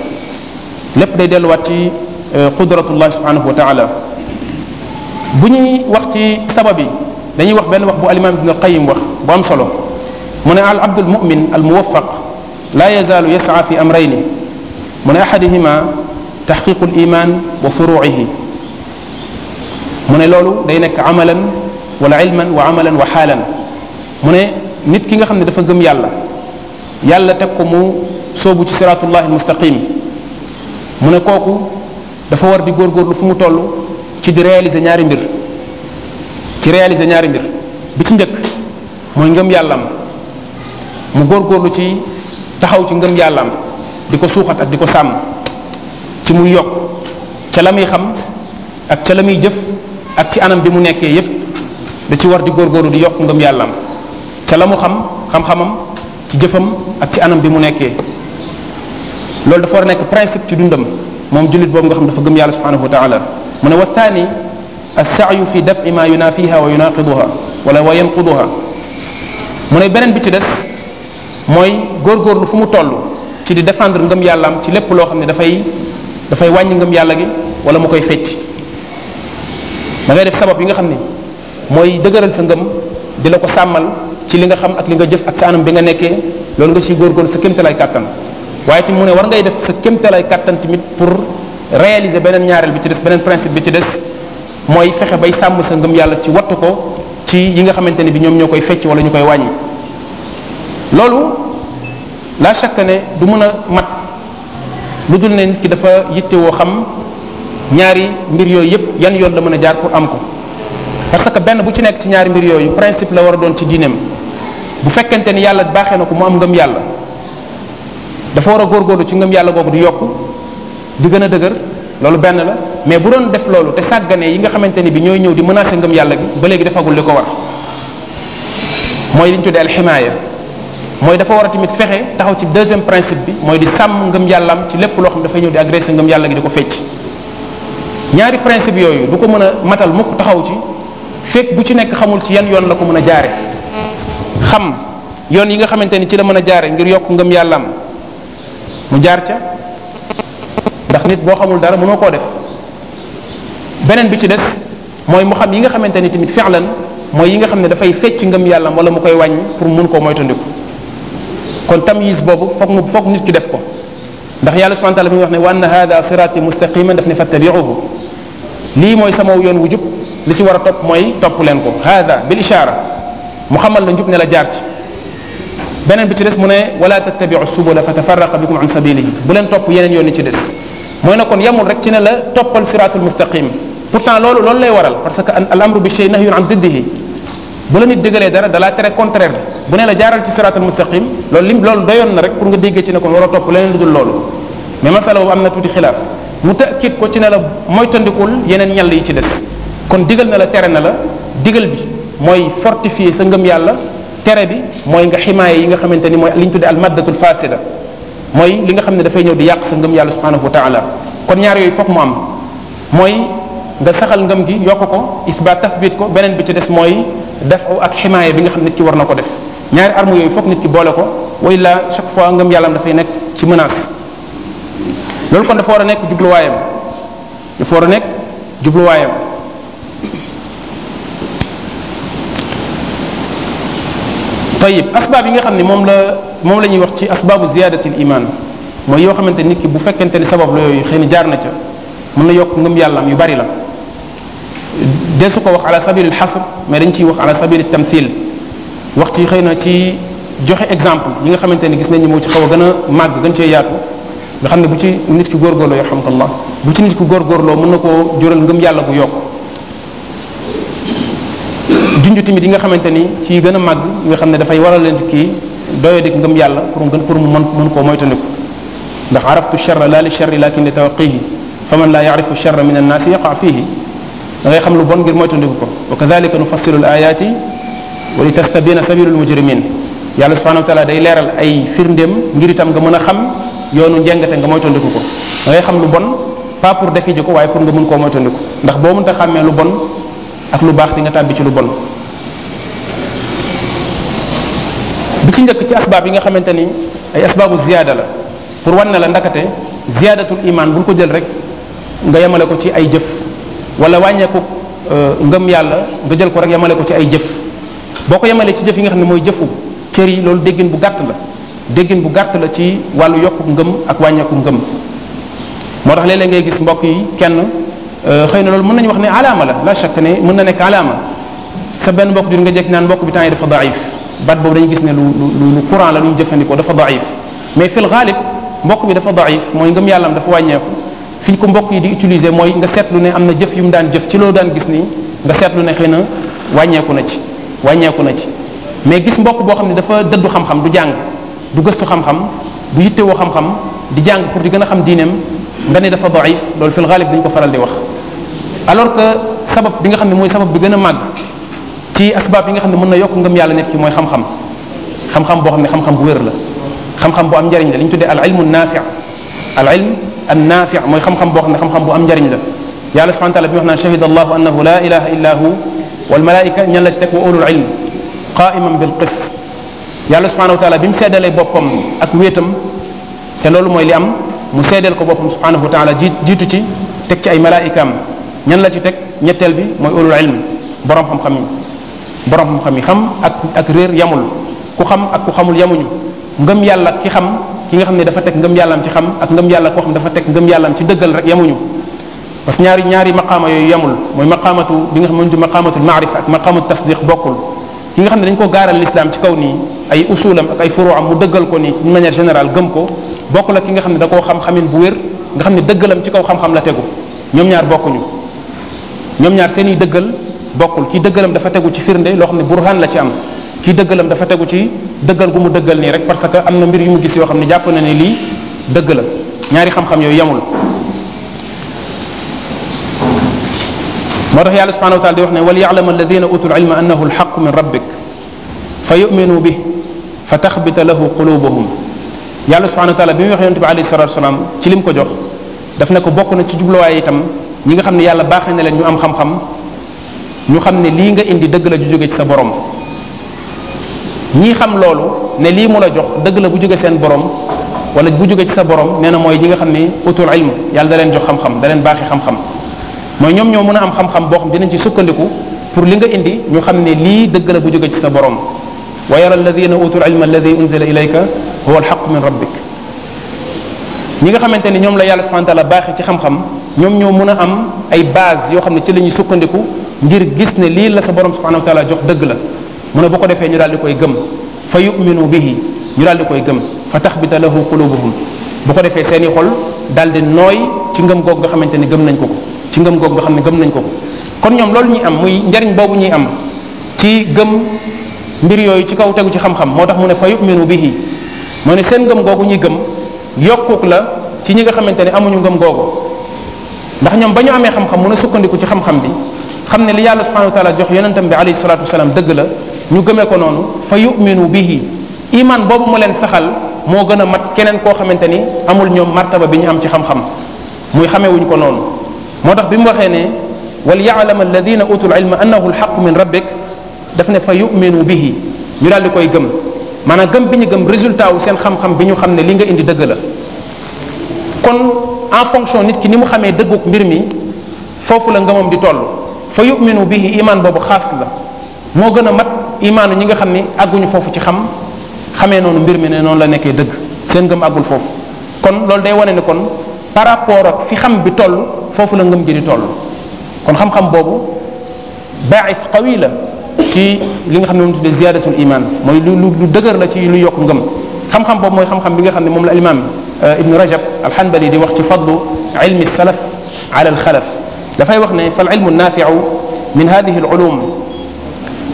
lépp day delluwaat ci euh, qudratullah subhanahu wa taala bu ñuy wax ci sabab yi dañuy wax benn wax bu alimaam ibn alqayim wax bu am solo mu ne al abdul mumin al muwafaq la yazaalu yasaa fi amrayni mu ne ahadihima taxqiqul iman wa furuihi mu ne loolu day nekk amalan wala ilman wa amalan wa xaalan mu ne nit ki nga xam ne dafa gëm yàlla yàlla teg ko mu soobu ci siratullahi almustaqim mu ne kooku dafa war di góorgóorlu fu mu toll ci di ñaari mbir ci réaliser ñaari mbir bi ci njëkk mooy ngëm yàllam mu góorgóorlu ci taxaw ci ngëm yàllam di ko suuxat ak di ko sàmm ci muy yokk ca la muy xam ak ca la muy jëf ak ci anam bi mu nekkee yépp da ci war di góorgóorlu di yokk ngëm yàllaam ca la mu xam xam-xamam ci jëfam ak ci anam bi mu nekkee loolu dafa war a nekk principe ci dundam moom jullit boobu nga xam dafa gëm yàlla subhanahu wa taala mu ne wa thani assaayu fi dafi ma yunafiha wa yunaqiduha wala wa yanquduha mu ne beneen bi ci des mooy góor góorgóorlu fu mu toll ci di défendre ngëm yàllaam ci lépp loo xam ne dafay dafay wàññi ngëm yàlla gi wala mu koy fecc da ngay def sabab yi nga xam ni mooy dëgëral sa ngëm di la ko sàmmal ci li nga xam ak li nga jëf ak sa anam bi nga nekkee loolu nga ciy góorgóorlu sa kémtalaay kàttan waaye tamit mu ne war ngay def sa kémtalaay kàttan tamit pour réaliser beneen ñaareel bi ci des beneen principe bi ci des mooy fexe bay sàmm sa ngëm yàlla ci wattu ko ci yi nga xamante ne bi ñoom ñoo koy fecc wala ñu koy wàññi loolu la lu dul ne nit ki dafa yittewoo xam ñaari mbir yooyu yëpp yan yoon la mën a jaar pour am ko parce que benn bu ci nekk ci ñaari mbir yooyu principe la war a doon ci diineem bu fekkente ni yàlla baaxee na ko mu am ngëm yàlla dafa war a góorgóorlu ci ngëm yàlla googu di yokk di gën a dëgër loolu benn la mais bu doon def loolu te sàggane yi nga xamante ni bi ñooy ñëw di menacer ngëm yàlla gi ba léegi defagul li ko war mooy li ñu tuddee alximaaya mooy dafa war a tamit fexe taxaw ci deuxième principe bi mooy di sàmm ngëm yàllaam ci lépp loo xam dafay ñëw di agressé ngëm yàlla gi ko fecc ñaari yooyu du ko mën a matal mukk taxaw ci fekk bu ci nekk xamul ci yan yoon la ko mën a jaare xam yoon yi nga xamante ni ci la mën a jaare ngir yokk ngëm yàllaam mu jaar ca ndax nit boo xamul dara mënoo koo def beneen bi ci des mooy mu xam yi nga xamante ni tamit fexlan mooy yi nga xam ne dafay fecc ngëm wala mu koy wàññi pour mun koo moytandiku kon tamyiz boobu foog mu foog nit ki def ko ndax yàlla subhanahu taala mi wax ne wa anna hada sirati mustaqiman daf ne fattabiuhu lii mooy sama yoon wu jub li ci war a topp mooy topp leen ko hada bil ishaara mu xamal la njub ne la jaar ci beneen bi ci des mu ne wala tattabiu subula fa tafarraqa bikum an sabilihi bu leen topp yeneen yoon yi ci des mooy ne kon yemul rek ci ne la toppal siratul mustaqim pourtant loolu loolu lay waral parce que al amru bi shay nahyun an diddihi bu la nit dëggalee dara dalaa tere contraire bi bu ne la jaaral ci siraatal mustaqim loolu lim loolu doyoon na rek pour nga déggee ci ne kon waroo topp leneen lu dul loolu mais masala boobu am na tuuti xilaaf mu takkit ko ci ne la moytandikul yeneen ñal yi ci des kon digal na la tere na la digal bi mooy fortifier sa ngëm yàlla tere bi mooy nga ximaaye yi nga xamante ni mooy li ñu tuddee al maddatul fasida mooy li nga xam ne dafay ñëw di yàq sa ngëm yàlla subhanahu wa taala kon ñaar yooyu foog mu am mooy nga saxal ngëm gi yokk ko isbaat tasbit ko beneen bi ci des mooy def ak ximaaya bi nga xam nit ki war na ko def ñaari arme yooyu foog nit ki boole ko way la chaque fois ngëm yàllam dafay nekk ci menace loolu kon dafa war a nekk jubluwaayam dafa a nekk jubluwaayam tayib asbaab yi nga xam ni moom la moom la ñuy wax ci asbaabu ziyaadatil imaan mooy yoo xamante nit ki bu fekkente ni sabab la yooyu xëy na jaar na ca mën na yokk ngëm yàllam yu bari la desu ko wax ala sabilil xasr mais dañ ciy wax ala sabilil tamthil wax ci xëy na ci joxe exemple yi nga xamante ne gis nañ ni moo ci xaw a gën a màgg gën cee yaatu nga xam ne bu ci nit ki góorgóorloo yarhamkallah bu ci nit ki góorgóorloo mën na koo jural ngëm yàlla gu yokk junj tamit yi nga xamante ni ci gën a màgg nga xam ne dafay waral nit ki doyo dik ngëm yàlla pour gën pour mu mën mën koo moytandiku ndax araftu charra la li charri lakin li tawqihi fa man la yarifu charra min annaasi yaqa fihi da xam lu bon ngir moytandiku ko wa kadalika nufassilu l ayaati wa li tastabina sabilu l mujrimin yàlla subhanahu wa taala day leeral ay firndéem ngir itam nga mën a xam yoonu njengate nga moytandiku ko da ngay xam lu bon pas pour defi ji ko waaye pour nga mën koo moytandiku ndax boo mënta xàmmee lu bon ak lu baax di nga tàbbi ci lu bon bi ci njëkk ci asbaab yi nga xamante ni ay asbaabu ziyaada la pour wan ne la ndakate ziyaadatul iman bul ko jël rek nga yemale ko ci ay jëf wala wàññeeku euh, ngëm yàlla nga jël ko rek yemale ko ci ay jëf boo ko yemalee ci jëf yi nga xam ne mooy jëfu cër yi loolu déggin bu gàtt la déggin bu gàtt la ci wàllu yokku ngëm ak wàññeeku ngëm moo tax léeg-léeg ngay gis mbokk yi kenn euh, xëy na loolu mën nañu wax ne alaama la la chaque ne mën na nekk alaama sa benn mbokk di nga jekk naan mbokk bi temps yi dafa daif bat boobu dañu gis ne lu lu lu courant la lu ñu jëfandikoo dafa daif mais fil xaalib mbokk bi dafa daif mooy ngëm yàllam dafa wàññeeku fii ko mbokk yi di utiliser mooy nga seetlu ne am na jëf yu mu daan jëf ci loo daan gis nii nga seetlu ne xëy na wàññeeku na ci wàññeeku na ci mais gis mbokk boo xam ne dafa dëddu xam du jàng du gëstu xam-xam du yittewoo xam-xam di jàng pour di gën a xam diineem nga ne dafa daif loolu fil ghalib dañ ko faral di wax alors que sabab bi nga xam ne mooy sabab bi gën a màgg ci asbaab yi nga xam ne mën na yokk ngam yàlla nekk mooy xam-xam xam boo xam ne xam-xam bu wér la xam-xam bu am njariñ la li ñu tuddee al ilmu naafi al ilm an naafi mooy xam-xam boo xam ne xam-xam bu am njariñ la yalla subhanahu wa taala bi wax naan shahida allahu annahu la ilaha illa hu wal malaika ñan la ci wa ulul ilm qaiman bil qist yàlla subhanahu wa bi mu seedalee boppam ak wéetam te loolu mooy li am mu seedeel ko boppam subhanahu wa taala ji jiitu ci teg ci ay malaikaam ñan la ci teg ñetteel bi mooy ulul ilm borom xam-xam yi yi xam ak ak réer yamul ku xam ak ku xamul yamuñu ngëm yàlla ki xam ki nga xam ne dafa teg ngëm yàllaam ci xam ak ngëm yàlla koo xam dafa teg ngëm yàllaam ci dëggal rek yamuñu parce que ñaari ñaari maqaama yooyu yamul mooy maqaamatu bi nga xam ne maqaamatul maarifa ak maqaamatu tasdiq bokkul ki nga xam ne dañ ko gaaral l'islam ci kaw nii ay usulam ak ay furuam mu dëggal ko nii d'une manière gëm ko bokkul ak ki nga xam ne da koo xam xamin bu wér nga xam ne dëggalam ci kaw xam-xam la tegu ñoom ñaar bokkuñu ñoom ñaar seen i dëggal bokkul ki dëggalam dafa tegu ci firnde loo xam ne burhan la ci am kii dëggalam dafa tegu ci dëggal gu mu dëggal nii rek parce que am na mbir yu mu gis yoo xam ne jàpp na ne lii dëgg la ñaari xam-xam yooyu yemul moo tax yàlla subhanahu wa taala di wax ne wal ya'lam alladina utul ilma annahu alxaqu min rabbik fa yuminu bi fa taxbita lahu qulubuhum yàlla subhanahu wa taala bi muy wax yonente bi alayhi salatu wasalaam ci lim ko jox daf ne ko bokk na ci jubluwaay itam ñi nga xam ne yàlla baaxee na leen ñu am xam-xam ñu xam ne lii nga indi dëgg la ju jóge ci sa borom ñii xam loolu ne lii mu la jox dëgg la bu jóge seen borom wala bu jógee ci sa borom nee na mooy ñi nga xam ne utul ilm yàlla da leen jox xam-xam da leen baaxi mooy ñoom ñoo mën a am xam-xam boo dinañ ci sukkandiku pour li nga indi ñu xam ne lii dëgg bu jóge ci sa borom wa yara alladina utul ilma alladi unzila ilayka huwa alxaq min rabbik ñi nga xamante ni ñoom la yàlla subhana taala baaxee ci xam ñoom ñoo mën a am ay base yoo xam ne ci lañuy sukkandiku ngir gis ne lii la sa borom subhanahu wa jox dëgg la mu ne bu ko defee ñu daal koy gëm fa yuminu bihi ñu daal di koy gëm fa taxbita lahu qulubuhum bu ko defee seen i xol daal di nooy ci ngëm googu nga xamante ni gëm nañ ko ko ci ngëm googu nga xam ne gëm nañ ko ko kon ñoom loolu ñuy am muy njariñ boobu ñuy am ci gëm mbir yooyu ci kaw tegu ci xam moo tax mu ne fa yuminu bihi moo ne seen ngëm googu ñuy gëm yokkuk la ci ñi nga xamante ne amuñu ngëm googu ndax ñoom ba ñu amee xam-xam mun a sukkandiku ci xam-xam bi xam ne li yàlla subhanahu wa taala jox yonentam bi alayhi salatu wasalam dëgg la ñu gëmee ko noonu fa yuminu bihi imaan boobu mu leen saxal moo gën a mat keneen koo xamante ni amul ñoom martaba bi ñu am ci xam-xam muy xamewuñ ko noonu moo tax bi mu waxee ne wal yaalama alladina utul ilma annahu alxaqu min rabbik daf ne fa yuminu bihi ñu daal di koy gëm maanaam gëm bi ñu gëm résultat wu seen xam-xam bi ñu xam ne li nga indi dëgg la kon en fonction nit ki ni mu xamee dëgguk mbir mi foofu la ngëmam di toll fa yuminu bi iman boobu xaas la moo gën a ma imaanu ñi nga xam ni aguñu foofu ci xam xamee noonu mbir mi ne noonu la nekkee dëgg seen ngëm àggul foofu kon loolu day wane ne kon par rapport ak fi xam bi toll foofu la ngëm ji di toll kon xam-xam boobu baaxif qawi la ci li nga xam ne moom tuddee ziyadatul mooy lu lu dëgër la ci lu yokk ngëm xam-xam boobu mooy xam-xam bi nga xam ne moom la imaam euh, ibnu rajab alhanbali di wax ci fadlu ilmi salaf ala alxalaf dafay wax ne fal ilmu naafiu min hadihi alulum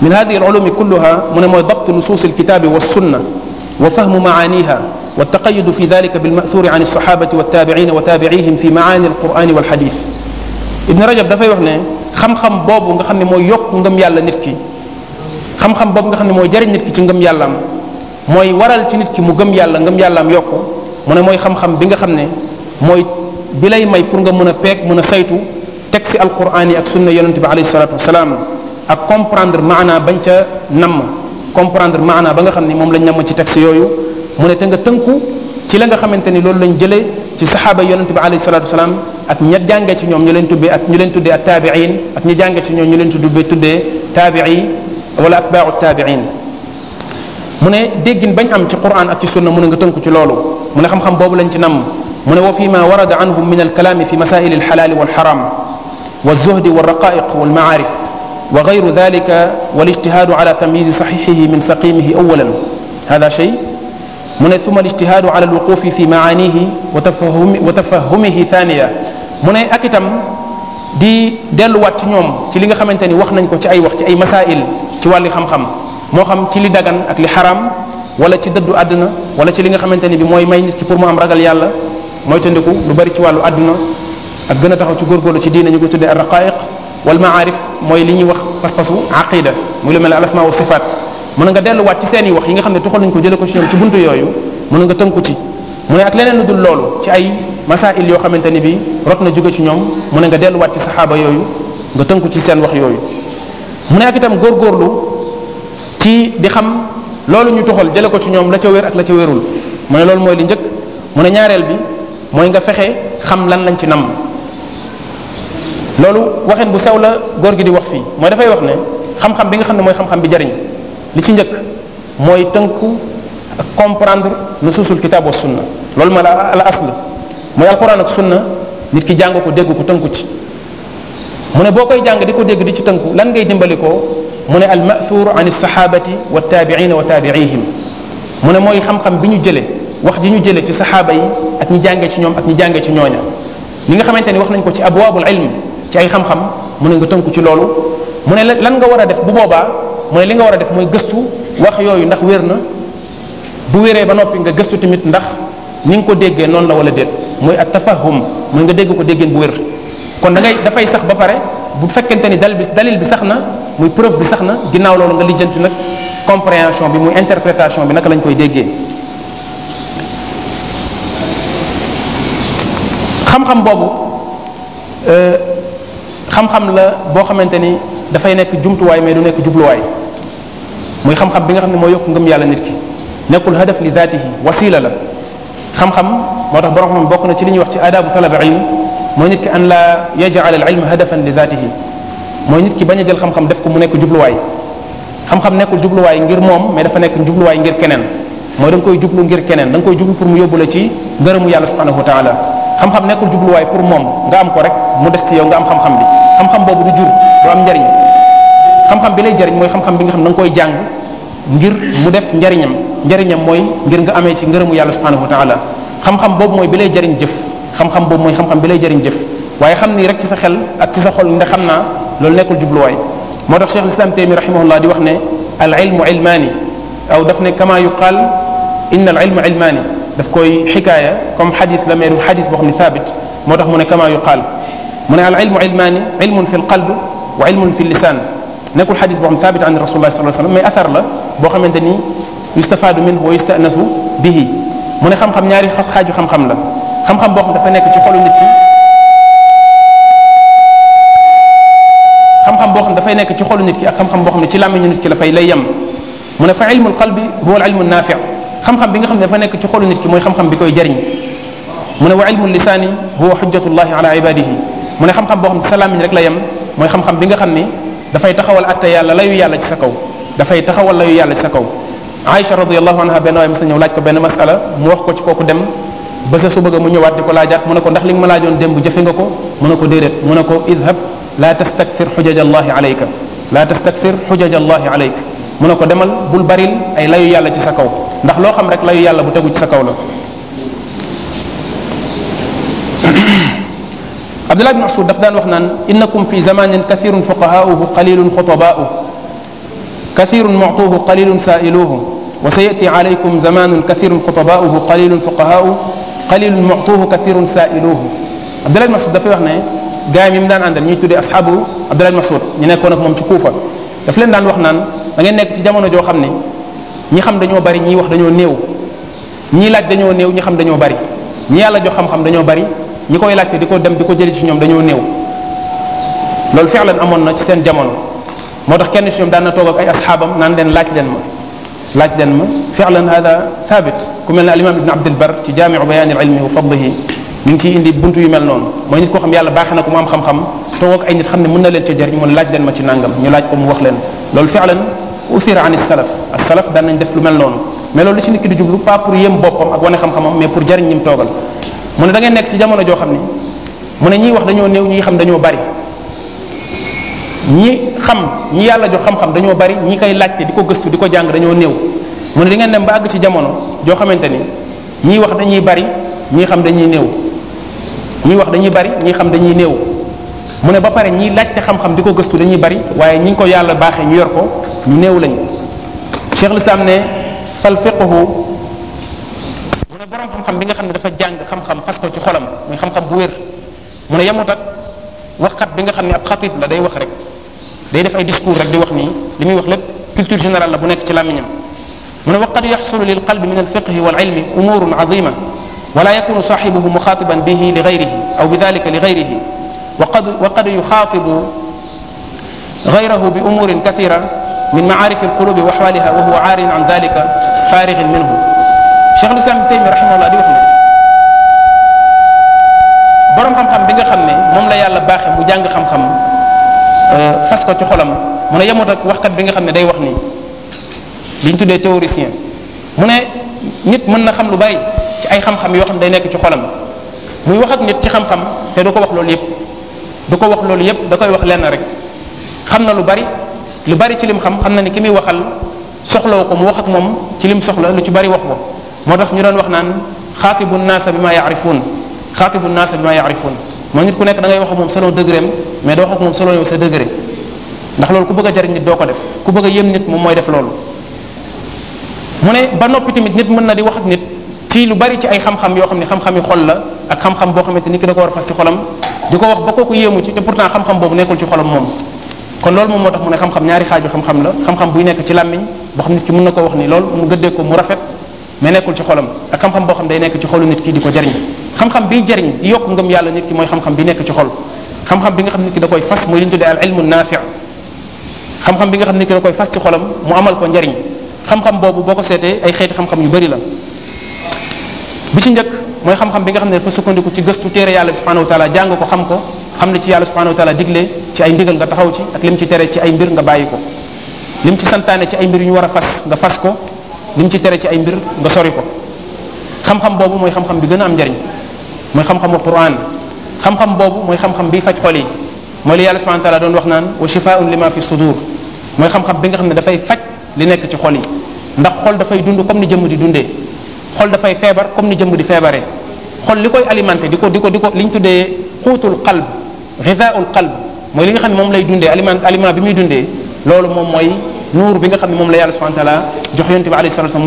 min hadihi al-ulum kulluha mu ne mooy dabt nusus al-kitab wa sunna wa fahmu maaniha wa taqayudu fi dhalika bil-ma'thur an as-sahabati wa at-tabi'in wa tabi'ihim fi maani al-quran wal hadith Ibn Rajab dafay wax ne xam-xam boobu nga xam ne mooy yokk ngëm yàlla nit ki xam-xam boobu nga xam ne mooy jariñ nit ki ci ngëm yàllaam mooy waral ci nit ki mu gëm yàlla ngëm yàllaam yokku mu ne mooy xam-xam bi nga xam ne mooy bi lay may pour nga mën a peeg mën a saytu teg si alquran yi ak sunna yonente bi alayhi salatu wasalaam ak comprendre maanaa bañ ca namm comprendre maanaa ba nga xam ni moom lañ namm ci texte yooyu mu ne te nga tënku ci la nga xamante ni loolu lañ jëlee ci saxaaba yonent bi alayhi salatu wasalaam ak ña jànge ci ñoom ñu leen tuddee ak ñu leen tuddee ak taabiin ak ñi jànge ci ñoom ñu leen tuddee tuddee taabii wala atbaau taabiin mu ne déggin bañ am ci quran ak ci sunna mu ne nga tënku ci loolu mu ne xam-xam boobu lañ ci namm mu ne wa fi ma warada anhum min alkalaami fi masaili alxalaali walxaram walzuhdi walraqaiq walmaarif wa gayru dalika walijtihaadu ala tamyizi saxixihi min saqimihi awalan hada shay mu ne suma alijtihaadu ala alwuqufi fi maanihi wa tafahumihi thaniya mu ne ak itam di delluwaat ci ñoom ci li nga xamante ni wax nañ ko ci ay wax ci ay masail ci wàlli xam-xam moo xam ci li dagan ak li xaraam wala ci dëddu àdduna wala ci li nga xamante ni bi mooy may nit ci pour mu am ragal yàlla mooy tëndiku lu bari ci wàllu àdduna ak gën a taxaw ci góorgóorlu ci diine ñu ko tuddee ar raqaiq wal maarif mooy li ñuy wax pas-pasu aqida muy lu mel ne al asma wa sifaat mën nga delluwaat ci seeni wax yi nga xam ne tuxal nañ ko jële ko ci ñoom ci buntu yooyu mën nga tënku ci mu ne ak leneen lu dul ci ay masail yoo xamante ni bi rot na jóge ci ñoom mu ne nga delluwaat ci saxaaba yooyu nga tënku ci seen wax yooyu mu ne ak itam góorlu ci di xam loolu ñu tuxal jële ko ci ñoom la ca wér ak la ca wérul mu ne loolu mooy li njëkk mu ne ñaareel bi mooy nga fexe xam lan lañ ci namm loolu waxin bu saw la góor gi di wax fii mooy dafay wax ne xam-xam bi nga xam ne mooy xam-xam bi jariñ li ci njëkk mooy tënku ak comprendre nusuusul kitaab wa sunna loolu ma la al asl mooy alquran ak sunna nit ki jàng ko dégg ko tënku ci mu ne boo koy jàng ko dégg di ci tënku lan ngay dimbali ko mu ne al ma'thur an as-sahabati wa tabi'ina wa tabi'ihim mu ne mooy xam-xam bi ñu jëlee wax ji ñu jëlee ci saxaaba yi ak ñi jàngee ci ñoom ak ñi jàngee ci ñooña li nga xamante ni wax nañ ko ci abwaabul ilm ci ay xam-xam mu ne nga tënku ci loolu mu ne lan nga war a def bu boobaa mu ne li nga war a def mooy gëstu wax yooyu ndax wér na bu wéree ba noppi nga gëstu tamit ndax ni nga ko déggee noonu la wala déet mooy at tafahum mooy nga dégg ko déggeen bu wér kon da ngay dafay sax ba pare bu fekkente ni dal bi dalil bi sax na muy preuve bi sax na ginnaaw loolu nga lijjanti nag compréhension bi muy interprétation bi naka lañ koy déggee xam-xam boobu euh, xam-xam la boo xamante ni dafay nekk jumtuwaay mais du nekk jubluwaay muy xam-xam bi nga xam ne mooy yokk ngëm yàlla nit ki nekkul hadaf li zaatihi wasila la xam-xam moo tax borom bokk na ci li ñuy wax ci adabu talab ilm mooy nit ki an la yajal al ilm hadafan li zaatihi mooy nit ki bañ a jël xam def ko mu nekk jubluwaay xam-xam nekkul jubluwaay ngir moom mais dafa nekk jubluwaay ngir keneen mooy da nga koy jublu ngir keneen da koy jublu pour mu yóbbu la ci ngërëmu yàlla subhanahu wa taala xam-xam nekkul jubluwaay pour moom nga am ko rek mu des ci yow nga am xam-xam bi xam-xam boobu du jur du am njariñ xam-xam bi lay jariñ mooy xam-xam bi nga xam na nga koy jàng ngir mu def njariñam njariñam mooy ngir nga amee ci ngërëmu yàlla subhanahu wa taala xam-xam boobu mooy bi lay jariñ jëf xam-xam boobu mooy xam-xam bi lay jariñ jëf waaye xam ni rek ci sa xel ak ci sa xol nga xam naa loolu nekkul jubluwaay moo tax cheikh lislam taymi rahimahullah di wax ne al ilmu ilmaani aw daf ne kama yu yuqal inna al ilmu ilmaani daf koy xikaaya comme xadis la meeru xadis boo xam ne saabit moo tax mu ne kama yuqal mu ne al ilmu ilmaani ilmun fi l qalb wa ilmun fi lisaan nekkul xadis boo xam thabit an rasulullah sallallahu alayhi wasallam mais athar la boo xamante ni yustafaadu minhu wa yustanasu bihi mu ne xam-xam ñaari xaaju xam-xam la xam-xam boo xam dafa nekk ci xolu nit ki xam-xam boo xam dafay nekk ci xolu nit ki ak xam-xam boo xam ne ci làmmiñu nit ki la fay lay yem mu ne fa ilmul qalbi huwa al ilmu naafi xam-xam bi nga xam ne dafa nekk ci xolu nit ki mooy xam-xam bi koy jariñ mu ne wa ilmul lisaani huwa xujjatullahi ala ibadihi mu ne xam-xam boo xam ne rek la yem mooy xam-xam bi nga xam ni dafay taxawal atte yàlla layu yàlla ci sa kaw dafay taxawal layu yàlla ci sa kaw Aïcha radiyallahu anha benn waay mas na ñëw laaj ko benn masala mu wax ko ci kooku dem ba sa su bëgg mu ñëwaat di ko laajaat mu ne ko ndax li nga ma laajoon démb jëfe nga ko mu ne ko déedéet mu ne ko idhab la tastakthir xujaj allahi alayka la tastakthir xujaj allahi alayka mu ne ko demal bul baril ay layu yàlla ci sa kaw ndax loo xam rek layu yàlla bu tegu ci sa kaw la abdullah ibn mas'ud daf daan wax naan innakum fi zamanin kathirun fuqahauhu qalilun xutabaauhu kathirun mutuuhu qalilun sailuhu wa sayati alaykum zamanun kathirun xutabaauhu qalilun fuqahauhu qalilun mutuuhu kathirun sailuhu abdullah ibn mas'ud dafay wax ne gaa yi mi mu daan àndal ñuy tuddee asxaabu abdullah ibn mas'ud ñu nekkoon ak moom ci kuufa daf leen daan wax naan da ngeen nekk ci jamono joo xam ne ñi xam dañoo bari ñi wax dañoo néew ñii laaj dañoo néew ñi xam dañoo bari yàlla jox xam-xam dañoo bari ñi koy laajte di ko dem di ko jëli ci ñoom dañoo néew loolu fexlan amoon na ci seen jamono moo tax kenn ci ñoom daan na toog ak ay asxaabam naan leen laaj leen ma laaj leen ma fexlan hada thabit ku mel ci jaamiu ngi ciy indi buntu yu mel noonu mooy yàlla baaxee na am xam-xam toog ak ay nit leen ca jëriñ mu leen ma ci nàngam ñu laaj ko mu wax leen loolu fexlan usira an salaf noonu mais loolu li ci nit ki di jublu pas pour ak wane xam-xamam mais pour jëriñ ñi mu mu ne da ngeen nekk ci jamono joo xam ne mu ne ñiy wax dañoo néew ñi xam dañoo bari ñi xam ñi yàlla jox xam-xam dañoo bari ñi koy laajte di ko gëstu di ko jàng dañoo néew mu ne da dem ba àgg ci jamono joo xamante ni ñiy wax dañuy bari ñi xam dañuy néew ñiy wax dañuy bari ñi xam dañuy néew mu ne ba pare ñiy laajte xam-xam di ko gëstu dañuy bari waaye ñi ko yàlla baaxee ñu yor ko ñu néew lañ Cheikh Lislam ne fal fiqhu ne borom xam-xam bi nga xam ne dafa jàng xam-xam fas ko ci xolam muy xam-xam bu wér mu ne yemut ak waxkat bi nga xam ne ab xatib la day wax rek day def ay discours rek di wax nii li muy wax lépp culture générale la bu nekk ci làmmiñam mu ne waqad yaxsulu lil qalbi min al fiqhi wal ilmi umurun azima wala yakunu saxibuhu muxaatiban bihi li gayrihi aw bi dalika li gayrihi waqad waqad yuxaatibu gayrahu bi umurin kathira min maarifi alqulubi wa axwaaliha wa huwa aarin an dalika faarigin minhu Cheikhul Islam Taymi rahimahullah di wax ne borom xam-xam bi nga xam ne moom la yàlla baaxe mu jàng xam-xam euh, fas ko ci xolam mu ne yemut ak waxkat bi nga xam ne day wax nii li ñu tuddee théoricien mu ne nit mën na xam lu bari ci ay xam-xam yoo xam day nekk ci xolam muy wax ak nit ci xam-xam te du ko wax loolu yépp du ko wax loolu yépp da koy wax lenn rek xam na lu bari lu bari ci lim xam xam na ne ki muy waxal soxlaw ko mu wax ak moom ci lim soxla lu ci bari wax moo tax ñu doon wax naan xaatibu naasa bi ma yaarifuun xaatibu naasa bi ma yaarifuun mooy nit ku nekk da ngay wax moom solo degré am mais doo wax ak moom selon yow sa degré ndax loolu ku bëgg a jariñ nit doo ko def ku bëgg a yëm nit moom mooy def loolu mu ne ba noppi tamit nit mën na di wax ak nit ci lu bari ci ay xam-xam xam ne xam-xam yi xol la ak xam xamante ni ki ko war a ko wax ba kooku yéemu ci boobu nekkul ci xolam moom kon loolu moom moo tax mu ne xam-xam ñaari xaaju xam-xam la xam-xam buy nekk ci làmmiñ boo xam nit ki mën na ko wax ni loolu mu gëddee ko mu rafet mais nekkul ci xolam ak xam-xam boo xam day nekk ci xolu nit ki di ko jariñ xam-xam biy jariñ di yokk ngëm yàlla nit ki mooy xam-xam bi nekk ci xol xam-xam bi nga xam nit ki da koy xam-xam bi nga xam nit da koy fas ci xolam mu amal ko njariñ xam-xam boobu boo ko seetee ay xeeti xam-xam yu bari la bi ci njëkk mooy xam-xam bi nga xam ne dafa sukkandiku ci gëstu téere yàlla bi subhanahu wa taala jàng ko xam ko xam ne ci yàlla subhanahu wa taala digle ci ay ndigal nga taxaw ci ak lim ci tere ci ay mbir nga bàyyi ko lim ci santaane ñu war a fas nga ko li ci tere ci ay mbir nga sori ko xam-xam boobu mooy xam-xam bi gën a am njariñ mooy xam-xamu quran xam-xam boobu mooy xam-xam bi faj xol yi mooy li yàlla subhanahu wa taala doon wax naan wa shifaun lima fi sudur mooy xam-xam bi nga xam ne dafay faj li nekk ci xol yi ndax xol dafay dund comme ni jëmm di dundee xol dafay feebar comme ni jëmm di feebaree xol li koy alimenté di ko di ko di ko li ñu tuddee xuutul qalb gidaul qalb mooy li nga xam ne moom lay dundee aliment aliment bi muy dundee loolu moom mooy nuur bi nga xam ne moom la yàlla subhanahu wa taala jox yonte bi alayhi salaam mu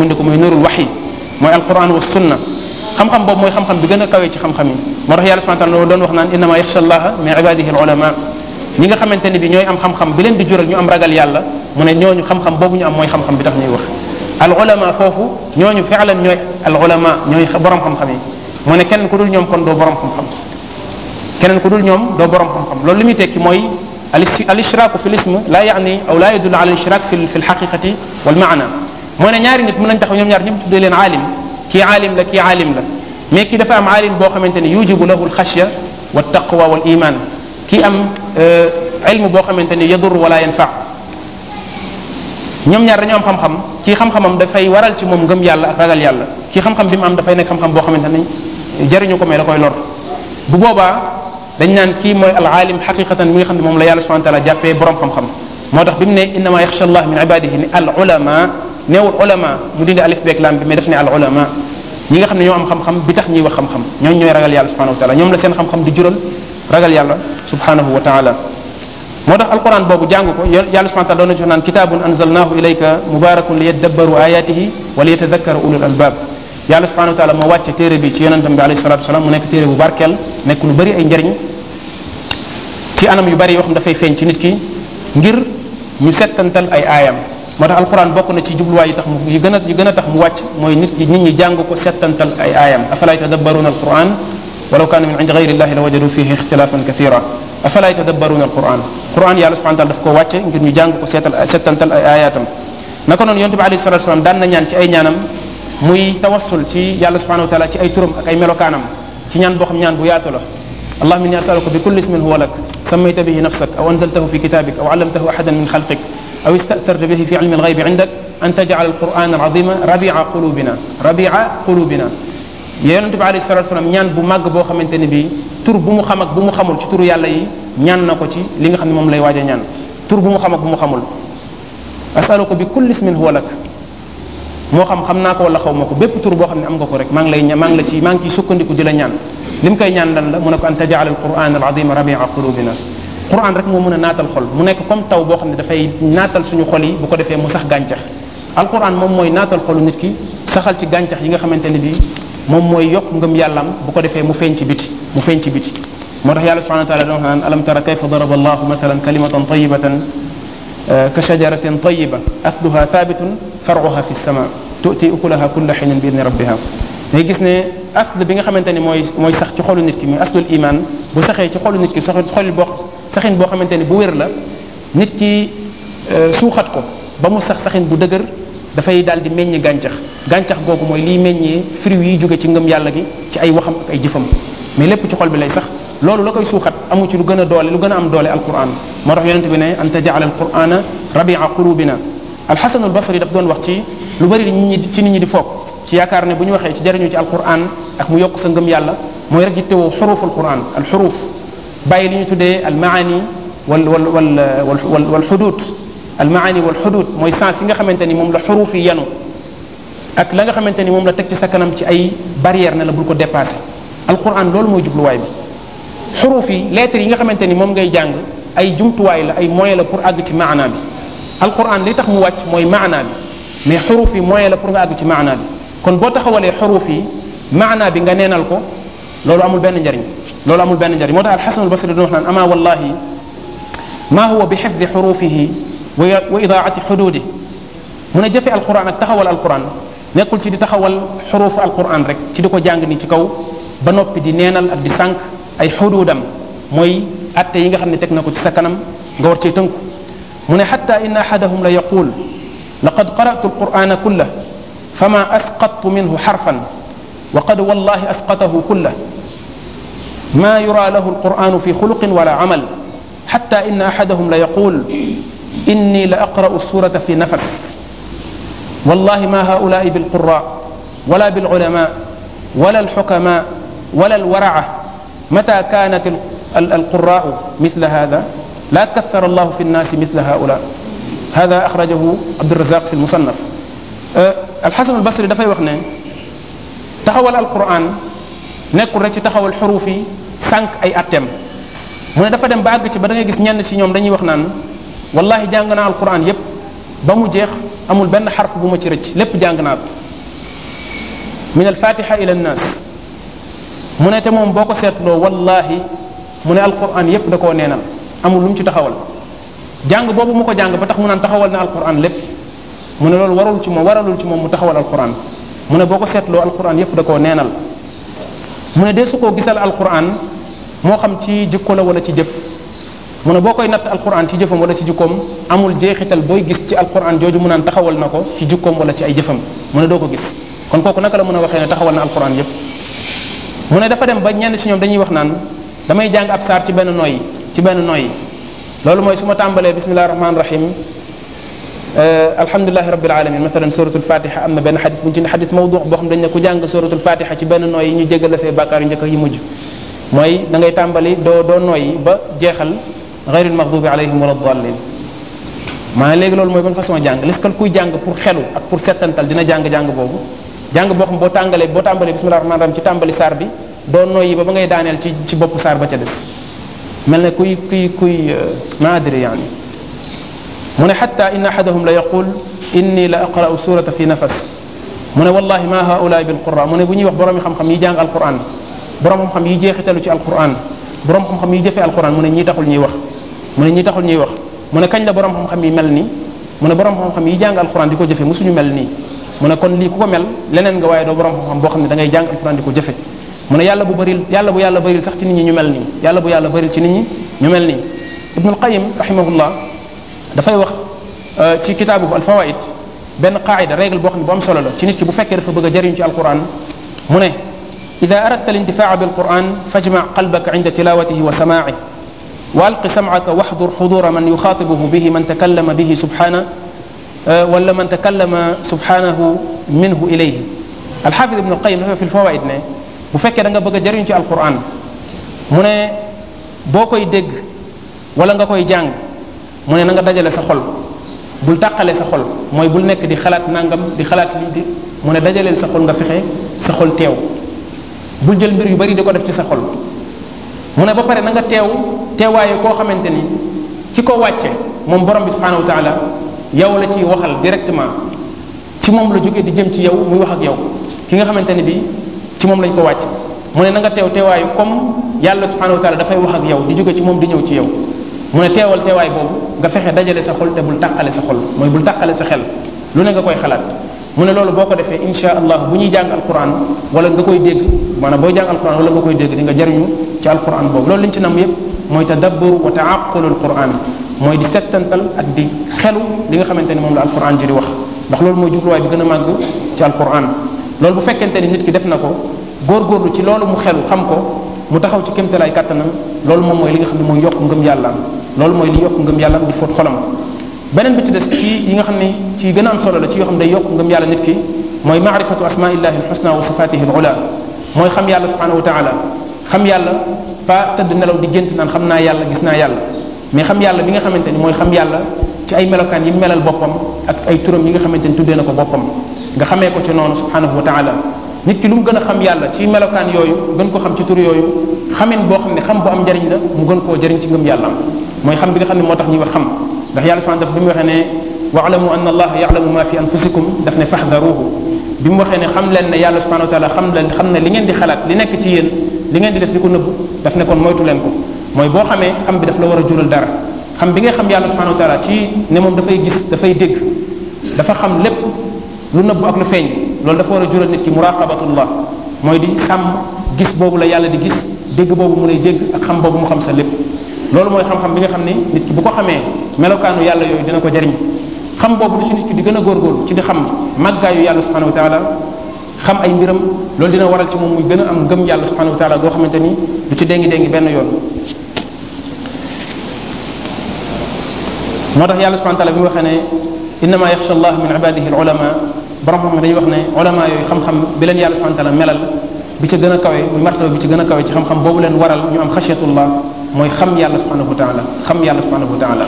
xam-xam boobu mooy xam-xam a kawee ci xam-xam nga xam-xam bi leen di jural ñu am ragal yàlla mu ne ñooñu xam-xam boobu am mooy xam-xam bi tax ñuy wax al ulama foofu ñooñu fi'lan ñooy al ulama ñooy borom xam-xam yi mu ne keneen ku dul ñoom kon doo borom xam-xam keneen ku dul ñoom doo borom xam-xam loolu li muy tekki mooy al-ishraaku fi l-ism laa yaani aw laa yadullu ala al-ishraak fi fi l-haqiiqati wal maana moo ne ñaari nit mën nañ taxaw ñoom ñaar ñëpp tuddee leen aalim kii aalim la kii aalim la mais kii dafa am aalim boo xamante ne yujibu lahu al-xashya wa taqwa wal iman kii am euh, ilm boo xamante ne yadur wala yanfa ñoom ñaar dañoo am xam-xam kii xam-xamam dafay waral ci moom ngëm yàlla ak ragal yàlla kii xam-xam bi mu am dafay nekk xam-xam boo xamante ne jariñu ko mais da koy lor bu boobaa dañ naan kii mooy alaalim moom la yàlla subhanahu wa taala jàppee borom xam-xam moo tax bi mu yaxsha allah min ibadihi ni al ulama neewul ulama alif beeg lam bi mais ne al ulama nga xam ne ñoo am xam-xam bi tax ñuy wax xam-xam ñooñu ñooy ragal yàlla subhanahu wa taala ñoom la seen xam-xam di jural ragal yàlla subhanahu wa taala moo tax alquran boobu jàng ko yàlla subhanahu wa taala doon na jox naan kitaabun anzalnahu ilayka mubarakun li yadabbaru ayatihi wa li yatadakkara ulul yàlla subhanahu wa taala moo wàcce téere bi ci yonentam bi alayhi salatu wasalaam mu barkeel nekk lu bari ay njariñ ci anam yu bari yoo xam dafay feeñ ci nit ki ngir ñu settantal ay aayam moo tax alquran bokk na ci jubluwaay yi tax mu yu gën a gën a tax mu wàcc mooy nit ñi nit ñi jàng ko settantal ay aayam afala yatadabbaruuna alquran walaw kaana min indi gayri illahi la wajadu fihi ixtilafan kathira afala yatadabbaruuna alquran quran yàlla subhanahu wa taala daf ko wàcce ngir ñu jàng ko seetal settantal ay aayaatam naka noonu yonte bi alayhi salatu wasalaam daan na ñaan ci ay ñaanam muy tawassul ci yàlla subhanahu wa taala ci ay turam ak ay melokaanam ci ñaan boo xam ñaan bu yaatu la allahuma inni asaluka bi kulli ismin huwa lak sammayta bihi nafsak aw anzaltahu fi kitabik aw allamtahu ahadan min xalqik aw istatarta bihi fi ilmi alxaybi indak an tajcal alquran alazima rabia qulubina rabia qulubina ñaan bu màgg boo xamante ne bi tur bu mu xam ak bu mu xamul ci yàlla yi ñaan na ko ci li nga xam ne moom lay waaj ñaan tur bu mu xam ak bu mu xamul asaluka bi kulli ismin huwa lak moo xam xam naa ko wala xaw ma ko bépp tur boo xam ne am nga ko rek maa ngi lay ña maa ngi la ci maa ngi ciy sukkandiku di la ñaan li mu koy ñaan lan la mu ne ko a nekk comme boo xam ne dafay naatal suñu xol yi bu ko defee mu sax gàncax alquran moom mooy naatal xolu nit ki saxal ci gàncax yi nga xamante ne bii moom mooy yokk ngëm yàllam bu ko defee mu feeñ ci biti mu feeñ ci biti moo tax yàlla subhanahu wa taala doon naan alam tara kayfa daraba allahu mathalan kalimatan tayyibatan ka shajaratin tayiba asluha thabitun faruha fi sama tuuti ukulaha kulla xinin bi idni rabbiha day ne asl bi nga xamante ni mooy mooy sax ci xolu nit ki muy aslul bu saxee ci xolu nit ki sax xol boo saxin boo xamante ni bu wér la nit ki euh, suuxat ko ba mu sax saxin bu dëgër dafay daal di meññ gàncax gàncax googu mooy liy meññee fruit yi jóge ci ngëm yàlla gi ci ay waxam ak ay jëfam mais lépp ci xol bi lay sax loolu la koy suuxat amu ci lu gën a doole lu gën a am doole alquran moo tax yonente bi ne an tajal alqurana rabia qulubina alxasan albasri daf doon wax ci lu bëri nit ñi ci nit ñi di foog ci yaakaar ne bu ñu waxee ci jariñu ci alquran ak mu yokk sa ngëm yàlla mooy rek yittewoo xuruf alquran alxuruf bàyyi li ñu tuddee almaani wal wal wal wal wal xudud almaani wal xudud mooy sens yi nga xamante ni moom la xuruf yi yanu ak la nga xamante ni moom la teg ci sa kanam ci ay barrière ne la bul ko dépassé alquran loolu mooy jubluwaay bi xuruf yi lettres yi nga xamante ni moom ngay jàng ay jumtuwaay la ay moyen la pour àgg ci maanaa bi alquran li tax mu wàcc mooy maanaa bi mais xuruf yi moyen la pour nga àgg ci maanaa bi kon boo taxawalee xuruf yi maanaa bi nga neenal ko loolu amul benn njariñ loolu amul benn njariñ moo tax alxasan albasri doon wax naan ama wallahi maa huwa bi xifdi xurufihi wa idaati xuduudi mu ne jëfe alquran ak taxawal alquran nekkul ci di taxawal xurufu alquran rek ci di ko jàng ni ci kaw ba noppi di neenal ak di sànq ay xuduudam mooy atte yi nga xam ne teg na ko ci sa kanam nga war cee tënku mu ne xatta inna ahadahum la yaqul laqad qara'tu alqur'ana kulla fama asqattu minhu xarfan wa qad wallahi asqatahu kulla ma yura lahu alqur'anu fi xuluqin wala amal xatta inna ahadahum la yaqul inni la aqra'u surata fi nafas wallahi ma haulaai bilqura wala bilulama wala alxukama wala alwaraca متى كانت القراء مثل هذا لا كثر الله في الناس مثل هؤلاء هذا أخرجه عبد الرزاق في المصنف الحسن البصري dafay wax ne taxawal alquran nekkul rek ci taxawal xuruuf yi sànq ay atteem mu ne dafa dem ba àgg ci ba da ngay gis ñenn ci ñoom dañuy wax naan wallahi jàng naa alquran yépp ba mu jeex amul benn xarf bu ma ci rëcc lépp jàng naa ko min alfatiha ila annas mu ne te moom boo ko seetloo wallahi mu ne al alquran yépp da koo neenal amul lu mu ci taxawal jàng boobu mu ko jàng ba tax mu naan taxawal na alquran lépp mu loolu warul ci moom waralul ci moom mu taxawal alquran mu ne boo ko seetloo alquran yépp da koo neenal mu ne dee su koo gisal alquran moo xam ci jikko la wala ci jëf mu ne boo koy natt alquran ci jëfam wala ci jikkoom amul jeexital booy gis ci alquran jooju mu naan taxawal na ko ci jikkoom wala ci ay jëfam mu ne doo ko gis kon kooku naka la mën a waxee ne taxawal na alquran yépp mu ne dafa dem ba ñenn si ñoom dañuy wax naan damay jàng ab saar ci benn noyyi ci benn yi loolu mooy su ma tàmbalee bismillahi rahmaani rahim euh, alhamdulilahi rabil alamin masalan suratul fatiha am na benn xadis bu ñu ci ne xadis mawdu boo xam dañ ne ku jàng suratul fatiha ci benn noyyi ñu jéggal la say bàkkaar yu njëkk ak mujj mooy dangay tàmbali doo doo noyyi ba jeexal gayril maxdubi alayhim wala dallin maanaam léegi loolu mooy ban façon jàng liskal kuy jàng pour xelu ak pour settantal dina jàng-jàng boobu jàng boo xam boo tàngalee boo tàmbalee bismillah rahmaan rahim ci tàmbali saar bi doo noyyi ba ba ngay daaneel ci ci bopp saar ba ca des mel ne kuy kuy kuy maadiri euh, yaani mu ne xatta in ahadahum la yaqul inni la aqra'u surata fi nafas mu ne wallahi ma haulaay bil quran mu ne bu ñuy wax boroomi xam-xam yi jàng alquran borom xam-xam yi jeexitalu ci alquran borom xam-xam yi jëfee mu ne ñii taxul ñuy wax mu ne ñii taxul ñuy wax mu ne kañ la borom xam-xam yi mel nii mu ne borom xam yi jàng alquran di ko jëfee mosuñu mel nii mu ne kon lii ku ko mel leneen nga waaye doo borom xam-xam boo xam ne da ngay jàng alxuraan di ko jëfe mu ne yàlla bu bëril yàlla bu yàlla bëril sax ci ni ñi ñu mel nii yàlla bu yàlla bëril ci nit ñi ñu mel nii ibnul qayim rahimahullah dafay wax euh, ci kitaabu alfawaid benn qaayida règle boo xam ne bu am solo la ci ni ki bu fekkee dafa bëgg a jariñ ci alquran mu ne ida aradta alintifaa bilquran fajmac qalbaka inda tilawatihi wa samaaci wa alqi samcaka waxdur xudura man yuxaatibuhu bihi man takallama bihi subhana wala man takallama subhanahu minhu ilayhi alxaafid ibnu alqayim dafa fil fawaid ne bu fekkee da nga bëgg a jariñ ci alquran mu ne boo koy dégg wala nga koy jàng mu ne na nga dajale sa xol bul tàqale sa xol mooy bul nekk di xalaat nangam di xalaat lii mu ne dajaleel sa xol nga fexe sa xol teew bul jël mbir yu bari di ko def ci sa xol mu ne ba pare na nga teew teewaayu koo xamante ni ki ko wàcce moom borom bi subhanahu wa taala yow la ciy waxal directement ci moom la jógee di jëm ci yow muy wax ak yow ki nga xamante ne bii ci moom lañ ko wàcc mu ne na nga teew teewaayu comme yàlla subhanahu wa dafay wax ak yow di jóge ci moom di ñëw ci yow mu ne teewal teewaay boobu nga fexe dajale sa xol te bul tàqale sa xol mooy bul tàqale sa xel lu ne nga koy xalaat mu ne loolu boo ko defee insha allah bu ñuy jàng alquran wala nga koy dégg maanaam booy jàng alquran wala nga koy dégg di nga jariñu ci alquran boobu loolu liñ ci nam yépp mooy tadabbur wa taaqulul quran mooy di settantal ak di xelu li nga xamante ne moom la alquran ji di wax ndax loolu mooy jubluwaay bi gën a màgg ci alquran loolu bu fekkente ni nit ki def na ko góorgóorlu ci loolu mu xel xam ko mu taxaw ci kémtalaay kàttanam loolu moom mooy li nga xam ne mooy yokk ngëm yàllaam loolu mooy li yokk ngëm yàllaam di fóot xolam bi ci des ci yi nga xam ne ci gën a solo la ci yoo xam ne day yokk ngëm yàlla nit ki mooy maarifatu asmaillahi alxusna wa sifatihi alula mooy xam yàlla subhanahu wa taala xam yàlla pa tëdd nelaw di gént naan xam naa yàlla gis naa yàlla mais xam yàlla bi nga xamante ni mooy xam yàlla ci ay melokaan yi melal boppam ak ay turam yi nga xamante ni tuddee na ko boppam nga xamee ko ci noonu subhanahu wa taala nit ki lu mu gën yàlla ci melokaan yooyu gën ko xam ci tur yooyu xamin boo xam ne xam bu am njariñ la mu gën koo jëriñ ci ngëm yàlla mooy xam bi nga xam ne moo tax ñuy wax xam ndax yàlla subhanahu daf bi mu waxee ne waalamu anna allah yaalamu ma fi mu waxee ne xam leen ne yàlla subhanahu wa taala xam leen xam ne li ngeen di xalaat li nekk ci yéen li ngeen di def di ko nëbb daf ne kon moytu leen ko mooy boo xamee xam bi daf la war a jural dara xam bi ngay xam yàlla subhanahu wa taala ci ne moom dafay gis dafay dégg dafa xam lépp lu nëbbu ak lu feeñ loolu dafa war a jural nit ki muraqabatullah mooy di sàmm gis boobu la yàlla di gis dégg boobu mu lay dégg ak xam boobu mu xam sa lépp loolu mooy xam bi nga xam ne nit ki ko xamee melokaanu yàlla yooyu dina ko jariñ xam boobu lu ci nit ki di gën a góorgóorlu ci di xam màggaayu yàlla subhanahu wa taala xam ay mbiram loolu dina waral ci moom muy gën a am gëm yàlla subhanahu wa goo xamante ni du ci déngi déngi benn yoon moo tax yàlla subhanahu wa taala bi mu waxee ne innama yaxsha allah min ibadihi wax ne ulama yooyu xam-xam bi yàlla subhanahu wa taala melal bi ci gën a martaba bi ci gën a kawe ci xam-xam boobu leen waral ñu am xasiyatullah mooy xam yàlla subhanahu wa taala xam yàlla subhanahu wa taala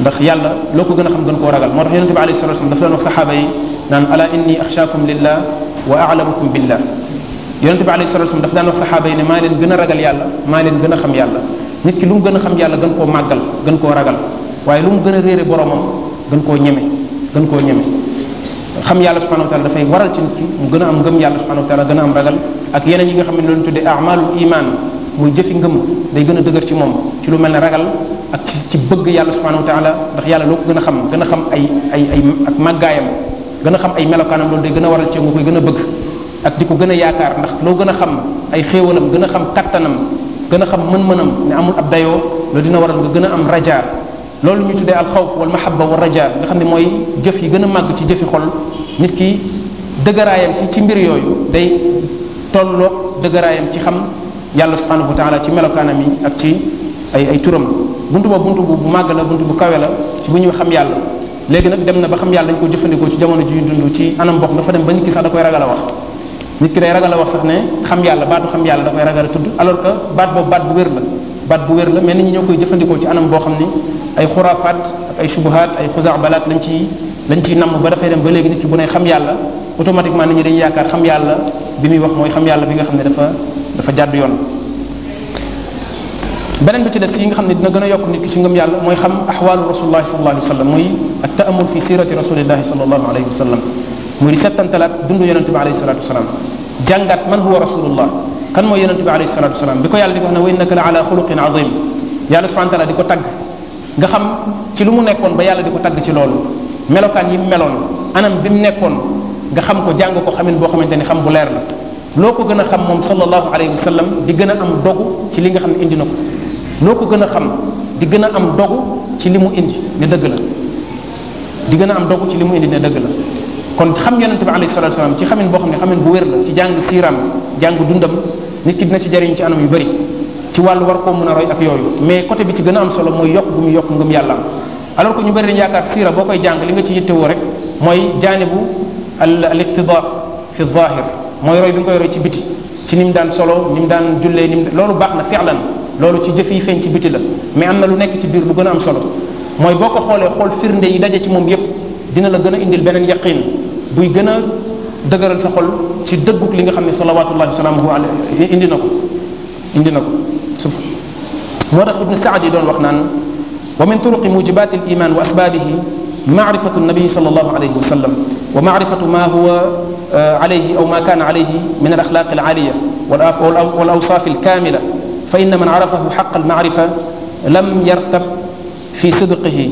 ndax yàlla loo ko gën a xam gën koo ragal moo tax yonente bi alayhi salatu wasallam dafa leen wax saxaaba yi naan ala inni axshaakum lillah wa alamukum billah yonente bi alayhi salatu wasallam dafa daan wax saxaaba yi ne maa leen gën a ragal yàlla maa leen gën a xam yàlla nit ki lu mu a xam yàlla gën koo màggal gan koo ragal waaye lu mu gën a réere boromam gën koo ñeme gën koo ñeme xam yàlla subhanahu wa dafay waral ci mu gën a am ngëm yàlla subhanahu wa gën a am ragal ak yeneen yi nga xam ne loolu tuddee amalul iman muy jëfi day gën a dëgër ci moom ci lu mel ne ragal ak ci bëgg yàlla subhanahu wa taala ndax yàlla loo gën a xam gën a xam ay ay ay ak màggaayam gën a xam ay melokaanam loolu day gën a waral ci nga koy gën a bëgg ak di ko gën a yaakaar ndax loo gën a xam ay xéewalam gën a xam kattanam gën a xam mën-mënam ne amul ab dayoo loolu dina waral nga gën a am raja loolu ñuy tuddee alxawf wal ma mahabba wal raja nga xam ne mooy jëf yi gën a màgg ci jëfi xol nit ki dëgëraayam ci ci mbir yooyu day tolloog dëgëraayam ci xam yàlla subhanahu wa taala ci melokaanam yi ak ci ay ay turam buntu boobu buntu bu màgg la bunt bu kawe la ci bu ñuy xam yàlla léegi nag dem na ba xam yàlla dañ ko jëfandikoo ci jamono ji ñu dund ci anam bokk dafa dem ba nit ki sax da koy ragal a wax nit ki day ragal a wax sax ne xam yàlla baatu xam yàlla da koy ragal alors baat boobu baat bu wér la baat bu wér la mais ni ñi ñoo koy jëfandikoo ci anam boo xam ne ay xuraafaat ak ay subuhaat ay xusaar balaat lañ ci lañ ciy namm ba dafay dem ba léegi nit ki bu ne xam yàlla automatiquement nit ñi dañuy yaakaar xam yàlla bi muy wax mooy xam yàlla bi nga xam ne dafa dafa jàdd yoon beneen bi ci des yi nga xam ne dina gën a yokk nit ki ci ngëm yàlla mooy xam axwaalu rasulillahi sallallahu alayhi wa sallam muy ak taamul fi sirati rasulillahi sallallahu alayhi wa sallam muy di settantalaat dundu yonente bi alayhi salatu wasalaam jàngaat man huwa rasulullah kan mooy yonente bi alayhi salatu wasalaam bi ko yàlla di wax ne wa innaka la ala xuluqin azim yàlla subhanahu wa taala di ko tagg nga xam ci lu mu nekkoon ba yàlla di ko tagg ci loolu melokaan yi mu meloon anam bi mu nekkoon nga xam ko jàng ko xamin boo xamante ni xam bu leer la loo ko gën a xam moom sallallahu alayhi wa sallam di gën a am dogu ci li nga xam ne indi na ko loo ko gën a xam di gën a am dogu ci li mu indi ne dëgg la di gën a am dogu ci li mu indi ne dëgg la kon xam yonente bi alayhi salatu wasalam xamin boo xam ne xamin bu wér la ci jàng siiram jàng dundam nit ki dina ci jariñ ci anam yu bari ci wàllu war koo mën a roy ak yooyu mais côté bi ci gën a am solo mooy mu yokk ngëm yàlla alors que ñu bëri dañu yaakaar siira boo koy jàng li nga ci yittewoo rek mooy jaanibu al iqtida fi zahir mooy roy bi nga koy roy ci biti ci ni mu daan solo ni mu daan jullee ni loolu baax na fi'lan loolu ci jëf yi feeñ ci biti la mais am na lu nekk ci biir lu gën a am solo mooy boo ko xoolee xool firnde yi daje ci moom yépp dina la gën a indil beneen yaqin buy gën a dëgëral sa xol ci dëgguk li nga xam ne salawatullahi wasalaamuhu alayhi indi na ko indi na ko sub moo tax ibnu saad yi doon wax naan wa min turuqi mujibat al iman wa asbaabihi maarifatu nabii sallallahu alayhi wa sallam wa maarifatu ma huwa alayhi aw ma kaana alayhi min al axlaaq al aaliya wal awsaaf al kaamila fa inna man arafahu xaq al maarifa lam yartab fi sidqihi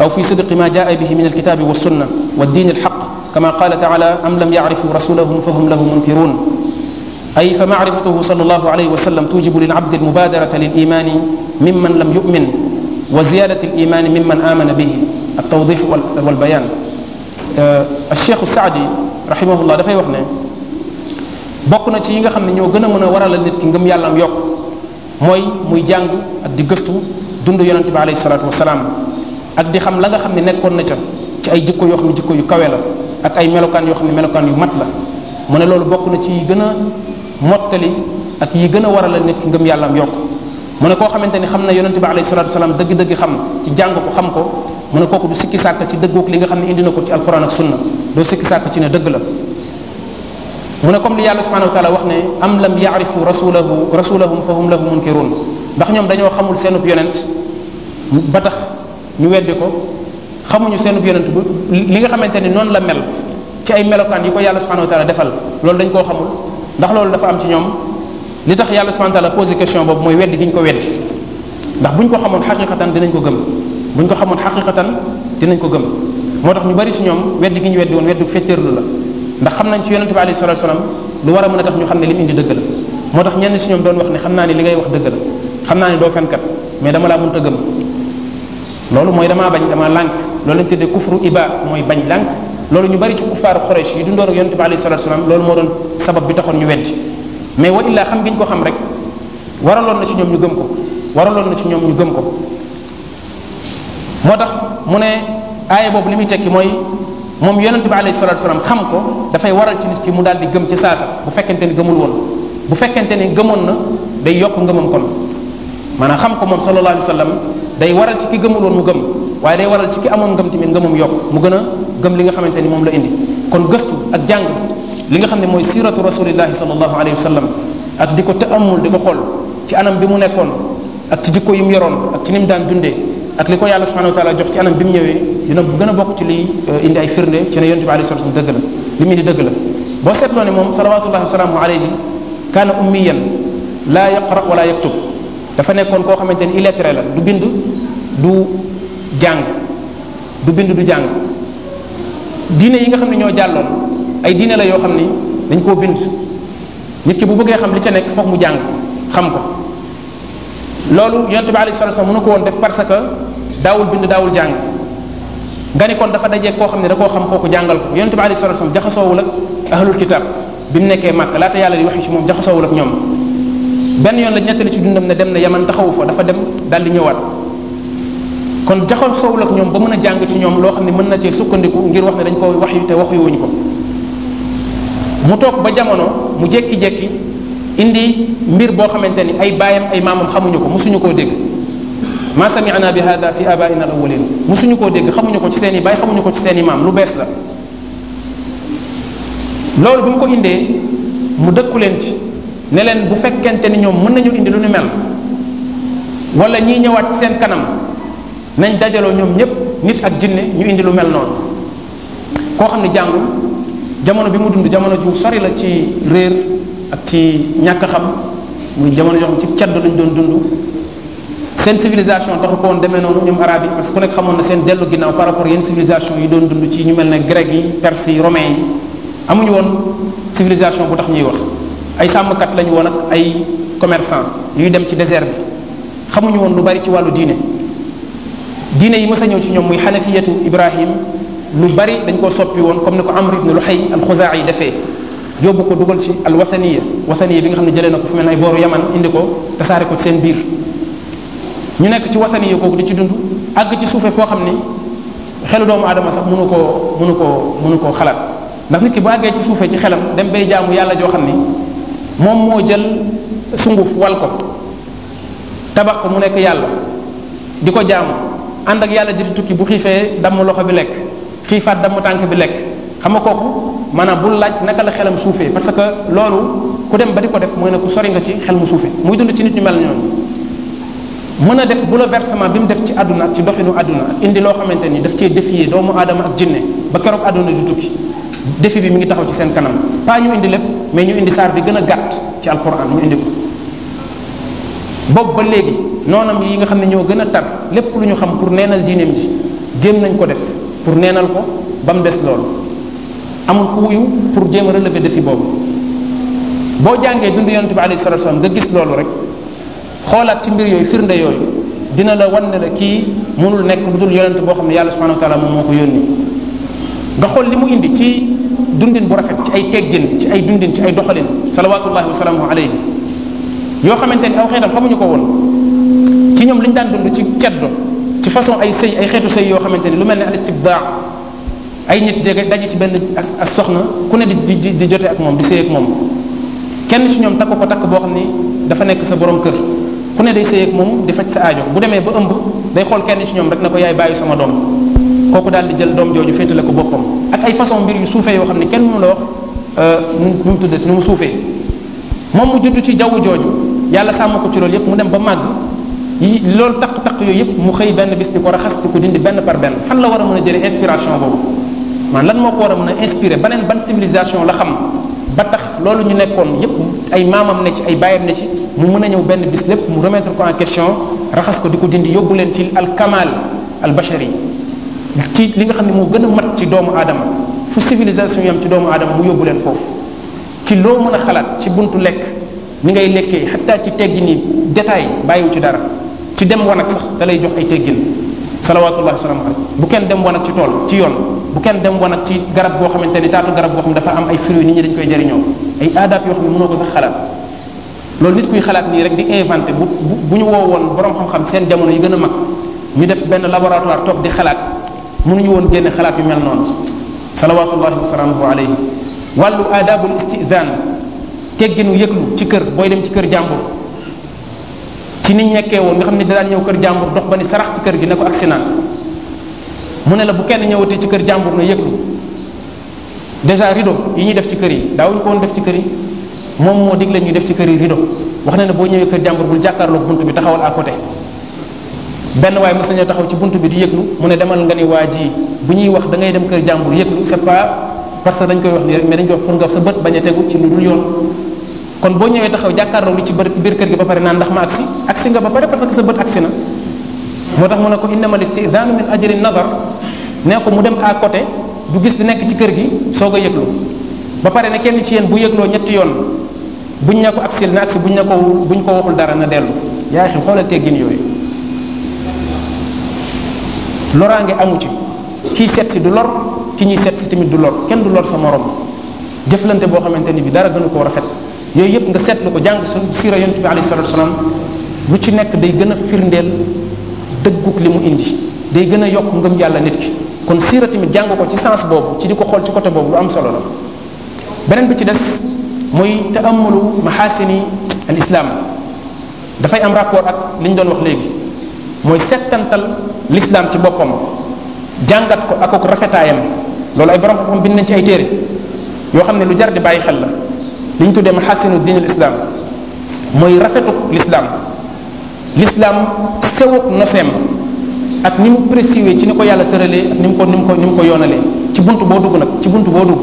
aw fi sidqi ma jaa bihi min al kitaabi wa sunna wa diin al xaq كما قال تعالى أم لم يعرفوا رسولهم فهم له منكرون أي فمعرفته صلى الله عليه وسلم توجب للعبد المبادرة للإيمان ممن لم يؤمن وزيادة الإيمان ممن آمن به التوضيح والبيان الشيخ السعدي رحمه الله dafay wax ne bokk na ci yi nga xam ne ñoo gën a mën a waral nit ki ngëm yàlla am yokk mooy muy jàng ak di gëstu dund yonent bi alayhi salaatu wasalaam ak di xam la nga xam ne nekkoon na ca ci ay jikko yoo xam ne jikko yu kawe la ak ay melokaan yoo xam ne melokaan yu mat la mu ne loolu bokk na ci yi gën a mottali ak yi gën a waral la nit ki yàlla yàllaam yokk mu ne koo xamante ne xam na yonente bi alayhi salatu wasalaam dëgg-dëgg xam ci jàng ko xam ko mu ne kooku du sikki sàkk ci dëggoog li nga xam ne indi na ko ci alquran ak sunna doo sikki sàkk ci ne dëgg la mu ne comme li yàlla subhanahu wa taala wax ne am lam yaarifu rasulahu rasulahum fa hum lahu munkirun ndax ñoom dañoo xamul seenub yonent ba tax ñu weddi ko xamuñu seenub yonent bu li nga xamante ni noonu la mel ci ay melokaan yi ko yàlla subhanahu wa taala defal loolu dañ koo xamul ndax loolu dafa am ci ñoom li tax yàlla subhanahu wa taala posé question boobu mooy weddi gi ñu ko weddi ndax buñ ko xamoon xaqiqatan dinañ ko gëm buñ ko xamoon xaqiqatan dinañ ko gëm moo tax ñu bari si ñoom weddi gi ñu weddi woon weddi la ndax xam nañ ci yonente bi alayhi salatu wasalam lu war a mën a tax ñu xam ne li mu indi dëgg la moo tax ñenn si ñoom doon wax ne xam naa ne li wax dëgg xam naa ne fenkat mais dama laa gëm loolu mooy damaa bañ dama lànk loolu lañ tuddee kufru iba mooy bañ lànk loolu ñu bari ci kuffaaru Quraysh yi dundoon ak yonente bi alayhi salatu salaam loolu moo doon sabab bi taxoon ñu weddi mais wa illaa xam gi ñu ko xam rek waraloon na ci ñoom ñu gëm ko waraloon na ci ñoom ñu gëm ko moo tax mu ne aaya boobu li muy tekki mooy moom yonente bi alayhi salatu salaam xam ko dafay waral ci nit ki mu daal di gëm ci saasa bu fekkente ni gëmul woon bu fekkente ni gëmoon na day yokk ngëmam kon maanaam xam ko moom sallallahu alayhi wa sallam day waral ci ki gëmul woon mu gëm waaye day waral ci ki amoon ngëm tamit ngëmam yokk mu gën a gëm li nga xamante ni moom la indi kon gëstu ak jàng li nga xam ne mooy siratu rasulillahi sallallahu alayhi wa sallam ak di ko te amul di ko xool ci anam bi mu nekkoon ak ci jikko yi mu yoroon ak ci ni daan dundee ak li ko yàlla subhanahu wa taala jox ci anam bi mu ñëwee dina gën a bokk ci liy uh, indi ay firnde ci ne yonent dëgg la li mu indi dëgg la boo seetloo ne moom salawatullahi wasalaamu alayhi kaana ummiyan la yaqra wala yaktub dafa nekkoon koo xamante ni illettré la du bind du jàng du bind du jàng diine yi nga xam ne ñoo jàlloon ay diine la yoo xam ne dañ koo bind nit ki bu bëggee xam li ca nekk foog mu jàng xam ko loolu yonent bi alayhi salatu wasallam mënu ko woon def parce que daawul bind daawul jàng nga ni kon dafa dajee koo xam ne da koo xam kooku jàngal ko yonent bi alayhi salatu wasallam jaxasoowul ak ahlul kitab bi mu nekkee màkk laata yàlla di waxi ci moom jaxasoowul ak ñoom benn yoon la ñettali ci dundam ne dem na yaman taxawu fa dafa dem daal di ñëwaat kon jaxal soowul ak ñoom ba mën a jàng ci ñoom loo xam ne mën na cee sukkandiku ngir wax ne dañ ko wax yu te waxu wuñ ko mu toog ba jamono mu jékki-jékki indi mbir boo xamante ni ay baayam ay maamam xamuñu ko musuñu koo dégg ma sami'na bi hada fi abaina al awwalin suñu koo dégg xamuñu ko ci seeni i baay xamuñu ko ci seen maam lu bees la loolu bi mu ko indee mu dëkku leen ci ne leen bu fekkente ni ñoom mën nañu indi lu ñu mel wala ñiy ñëwaat seen kanam nañ dajaloo ñoom ñépp nit ak jinne ñu indi lu mel noonu koo xam ne jàngul jamono bi mu dund jamono ju sori la ci réer ak ci ñàkk xam muy jamono yoo xam ci cedd lañ doon dund seen civilisation taxu ko woon demee noonu ñoom arabe yi parce que ku nekk xamoon na seen dellu ginnaaw par rapport yenn civilisation yi doon dund ci ñu mel na grec yi perse yi romain yi amuñu woon civilisation bu tax ñuy wax ay sàmmkat lañu woon ak ay commercant yuy dem ci désert bi xamuñu woon lu bari ci wàllu diine diine yi mës a ñëw ci ñoom muy xanafiyatu Ibrahim lu bari dañ koo soppi woon comme ni ko Amr ibn Luhay al-Xuzaa yi defee yóbbu ko dugal ci al wasaniya wasaniya bi nga xam ne jëlee na ko fu mel ay booru yaman indi ko tasaare ko ci seen biir ñu nekk ci wasaniya kooku di ci dund àgg ci suufee foo xam ni xelu doomu aadama sax mënu ko munu ko mënu koo xalaat ndax nit ki bu àggee ci suufee ci xelam dem bay jaamu yàlla joo xam ni moom moo jël sunguf wal ko tabax ko mu nekk yàlla di ko jaamu ànd ak yàlla ji di tukki bu xiifee damm loxo bi lekk xiifaat damm tànk bi lekk xam nga kooku maanaam bul laaj naka la xelam suufee parce que loolu ku dem ba di ko def mooy ne ku sori nga ci xel mu suufee muy dund ci nit ñu mel ñoom mën a def bu la bouleversement bi mu def ci àdduna ci doxinu àdduna ak indi loo xamante ni daf cee défier doomu aadama ak jinne ba keroog àdduna du tukki défi bi mi ngi taxaw ci seen kanam pas ñu mais ñu indi saar bi gën a gàtt ci alquran ñu indi ko boobu ba léegi noonam yi nga xam ne ñoo gën a tar lépp lu ñu xam pour neenal diineem ji jéem nañ ko def pour neenal ko ba mu des loolu amul ku wuyu pour jéem a def défi boobu boo jàngee dund yonente bi alayhi salatu wasallam nga gis loolu rek xoolaat ci mbir yooyu firnde yooyu dina la wan ne kii mënul nekk lu dul yonente boo xam ne yàlla subhanahu wa taala moom moo ko yónni nga xool li dundin bu rafet ci ay teggin ci ay dundin ci ay doxalin salawatullahi wa salaamuhu yoo xamante ni aw xeetam xamuñu ko woon ci ñoom liñ daan dund ci ceddo ci façon ay sëy ay xeetu sëy yoo xamante ni lu mel ne al istibdaa ay nit jege daje ci benn as soxna ku ne di di di jote ak moom di sëy ak moom kenn si ñoom takk ko takk boo xam ni dafa nekk sa borom kër ku ne day sëy moom di faj sa aajo bu demee ba ëmb day xool kenn si ñoom rek na ko yaay bàyyi sama doom kooku daal di jël doom jooju féetale ko boppam ak ay façon mbir yu suufee yoo xam ne kenn mënu la wax euh, mu mu tuddati nu mu suufee moom mu judd ci jaww jooju yàlla sàmm ko ci loolu yëpp mu dem ba màgg yi loolu taq-taq yooyu yëpp mu xëy benn bis di ko raxas di ko dindi benn par benn fan la war a mën a jëlee inspiration boobu man lan moo ko war a mën a inspiré beneen ban civilisation la xam ba tax loolu ñu nekkoon yépp ay maamam ne ci ay bàyyam ne ci mu mën a ñëw benn bis lépp mu remettre ko en question raxas ko di ko dindi yóbbu leen ci al kamal al bashari ci li nga xam ne moo gën a mat ci doomu aadama fu civilisation yam ci doomu aadama mu yóbbu leen foofu ci loo mën a xalaat ci buntu lekk ni ngay lekkee xataa ci teggi nii détail bàyyiwu ci dara ci dem wanag sax da lay jox ay teggin salawatullahi salaam aleykum bu kenn dem wanag ci tool ci yoon bu kenn dem wanag ci garab goo xamante ni taatu garab goo xam dafa am ay fruits nit ñi dañ koy jariñoo ay aadab yoo xam ne ko sax xalaat loolu nit kuy xalaat nii rek di inventé bu bu ñu woowoon borom xam seen jamono yi gën a mag def benn laboratoire toog di xalaat mënuñu woon génne xalaat yu mel noonu salawatullahi wa salaamuhu alayhi wàllu aadabul istidaan tegginu yëglu ci kër booy dem ci kër jàmbur ci niñ nekkee woon nga xam ne daan ñëw kër jàmbur dox ba ni sarax ci kër gi ne ko agsi naan mu ne la bu kenn ñëwatee ci kër jàmbur na yëglu déjà rideau yi ñu def ci kër yi daawuñu ko woon def ci kër yi moom moo digle ñuy def ci kër yi rideau wax na ne boo ñëwee kër jàmbur bul jàkkaarloog bunt bi taxawal à côté benn waaye mos nañoo taxaw ci bunt bi di yëglu mu ne demal nga ni waa ji bu ñuy wax da ngay dem kër jàmbur yëglu c'est pas parce que dañ koy wax nii rek mais dañ koy wax pour nga sa bët bañ a tegu ci lu dul yoon kon boo ñëwee taxaw jàkkaarloo li ci biir kër gi ba pare naan ndax ma agsi agsi nga ba pare parce que sa bët agsi na moo tax mu ne ko innama listidaanu min ajli nadar nee ko mu dem à côté du gis di nekk ci kër gi soog a yëglu ba pare ne kenn ci yéen bu yëgloo ñetti yoon buñ ne ko agsil na agsi buñ ne ko buñ ko waxul dara na dellu yaa xi xoolal teggin yooyu ngi amu ci kii seet si du lor ki ñuy seet si tamit du lor kenn du lor sa morom jëflante boo xamante ni bi dara gën gënu koo rafet yooyu yëpp nga seetlu ko jàng su siira yonent bi alayhi salatu wasalaam lu ci nekk day gën a firndeel dëgguk li mu indi day gën a yokk ngëm yàlla nit ki kon siira tamit jàng ko ci sens boobu ci di ko xool ci côté boobu lu am solo la beneen bi ci des mooy taamulu mahasini al islam dafay am rapport ak li ñu doon wax léegi mooy settantal l'islam ci boppam jàngat ko ak ak rafetaayam loolu ay borom xam bind nañ ci ay téere yoo xam ne lu jar di bàyyi xel la li ñu tuddee mahasinu diinul islam mooy rafetuk l'islam l'islam sewuk noseem ak ni mu préciwe ci ni ko yàlla tëralee ak ni mu ko ni mu ko ni ko yoonalee ci bunt boo dugg nag ci bunt boo dugg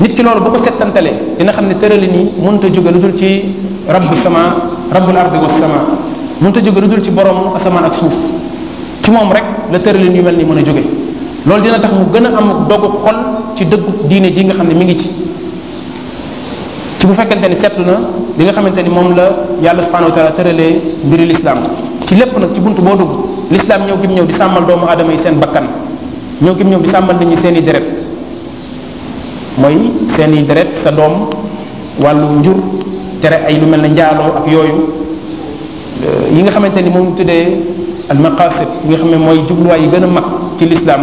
nit ki loolu bu ko settantalee dina xam ne tërale nii mënut jóge lu dul ci rabbu sama rabbul ardi was sama mënut a jóge lu dul ci borom asamaan ak suuf ci moom rek la tëralin yu mel ni mën a jóge loolu dina tax mu gën a am dogu xol ci dëggu diine ji nga xam ne mi ngi ci ci bu fekkente ni seetlu na li nga xamante ni moom la yàlla subhanahu wa taala tëralee mbiri lislaam ci lépp nag ci bunt boo dugg lislaam ñëw gim ñëw di sàmmal doomu aadama yi seen bakkan ñëw gim ñëw di sàmmal nit ñi seen i deret mooy seeni i deret sa doom wàllu njur tere ay lu mel ne njaaloo ak yooyu Euh, yi nga xamante ni moom tuddee al maqasid yi nga xam ne mooy jubluwaay yi gën a mag ci lislaam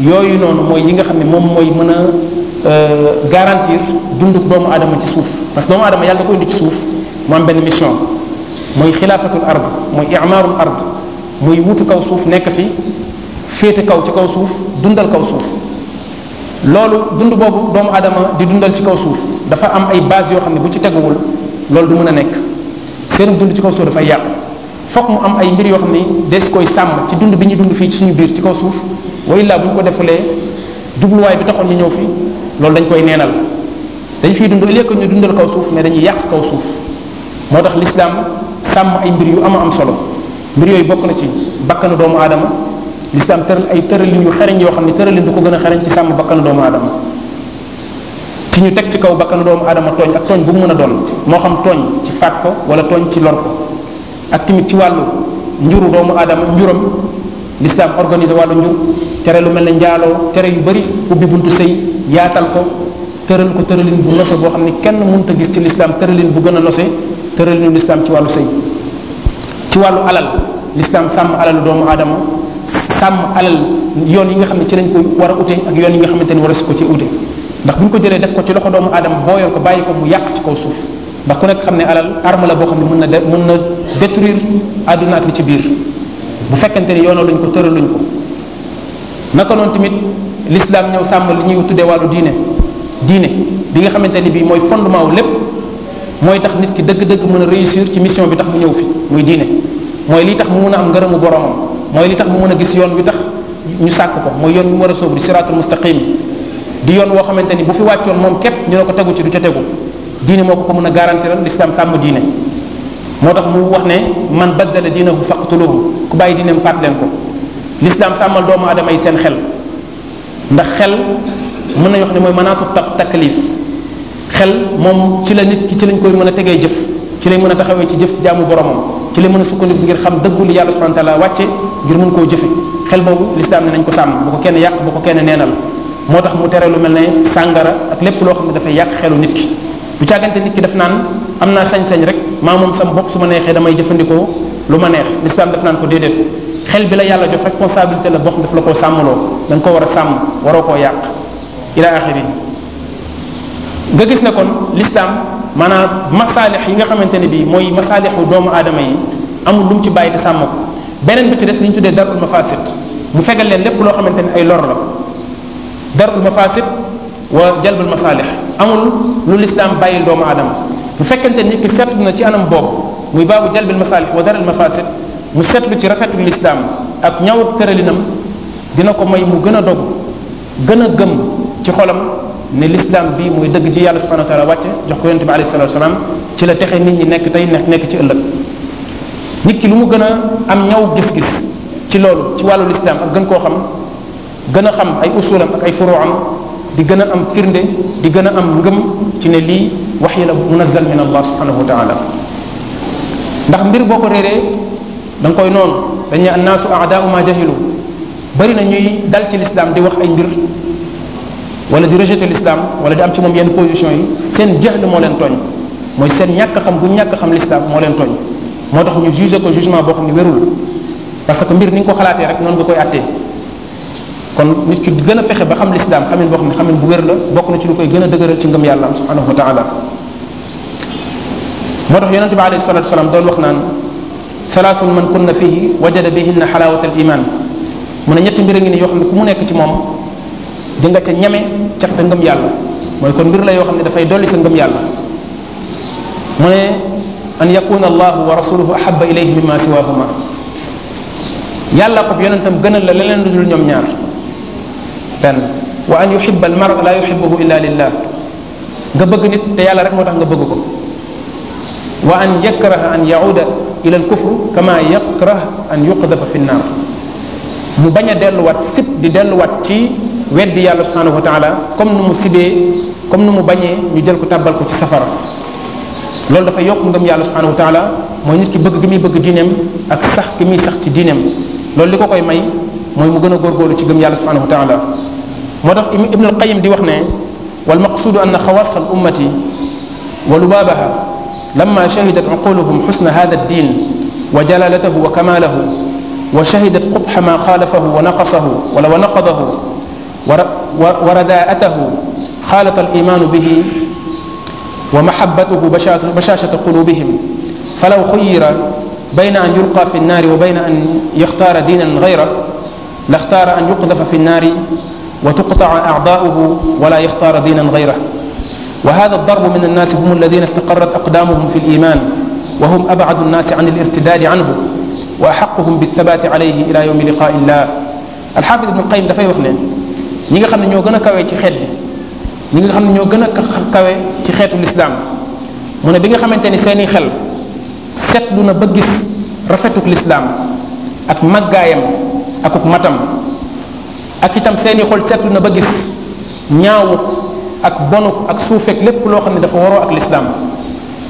yooyu noonu mooy yi nga xam ne moom mooy mën a euh, garantir dundu doomu adama ci suuf parce que doomu aadama yàlla da ko indi ci suuf mu am benn mission mooy xilaafatul ard mooy imaarul ard muy wutu kaw suuf nekk fi féete kaw ci kaw suuf dundal kaw suuf loolu dund boobu doomu aadama di dundal ci kaw suuf dafa am ay base yoo xam ne bu ci teguwul loolu du mën a nekk seen dund ci kaw suuf dafay yàqu foog mu am ay mbir yoo xam ne des koy sàmm ci dund bi ñuy dund fii ci suñu biir ci kaw suuf wa illaa bu ñu ko defalee jubluwaay bi taxoon ñu ñëw fi loolu dañ koy neenal dañ fiy dund léegi ñu dundal kaw suuf mais dañuy yàq kaw suuf moo tax lislaam sàmm ay mbir yu ama am solo mbir yooyu bokk na ci bakkanu doomu aadama lislaam tëral ay tëralin yu xereñ yoo xam ne tëralin du ko gën a xereñ ci sàmm bakkanu doomu aadama ki ñu teg ci kaw bakkanu doomu adama tooñ ak tooñ bu mu mën a doon moo xam tooñ ci faat ko wala tooñ ci lor ko ak tamit ci wàllu njuru doomu aadama njuram l'islam organisé wàllu njur tere lu mel na njaaloo tere yu bari ubbi buntu sëy yaatal ko tëral ko tëralin bu nose boo xam ne kenn mun te gis ci l'islam tëralin bu gën a nose tëralinu l'islam ci wàllu sëy ci wàllu alal l'islam sàmm alalu doomu aadama sàmm alal yoon yi nga xam ne ci lañ ko war a ute ak yoon nga xamante ni war a ci ute ndax bu ñu ko jëlee def ko ci loxo doomu aadama booyal ko bàyyi ko mu yàq ci kaw suuf ndax ku nekk xam ne alal arme la boo xam ne mën na de mën na détruire àdduna ak li ci biir bu fekkente ni yoonoo luñ ko tëraluñ ko naka noonu tamit l'islam ñëw sàmm li ñuy tuddee wàllu diine diine bi nga xamante ni bii mooy fondement wu lépp mooy tax nit ki dëgg-dëgg mën a réussir ci mission bi tax mu ñëw fii muy diine mooy li tax mu mën a am ngërëmu boromam mooy li tax mu mën a gis yoon bi tax ñu sàkk ko mooy yoon bi war a sóobu di siratul mustaqim di yoon woo xamante ni bu fi wàccoon moom képp ñu ne ko tegu ci du ca tegu diine moo ko ko mën a garantiral l'islam sàmm diine moo tax mu wax ne man baddala diinahu faqtuluhu ku bàyyi diineem faat leen ko l'islam sàmmal doomu aadama yi seen xel ndax xel mën nañu wax ne mooy mënaatu tak taklif xel moom ci la nit ki ci lañ koy mën a tegee jëf ci lay mën a taxawee ci jëf ci jaamu boromam ci lay mën a sukkandiku ngir xam dëggul yàlla subhanahu wa taala wàcce ngir mën jëfe xel boobu l'islam ne nañ ko sàmm bu ko kenn yàq bu ko kenn neenal moo tax mu tere lu mel ne sàngara ak lépp loo xam ne dafay yàq xelu nit ki bu càggante nit ki daf naan am naa sañ-sañ rek maa moom sam bopp su ma neexee damay jëfandikoo lu ma neex l'islam daf naan ko déedéet xel bi la yàlla jox responsabilité la boo xam daf la koo sàmmloo da nga ko war a sàmm waroo koo yàq ila axiri nga gis ne kon l'islam maanaam masaalix yi nga xamante ne bii mooy masaalixu doomu aadama yi amul lu mu ci bàyyi te sàmm ko beneen bi ci des li ñu tuddee darul mafasid mu fegal leen lépp loo xamante ne ay lor la darul mafasid wa jalbul masalih amul lu lislaam bàyyil doomu aadama bu fekkente nit ki seetlu na ci anam boobu muy baabu jalbil masalih wa darul mafasid mu seetlu ci rafetul lislaam ak ñawut tëralinam dina ko may mu gën a dog gën a gëm ci xolam ne l'islam bi muy dëgg ci yàlla subhanahu wa taala wàcce jox ko yonte bi alayhi salatu wasalaam ci la texe nit ñi nekk tey nekk ci ëllëg nit ki lu mu gën a am ñaw gis-gis ci loolu ci wàllu l'islam ak gën koo xam gën a xam ay usulam ak ay furuam di gën a am firnde di gën a am ngëm ci ne lii wax yi la munazal min allah subhanahu wa taala ndax mbir boo ko réeree danga koy noonu dañ ne annaasu aadaau ma jahilu bari na ñuy dal ci lislaam di wax ay mbir wala di rejeter lislaam wala di am ci moom yenn position yi seen jahl moo leen tooñ mooy seen ñàkk xam bu ñàkk xam lislaam moo leen moo tax ñu jugé ko jugement boo xam ne wérul parce que mbir ni nga ko xalaatee rek noonu nga koy attee kon nit ki gën a fexe ba xam lislaam xamin boo xam ne xamin bu wér la bokk na ci lu koy gën a dëgëral ci ngëm yàlla am subhanahu wa taala moo tax yonente bi alayhi salatu wasalaam man kunna fihi wajada bihinna xalaawata al iman mu ne ñetti mbir a ngi ne yoo xam ne ku mu nekk ci moom di nga ca ñeme cax te ngëm yàlla mooy kon mbir la yoo xam ne dafay dolli sa ngëm yàlla mu ne an yakuna allahu wa rasuluhu ahaba ilayhi mimma siwahuma yàlla ko yonentam gënal la leneen lu ñoom ñaar benn wa an yuhiba al mara la yuhibuhu illa lillah nga bëgg nit te yàlla rek moo tax nga bëgg ko wa an yakraha an yauda ila al kufr kama yakrah an yuqdafa bañ a delluwaat sib di delluwaat ci weddi yàlla subhanahu wa taala comme nu mu sibee comme nu mu bañee ñu jël ko ko ci safara loolu dafa yokk ngëm yàlla subhanahu wa mooy nit ki bëgg gi muy bëgg diineem ak sax gi muy sax ci diineem loolu li ko koy may mooy mu gën a góorgóorlu ci gëm yàlla subhanahu wa taala moo tax ibn al qayim di wax ne wal maqsudu anna xawaasa al ummati wa lubaabaha lamma shahidat uquluhum xusna hada ad-din wa jalalatahu wa kamaalahu wa shahidat qubxa ma xaalafahu wa naqasahu wala wa naqadahu wa radaa'atahu xaalata al-imaanu bihi wa mahabbatuhu bashaashata quluubihim falaw xuyyira bayna an yulqaa fi nnaari wa bayna an yaxtaara diinan gayrahu لاختار أن يقذف في النار وتقطع أعضاؤه ولا يختار دينا غيره وهذا الضرب من الناس هم الذين استقرت أقدامهم في الإيمان وهم أبعد الناس عن الارتداد عنه وأحقهم بالثبات عليه إلى يوم لقاء الله alxaafis ibnu qayim dafay wax ne ñi nga xam ne ñoo gën a kawe ci xeet bi ñi nga xam ne ñoo gën a kawe ci xeetu lislaam mu ne bi nga xamante ni seeni xel seetlu na ba gis rafetuk lislaam ak màggaayam akuk matam ak itam seeni xol seetlu na ba gis ñaawuk ak bonuk ak suufeek lépp loo xam ne dafa waroo ak lislaam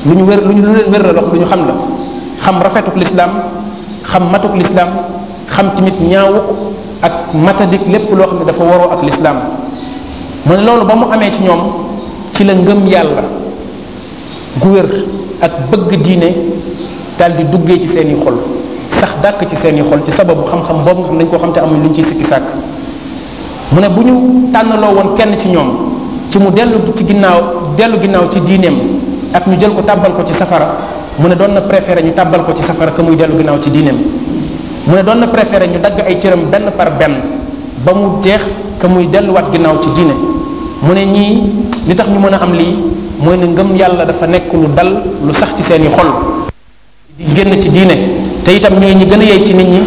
lu ñu wër lu ñu lu leen wér la lox lu ñu xam la xam rafetuk lislaam xam matuk lislaam xam tamit ñaawuk ak matadik lépp loo xam ne dafa waroo ak lislaam mu ne loolu ba mu amee ci ñoom ci la ngëm yàlla gu ak bëgg diine daal di duggee ci seeni xol sax dàkk ci seen i xol ci sababu xam-xam boobu nga xam dañ koo xam te amuñ luñ ciy sikki sàkk mu ne bu ñu tànnaloo woon kenn ci ñoom ci mu dellu ci ginnaaw dellu ginnaaw ci diineem ak ñu jël ko tàbbal ko ci safara mu ne doon na préféré ñu tàbbal ko ci safara muy dellu ginnaaw ci diineem mu ne doon na préféré ñu dagg ay cëram benn par benn ba mu jeex que muy delluwaat ginnaaw ci diine mu ne ñii li tax ñu mën a am lii mooy ne ngëm yàlla dafa nekk lu dal lu sax ci seen yi xol di génn ci diine te itam ñooy ñi gën a yey ci nit ñi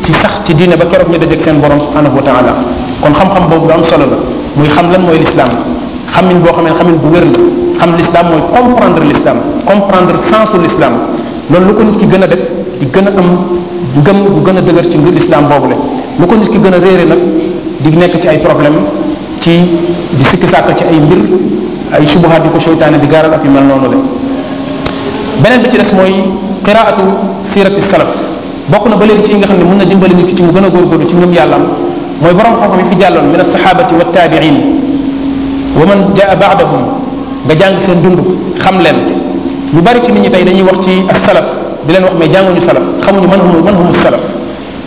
ci sax ci diine ba keroog ñu dajeeg seen borom subhanahu wa taala kon xam-xam boobu lu am solo la muy xam lan mooy lislaam xamin boo xamee xamin bu wér la xam lislaam mooy comprendre lislaam comprendre sensu lislaam loolu lu ko nit ki gën a def di gën a am ngëm bu gën a dëgër ci lislaam boobu la lu ko nit ki gën a réere nag di nekk ci ay problème ci di sikki sàkk ci ay mbir ay subuhaat di ko seytaane di gaaral ak yu mel noonu la qiraatu sirati salaf bokk na ba léegi ci yi nga xam ne mën na dimbali nit ki ci mu gën a góorgóorlu ci ngëm yàlla mooy borom xam-xam yi fi jàlloon min asahabati wa taabiin wa man jaa baadahum nga jàng seen dund xam leen lu bari ci nit ñi tey dañuy wax ci asalaf di leen wax mais jànguñu salaf xamuñu man hum man hum salaf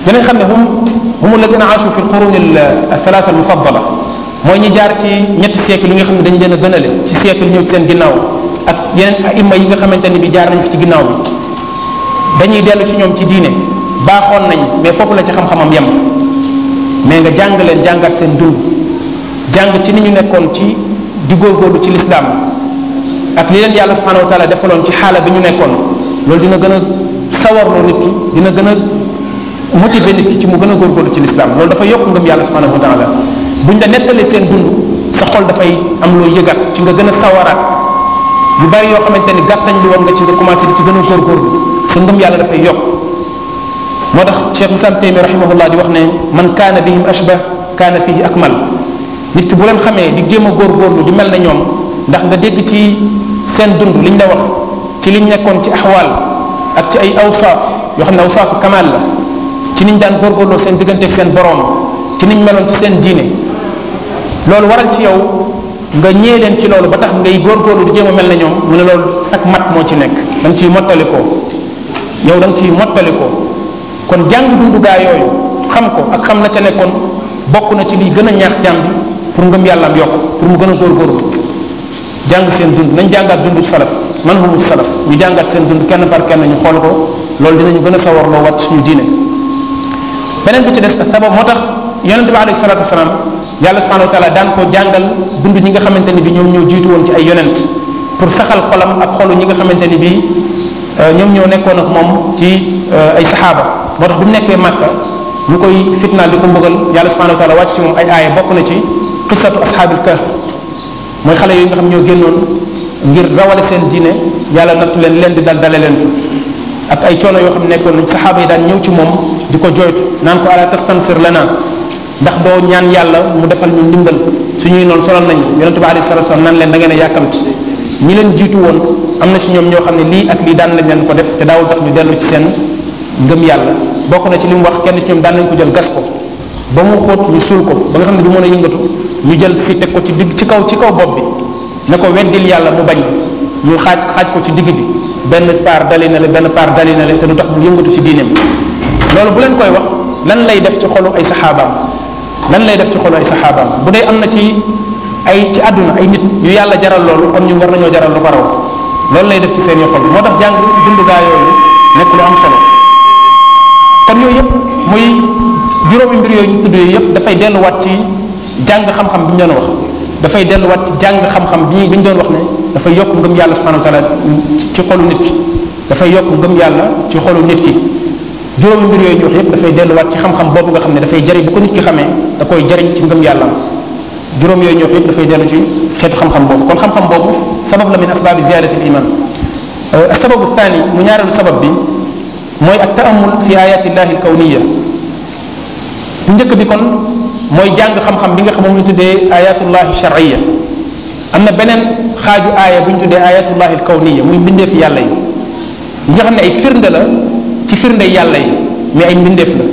dinañ xam ne hum hum alladina aachu fi alqurun althalatha almufaddala mooy ñi jaar ci ñetti siècle yi nga xam ne dañ leen a gënale ci siècle ñëw ci seen ginnaaw ak yeneen aima yi nga xamante ne bi jaar nañ fi ci ginnaaw bi dañuy dellu ci ñoom ci diine baaxoon nañ mais foofu la ci xam-xamam yem mais nga jàng leen jàngat seen dund jàng ci ni ñu nekkoon ci di góorgóorlu ci lislaam ak li leen yàlla subhanahu wa taala defaloon ci xaala bi ñu nekkoon loolu dina gën a sawarloo nit ki dina gën a motiver nit ki ci mu gën a góorgóorlu ci lislaam loolu dafa yokk ngëm yàlla subhanahu wa taala buñ la nettalee seen dund sa xol dafay am loo yëgat ci nga gën a sawaraat yu bari yoo xamante ni gàttañ lu woon nga ci nga commencé di ci gën a góorgóorlu sa ngëm yàlla dafay yokk moo tax cheikh lislam taymi rahimahullah di wax ne man kaana bihim ashbah kaana fihi akmal nit ki bu leen xamee di jéem a góorgóorlu di mel ne ñoom ndax nga dégg ci seen dund liñ la wax ci liñ nekkoon ci axwaal ak ci ay awsaaf yoo xam ne awsaafu kamal la ci niñ daan góorgóorloo seen digganteeg seen boroom ci niñ meloon ci seen diine loolu waral ci yow nga ñee leen ci loolu ba tax ngay góorgóorlu di jéem a mel na ñoom mu ne mat moo ci nekk da nga ciy mottalikoo yow da ci ciy mottali kon jàng dundu gaa yooyu xam ko ak xam na ca nekkoon bokk na ci liy gën a ñaax jàng pour ngëm yàllaam yokk pour mu gën a góorgóorlu jàng seen dund nañ jàngaat dundu salaf man humu salaf ñu jàngaat seen dund kenn par kenn ñu xool ko loolu dinañu gën a sawarloo wat suñu diine beneen bi ci des sabab moo tax yonente bi alayhi salatu wasalaam yàlla subhanahu wa taala daan ko jàngal dund ñi nga xamante ni bi ñoom ñoo jiitu woon ci ay yonent pour saxal xolam ak ñi nga xamante ni bi Euh, ñoom ñoo nekkoon ak moom ci euh, ay saxaaba moo tax bi mu nekkee Makka ñu koy fitnaal li ko mbugal yàlla subhanahu wa taala wàcc ci moom ay aaya bokk na ci qissatu ashaabil ka mooy xale yooyu nga xam ñoo génnoon ngir rawale seen diine yàlla nattu leen leen di dal dale leen fa ak ay coono yoo xam ne nekkoon saxaaba yi daan ñëw ci moom di ko jooytu naan ko ala tastansir lana ndax doo ñaan yàlla mu defal ñu ndimbal suñuy noonu solal nañu yonente bi alayhi salatu wasallam naan leen da ngeen a yàkkamti ñi leen jiitu woon am na si ñoom ñoo xam ne lii ak lii daan lañ leen ko def te daawul tax ñu dellu ci seen ngëm yàlla bokk na ci li mu wax kenn ci ñoom daan nañ ko jël gas ko ba mu xóot ñu suul ko ba nga xam ne du mën a yëngatu ñu jël si teg ko ci digg ci kaw ci kaw bopp bi ne ko weddil yàlla mu bañ ñu xaaj xaaj ko ci digg bi benn paar dali na le benn paar dali na le te du tax mu yëngatu ci diineem loolu bu leen koy wax lan lay def ci xolu ay saxaabaam lan lay def ci xolu ay bu dee am na ci ay ci àdduna ay nit ñu yàlla jaral loolu kon ñu war nañoo jaral lu ko loolu lay def ci seen i xol moo tax jàng dund gaa yooyu nekk lu am solo kon yooyu yëpp muy juróomi mbir yooyu ñu tudd yooyu yëpp dafay delluwaat ci jàng xam-xam bi ñu doon wax dafay delluwaat ci jàng xam-xam bi ñu doon wax ne dafay yokk ngëm yàlla subhanahu wa taala ci xolu nit ki dafay yokk ngëm yàlla ci xolu nit ki juróomi mbir yooyu ñu wax yëpp dafay delluwaat ci xam-xam boobu nga xam ne dafay jariñ bu ko nit ki xamee da koy jariñ ci ngëm yàlla juróom yooyu ñu wax dafay dellu ci xeetu xam-xam boobu kon xam-xam boobu sabab la min asbaabi ziyadati al iman euh, sababu thani mu ñaareelu sabab bi mooy ak taamul fi ayati llahi al kawniya njëkk bi kon mooy jàng xam-xam bi nga xam moom ñu tuddee ayatullahi shar'iyya am na beneen xaaju aaya bu ñu tuddee ayatullahi al kawniya muy mbindeef yàlla yi yi nga xam ne ay firnde la ci firnde yàlla yi mais ay mbindeef la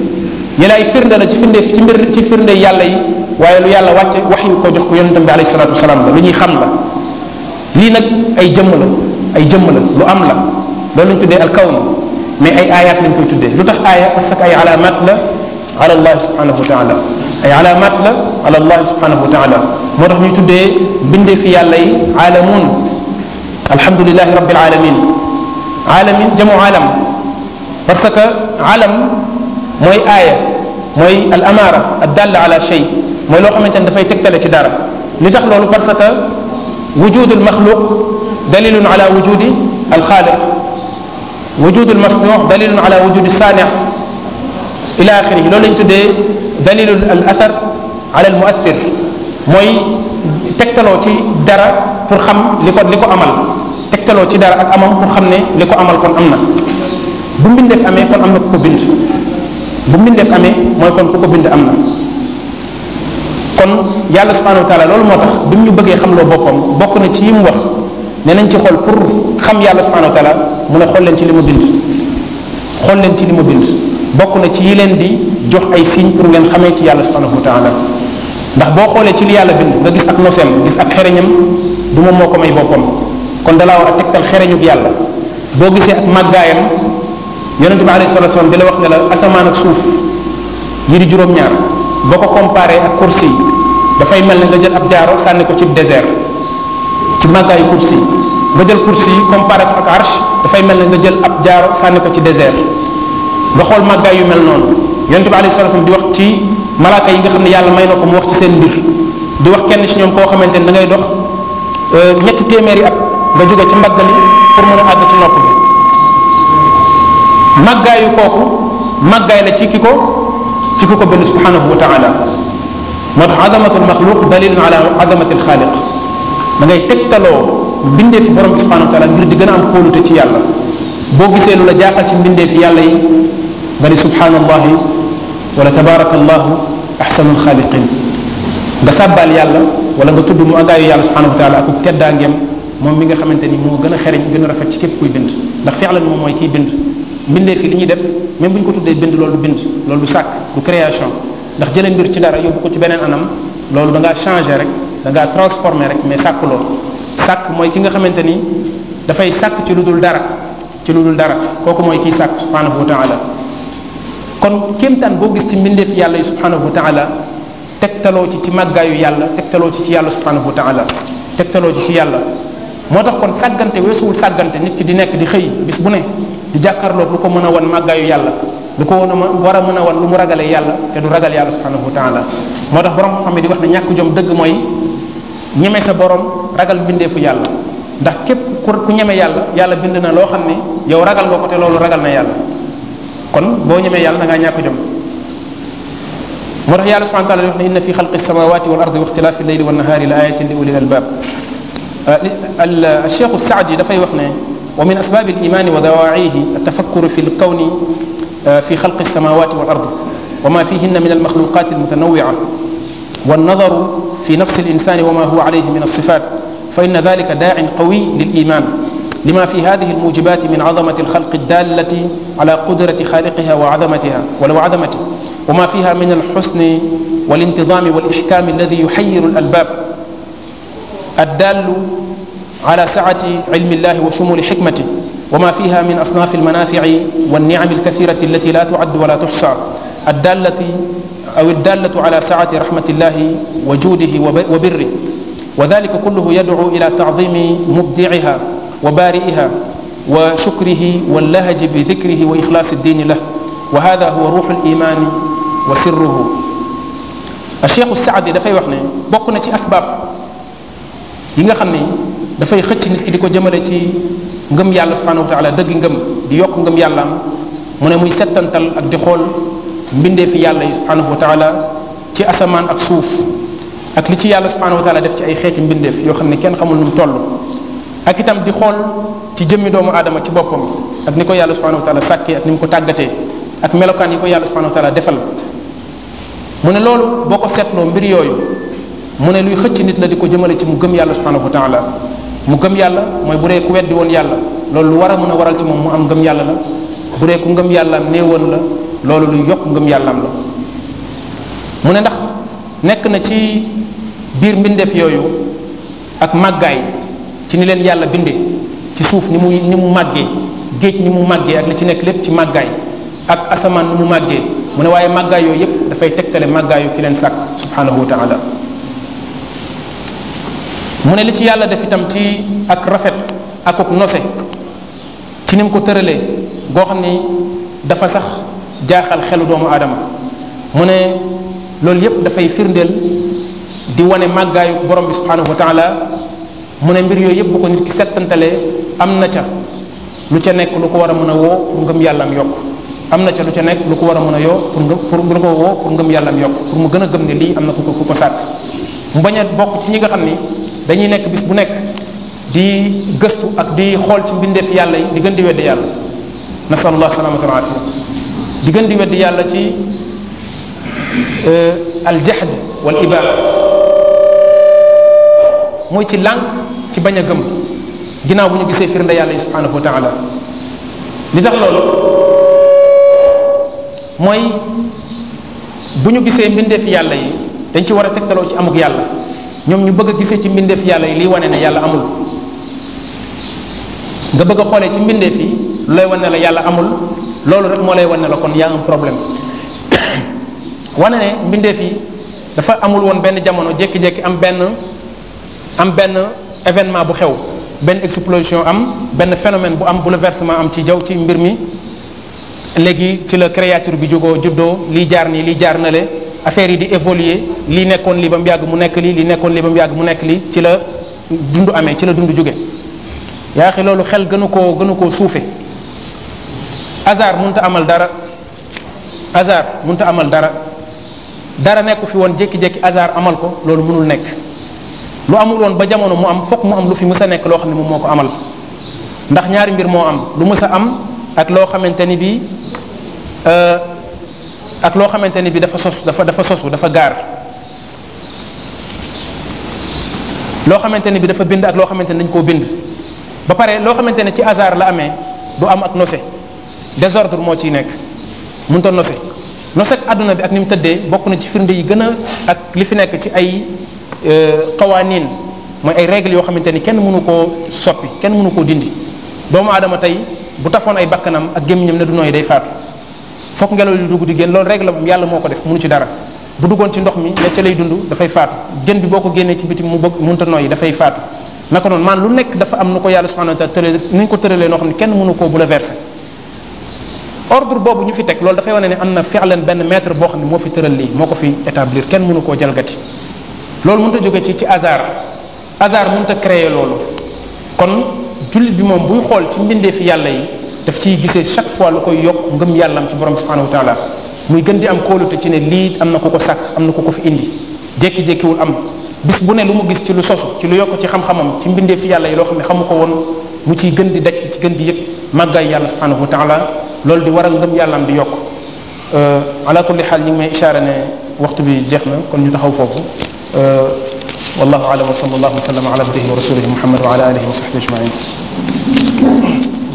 yéla ay firnde la ci firndeef ci mbir ci firnde yàlla yi waaye lu yàlla wàcce wax yu ko jox ko yonentam bi alayhi salatu wasalaam la lu ñuy xam la lii nag ay jëmm la ay jëmm la lu am la loolu lañ tuddee al kawn mais ay ayat lañ koy tuddee lu tax aaya parce ay alamat la ala allah subhanahu wa taala ay alamat la ala allah subhanahu wa taala moo ñuy tuddee bindee fi yàlla yi aalamuun alhamdulilahi rabbil alamin alamin jamu alam parce que alam mooy aaya mooy al amaara ad dalla ala shay mooy loo xamante ne dafay tegtale ci dara li tax loolu parce وجود المخلوق دليل على وجود الخالق وجود المصنوع دليل على وجود الصانع إلى آخره loolu lañ tuddee دليل الأثر على المؤثر mooy tegtaloo ci dara pour xam li ko li amal tegtaloo ci dara ak amam pour xam ne li ko amal kon am na bu mbindeef amee kon am na ku ko bind bu mbindeef amee mooy kon ku ko bind am na kon yàlla subhanahu wa loolu moo tax bi mu ñu bëggee xam loo boppam bokk na ci yi mu wax ne nañ ci xool pour xam yàlla subhanahu wa taala mu ne xool leen ci li ma bind xool leen ci li ma bind bokk na ci yi leen di jox ay signe pour ngeen xamee ci yàlla subhanahu wa taala ndax boo xoolee ci li yàlla bind nga gis ak noseem gis ak xereñam du moom moo ko may boppam kon dalaa war a tegtal xereñub yàlla boo gisee ak màggaayam yonente bi alayhi salatu wasallam di la wax ne la asamaan ak suuf yi di boo ko comparé ak kursi yi dafay mel ne nga jël ab jaaro sànni ko ci désert ci màggaayu kursi yi nga jël kursi yi comparé ko ak arche dafay mel ne nga jël ab jaaro sànni ko ci désert nga xool màggaay yu mel noonu yonent bi alayhi salaam di wax ci malaaka yi nga xam ne yàlla may na ko mu wax ci seen mbir di wax kenn ci ñoom koo xamante ne dangay dox euh, ñetti téeméeri at nga jóge ci mbagg li pour mën a àgg ci nopp bi màggaayu kooku màggaay la ci ki ko ci ku ko bind subhanahu wa taala moo tax ma almaxluq dalilun ala azamati alxaaliq da ngay tegtaloo mbindeefi borom bi subhanahu wa taala ngir di gën a am kóolute ci yàlla boo gisee lu la jaaxal ci mbindeefi yàlla yi nga ni subhanallahi wala tabaraka allahu ahsanul xaaliqin nga sàbbaal yàlla wala nga tudd mu agaayu yàlla subhanahu wa taala akub teddaangeem moom mi nga xamante ni moo gën a xereñ gën a rafet ci képp kuy bind ndax fi'lan moom mooy kiy bind mbindeef yi li ñuy def même bu ñu ko tuddee bind loolu du bind loolu sàkk du création ndax jële mbir ci dara yóbbu ko ci beneen anam loolu dangaa ngaa changer rek da ngaa rek mais sàkk loolu sàkk mooy ki nga xamante ni dafay sàkk ci lu dul dara ci lu dul dara kooku mooy kiy sàkk subhanahu wa taala kon kéemtaan boo gis ci mbindeef yàlla yi subhanahu wa taala tegtaloo ci ci màggaayu yàlla tegtaloo ci ci yàlla subhanahu wa taala tegtaloo ci ci yàlla moo tax kon sàggante weesuwul sàggante nit ki di nekk di xëy bis bu ne di jàkkaarloog lu ko mën a wan màggaayu yàlla lu ko war a mën a wan lu mu ragalee yàlla te du ragal yàlla subhanahu wa moo tax borom xam ne di wax ne ñàkk jom dëgg mooy ñeme sa borom ragal bindeefu yàlla ndax képp ku ñeme yàlla yàlla bind na loo xam ne yow ragal nga ko loolu ragal na yàlla kon boo ñemee yàlla da ngaa ñàkk jom moo tax yàlla subhanahu wa taala di wax ne inna fi xalqi samawati wal ardi wa ixtilaafi leyli wa nahaari la ayatin li ulil ah, dafay wax ne ومن أسباب الإيمان ودواعيه التفكر في الكون في خلق السماوات والأرض وما فيهن من المخلوقات المتنوعة والنظر في نفس الإنسان وما هو عليه من الصفات فإن ذلك داع قوي للإيمان لما في هذه الموجبات من عظمة الخلق الدالة على قدرة خالقها وعظمتها ولو عظمته وما فيها من الحسن والانتظام والإحكام الذي يحير الألباب الدال على سعة علم الله وشمول حكمته وما فيها من أصناف المنافع والنعم الكثيرة التي لا تعد ولا تحصى الدالة أو الدالة على سعة رحمة الله وجوده وبره وذلك كله يدعو إلى تعظيم مبدعها وبارئها وشكره واللهج بذكره وإخلاص الدين له وهذا هو روح الإيمان وسره الشيخ السعدي dafay wax ne bokk na ci asbaab yi nga xam ne dafay xëcc nit ki di ko jëmale ci ngëm yàlla subhanahu wa dëgg ngëm di yokk ngëm yàlla mu ne muy settantal ak di xool mbindee fi yàlla yi subhanahu wa taala ci asamaan ak suuf ak li ci yàlla subhanahu wa taala def ci ay xeeti mbindeef yoo xam ne kenn xamul toll ak itam di xool ci jëmmi doomu aadama ci boppam ak ni ko yàlla subhanahu wa taala ni mu ko tàggatee ak melokaan yi ko yàlla subhanahu wa defal mu ne loolu boo ko seetloo mbir yooyu mu ne luy xëcc nit la di ko jëmale ci mu gëm yàlla subhanahu wa taala mu gëm yàlla mooy bu dee ku weddi woon yàlla loolu lu war a mën a waral ci moom mu am ngëm yàlla la bu dee ku ngëm yàllaam néewoon la loolu lu yokk ngëm yàllaam la mu ne ndax nekk na ci biir mbindeef yooyu ak màggaay ci ni leen yàlla bindee ci suuf ni mu ni mu màggee géej ni mu màggee ak li ci nekk lépp ci màggaay ak asamaan ni mu màggee mu ne waaye màggaay yooyu yépp dafay tegtale màggaayu ki leen sàkk subhanahu wa taala mu ne li ci yàlla def itam ci ak rafet ak ak nose ci ni ko tëralee goo xam ni dafa sax jaaxal xelu doomu aadama mu ne loolu yépp dafay firndeel di wane màggaayu borom bi subhanahu wa taala mu ne mbir yooyu yépp bu ko nit ki settantalee am na ca lu ca nekk lu ko war a mën a woo pour ngëm yàlla am yokk am na ca lu ca nekk lu ko war a mën a yoo pour nga pour lu ko woo pour ngëm yàlla am yokk pour mu gën a gëm ne lii am na ku ko ku ko sàkk mu bokk ci ñi nga xam ni dañuy nekk bis bu nekk di gëstu ak di xool ci mbindeef yàlla yi di gën di weddi yàlla nasalullah salamata wa afia di gën di weddi yàlla ci euh, aljahd wal ibaada mooy ci lànk ci bañ a gëm ginnaaw bu ñu gisee firnde yàlla yi subhanahu wa taala li tax loolu mooy bu ñu gisee mbindeef yàlla yi dañ ci war a tegtaloo ci amuk yàlla ñoom ñu bëgg gisee ci mbindeef yàlla yi liy wane ne yàlla amul nga bëgg a xoolee ci mbindeef yi looy wane la yàlla amul loolu rek moo lay wane ne la kon yaa am problème [COUGHS] wane ne mbindeef yi dafa amul woon benn jamono jékki-jékki am benn am benn événement bu xew benn explosion am benn phénomène bu am bouleversement am ci jaww ci mbir mi léegi ci la créature bi jógoo juddoo liy jaar nii liy jaar na le affaire yi di évoluer li nekkoon li ba mu yàgg mu nekk lii li nekkoon li ba mu yàgg mu nekk lii ci la dund amee ci la dund jóge yaa xi loolu xel gënu koo gënu koo suufe hasard munta amal dara hasard mënut amal dara dara nekku fi woon jékki-jékki hasard amal ko loolu mënul nekk lu amul woon ba jamono mu am fokk mu am lu fi mës a nekk loo xam ne moom moo ko amal ndax ñaari mbir moo am lu mës a am ak loo xamante ni bii euh, ak loo xamante ni bi dafa sos dafa dafa sosu dafa gaar loo xamante ni bi dafa bind ak loo xamante ni dañ koo bind ba pare loo xamante ne ci hasard la amee du am ak nose désordre moo ciy nekk mun a nose nose ak àdduna bi ak ni mu tëddee bokk na ci firnde yi gën a ak li fi nekk ci ay xawaaniin euh, mooy ay règles yoo xamante ni kenn mënu koo soppi kenn mënu koo dindi doomu aadama tey bu tafoon ay bakkanam ak gémmiñam ne du nooy day faatu foog ngelaw lu dugg di génn loolu règle la moom yàlla moo ko def mënu ci dara bu duggoon ci ndox mi ne ca lay dund dafay faatu jën bi boo ko génnee ci biti mu bëgg munta yi dafay faatu naka noonu maan lu nekk dafa am nu ko yàlla subhanahu wa taala tëralee ni ñu ko tëralee noo xam ne kenn mënu koo bouleverser ordre boobu ñu fi teg loolu dafay wane ne am na feex leen benn maître boo xam ne moo fi tëral lii moo ko fi établir kenn mënu koo jalgati loolu mënut a jóge ci ci hasard hasard mënut a créer loolu kon jullit bi moom buy xool ci mbindee fi yàlla yi def ciy gisee chaque fois lu koy yokk ngëm yàllam ci borom subhanahu wa taala muy gën di am kóolute ci ne lii am na ku ko sàkk am na ku ko fi indi jékki-jékkiwul am bis bu ne lu mu gis ci lu sosu ci lu yokk ci xam-xamam ci mbindee fi yàlla yi loo xam ne xamu ko woon mu ciy gën di daj ci gën di yëg màggaay yàlla subhanahu wa taala loolu di waral ngëm yàllam di yokk euh, ala kulli xaal ñu ngi may ishaara ne waxtu bi jeex na kon ñu taxaw foofu euh, wallahu alam wa sallallahu wa sallam ala abdihi wa rasulihi muhammad wa ala alihi wa sahbihi ajmain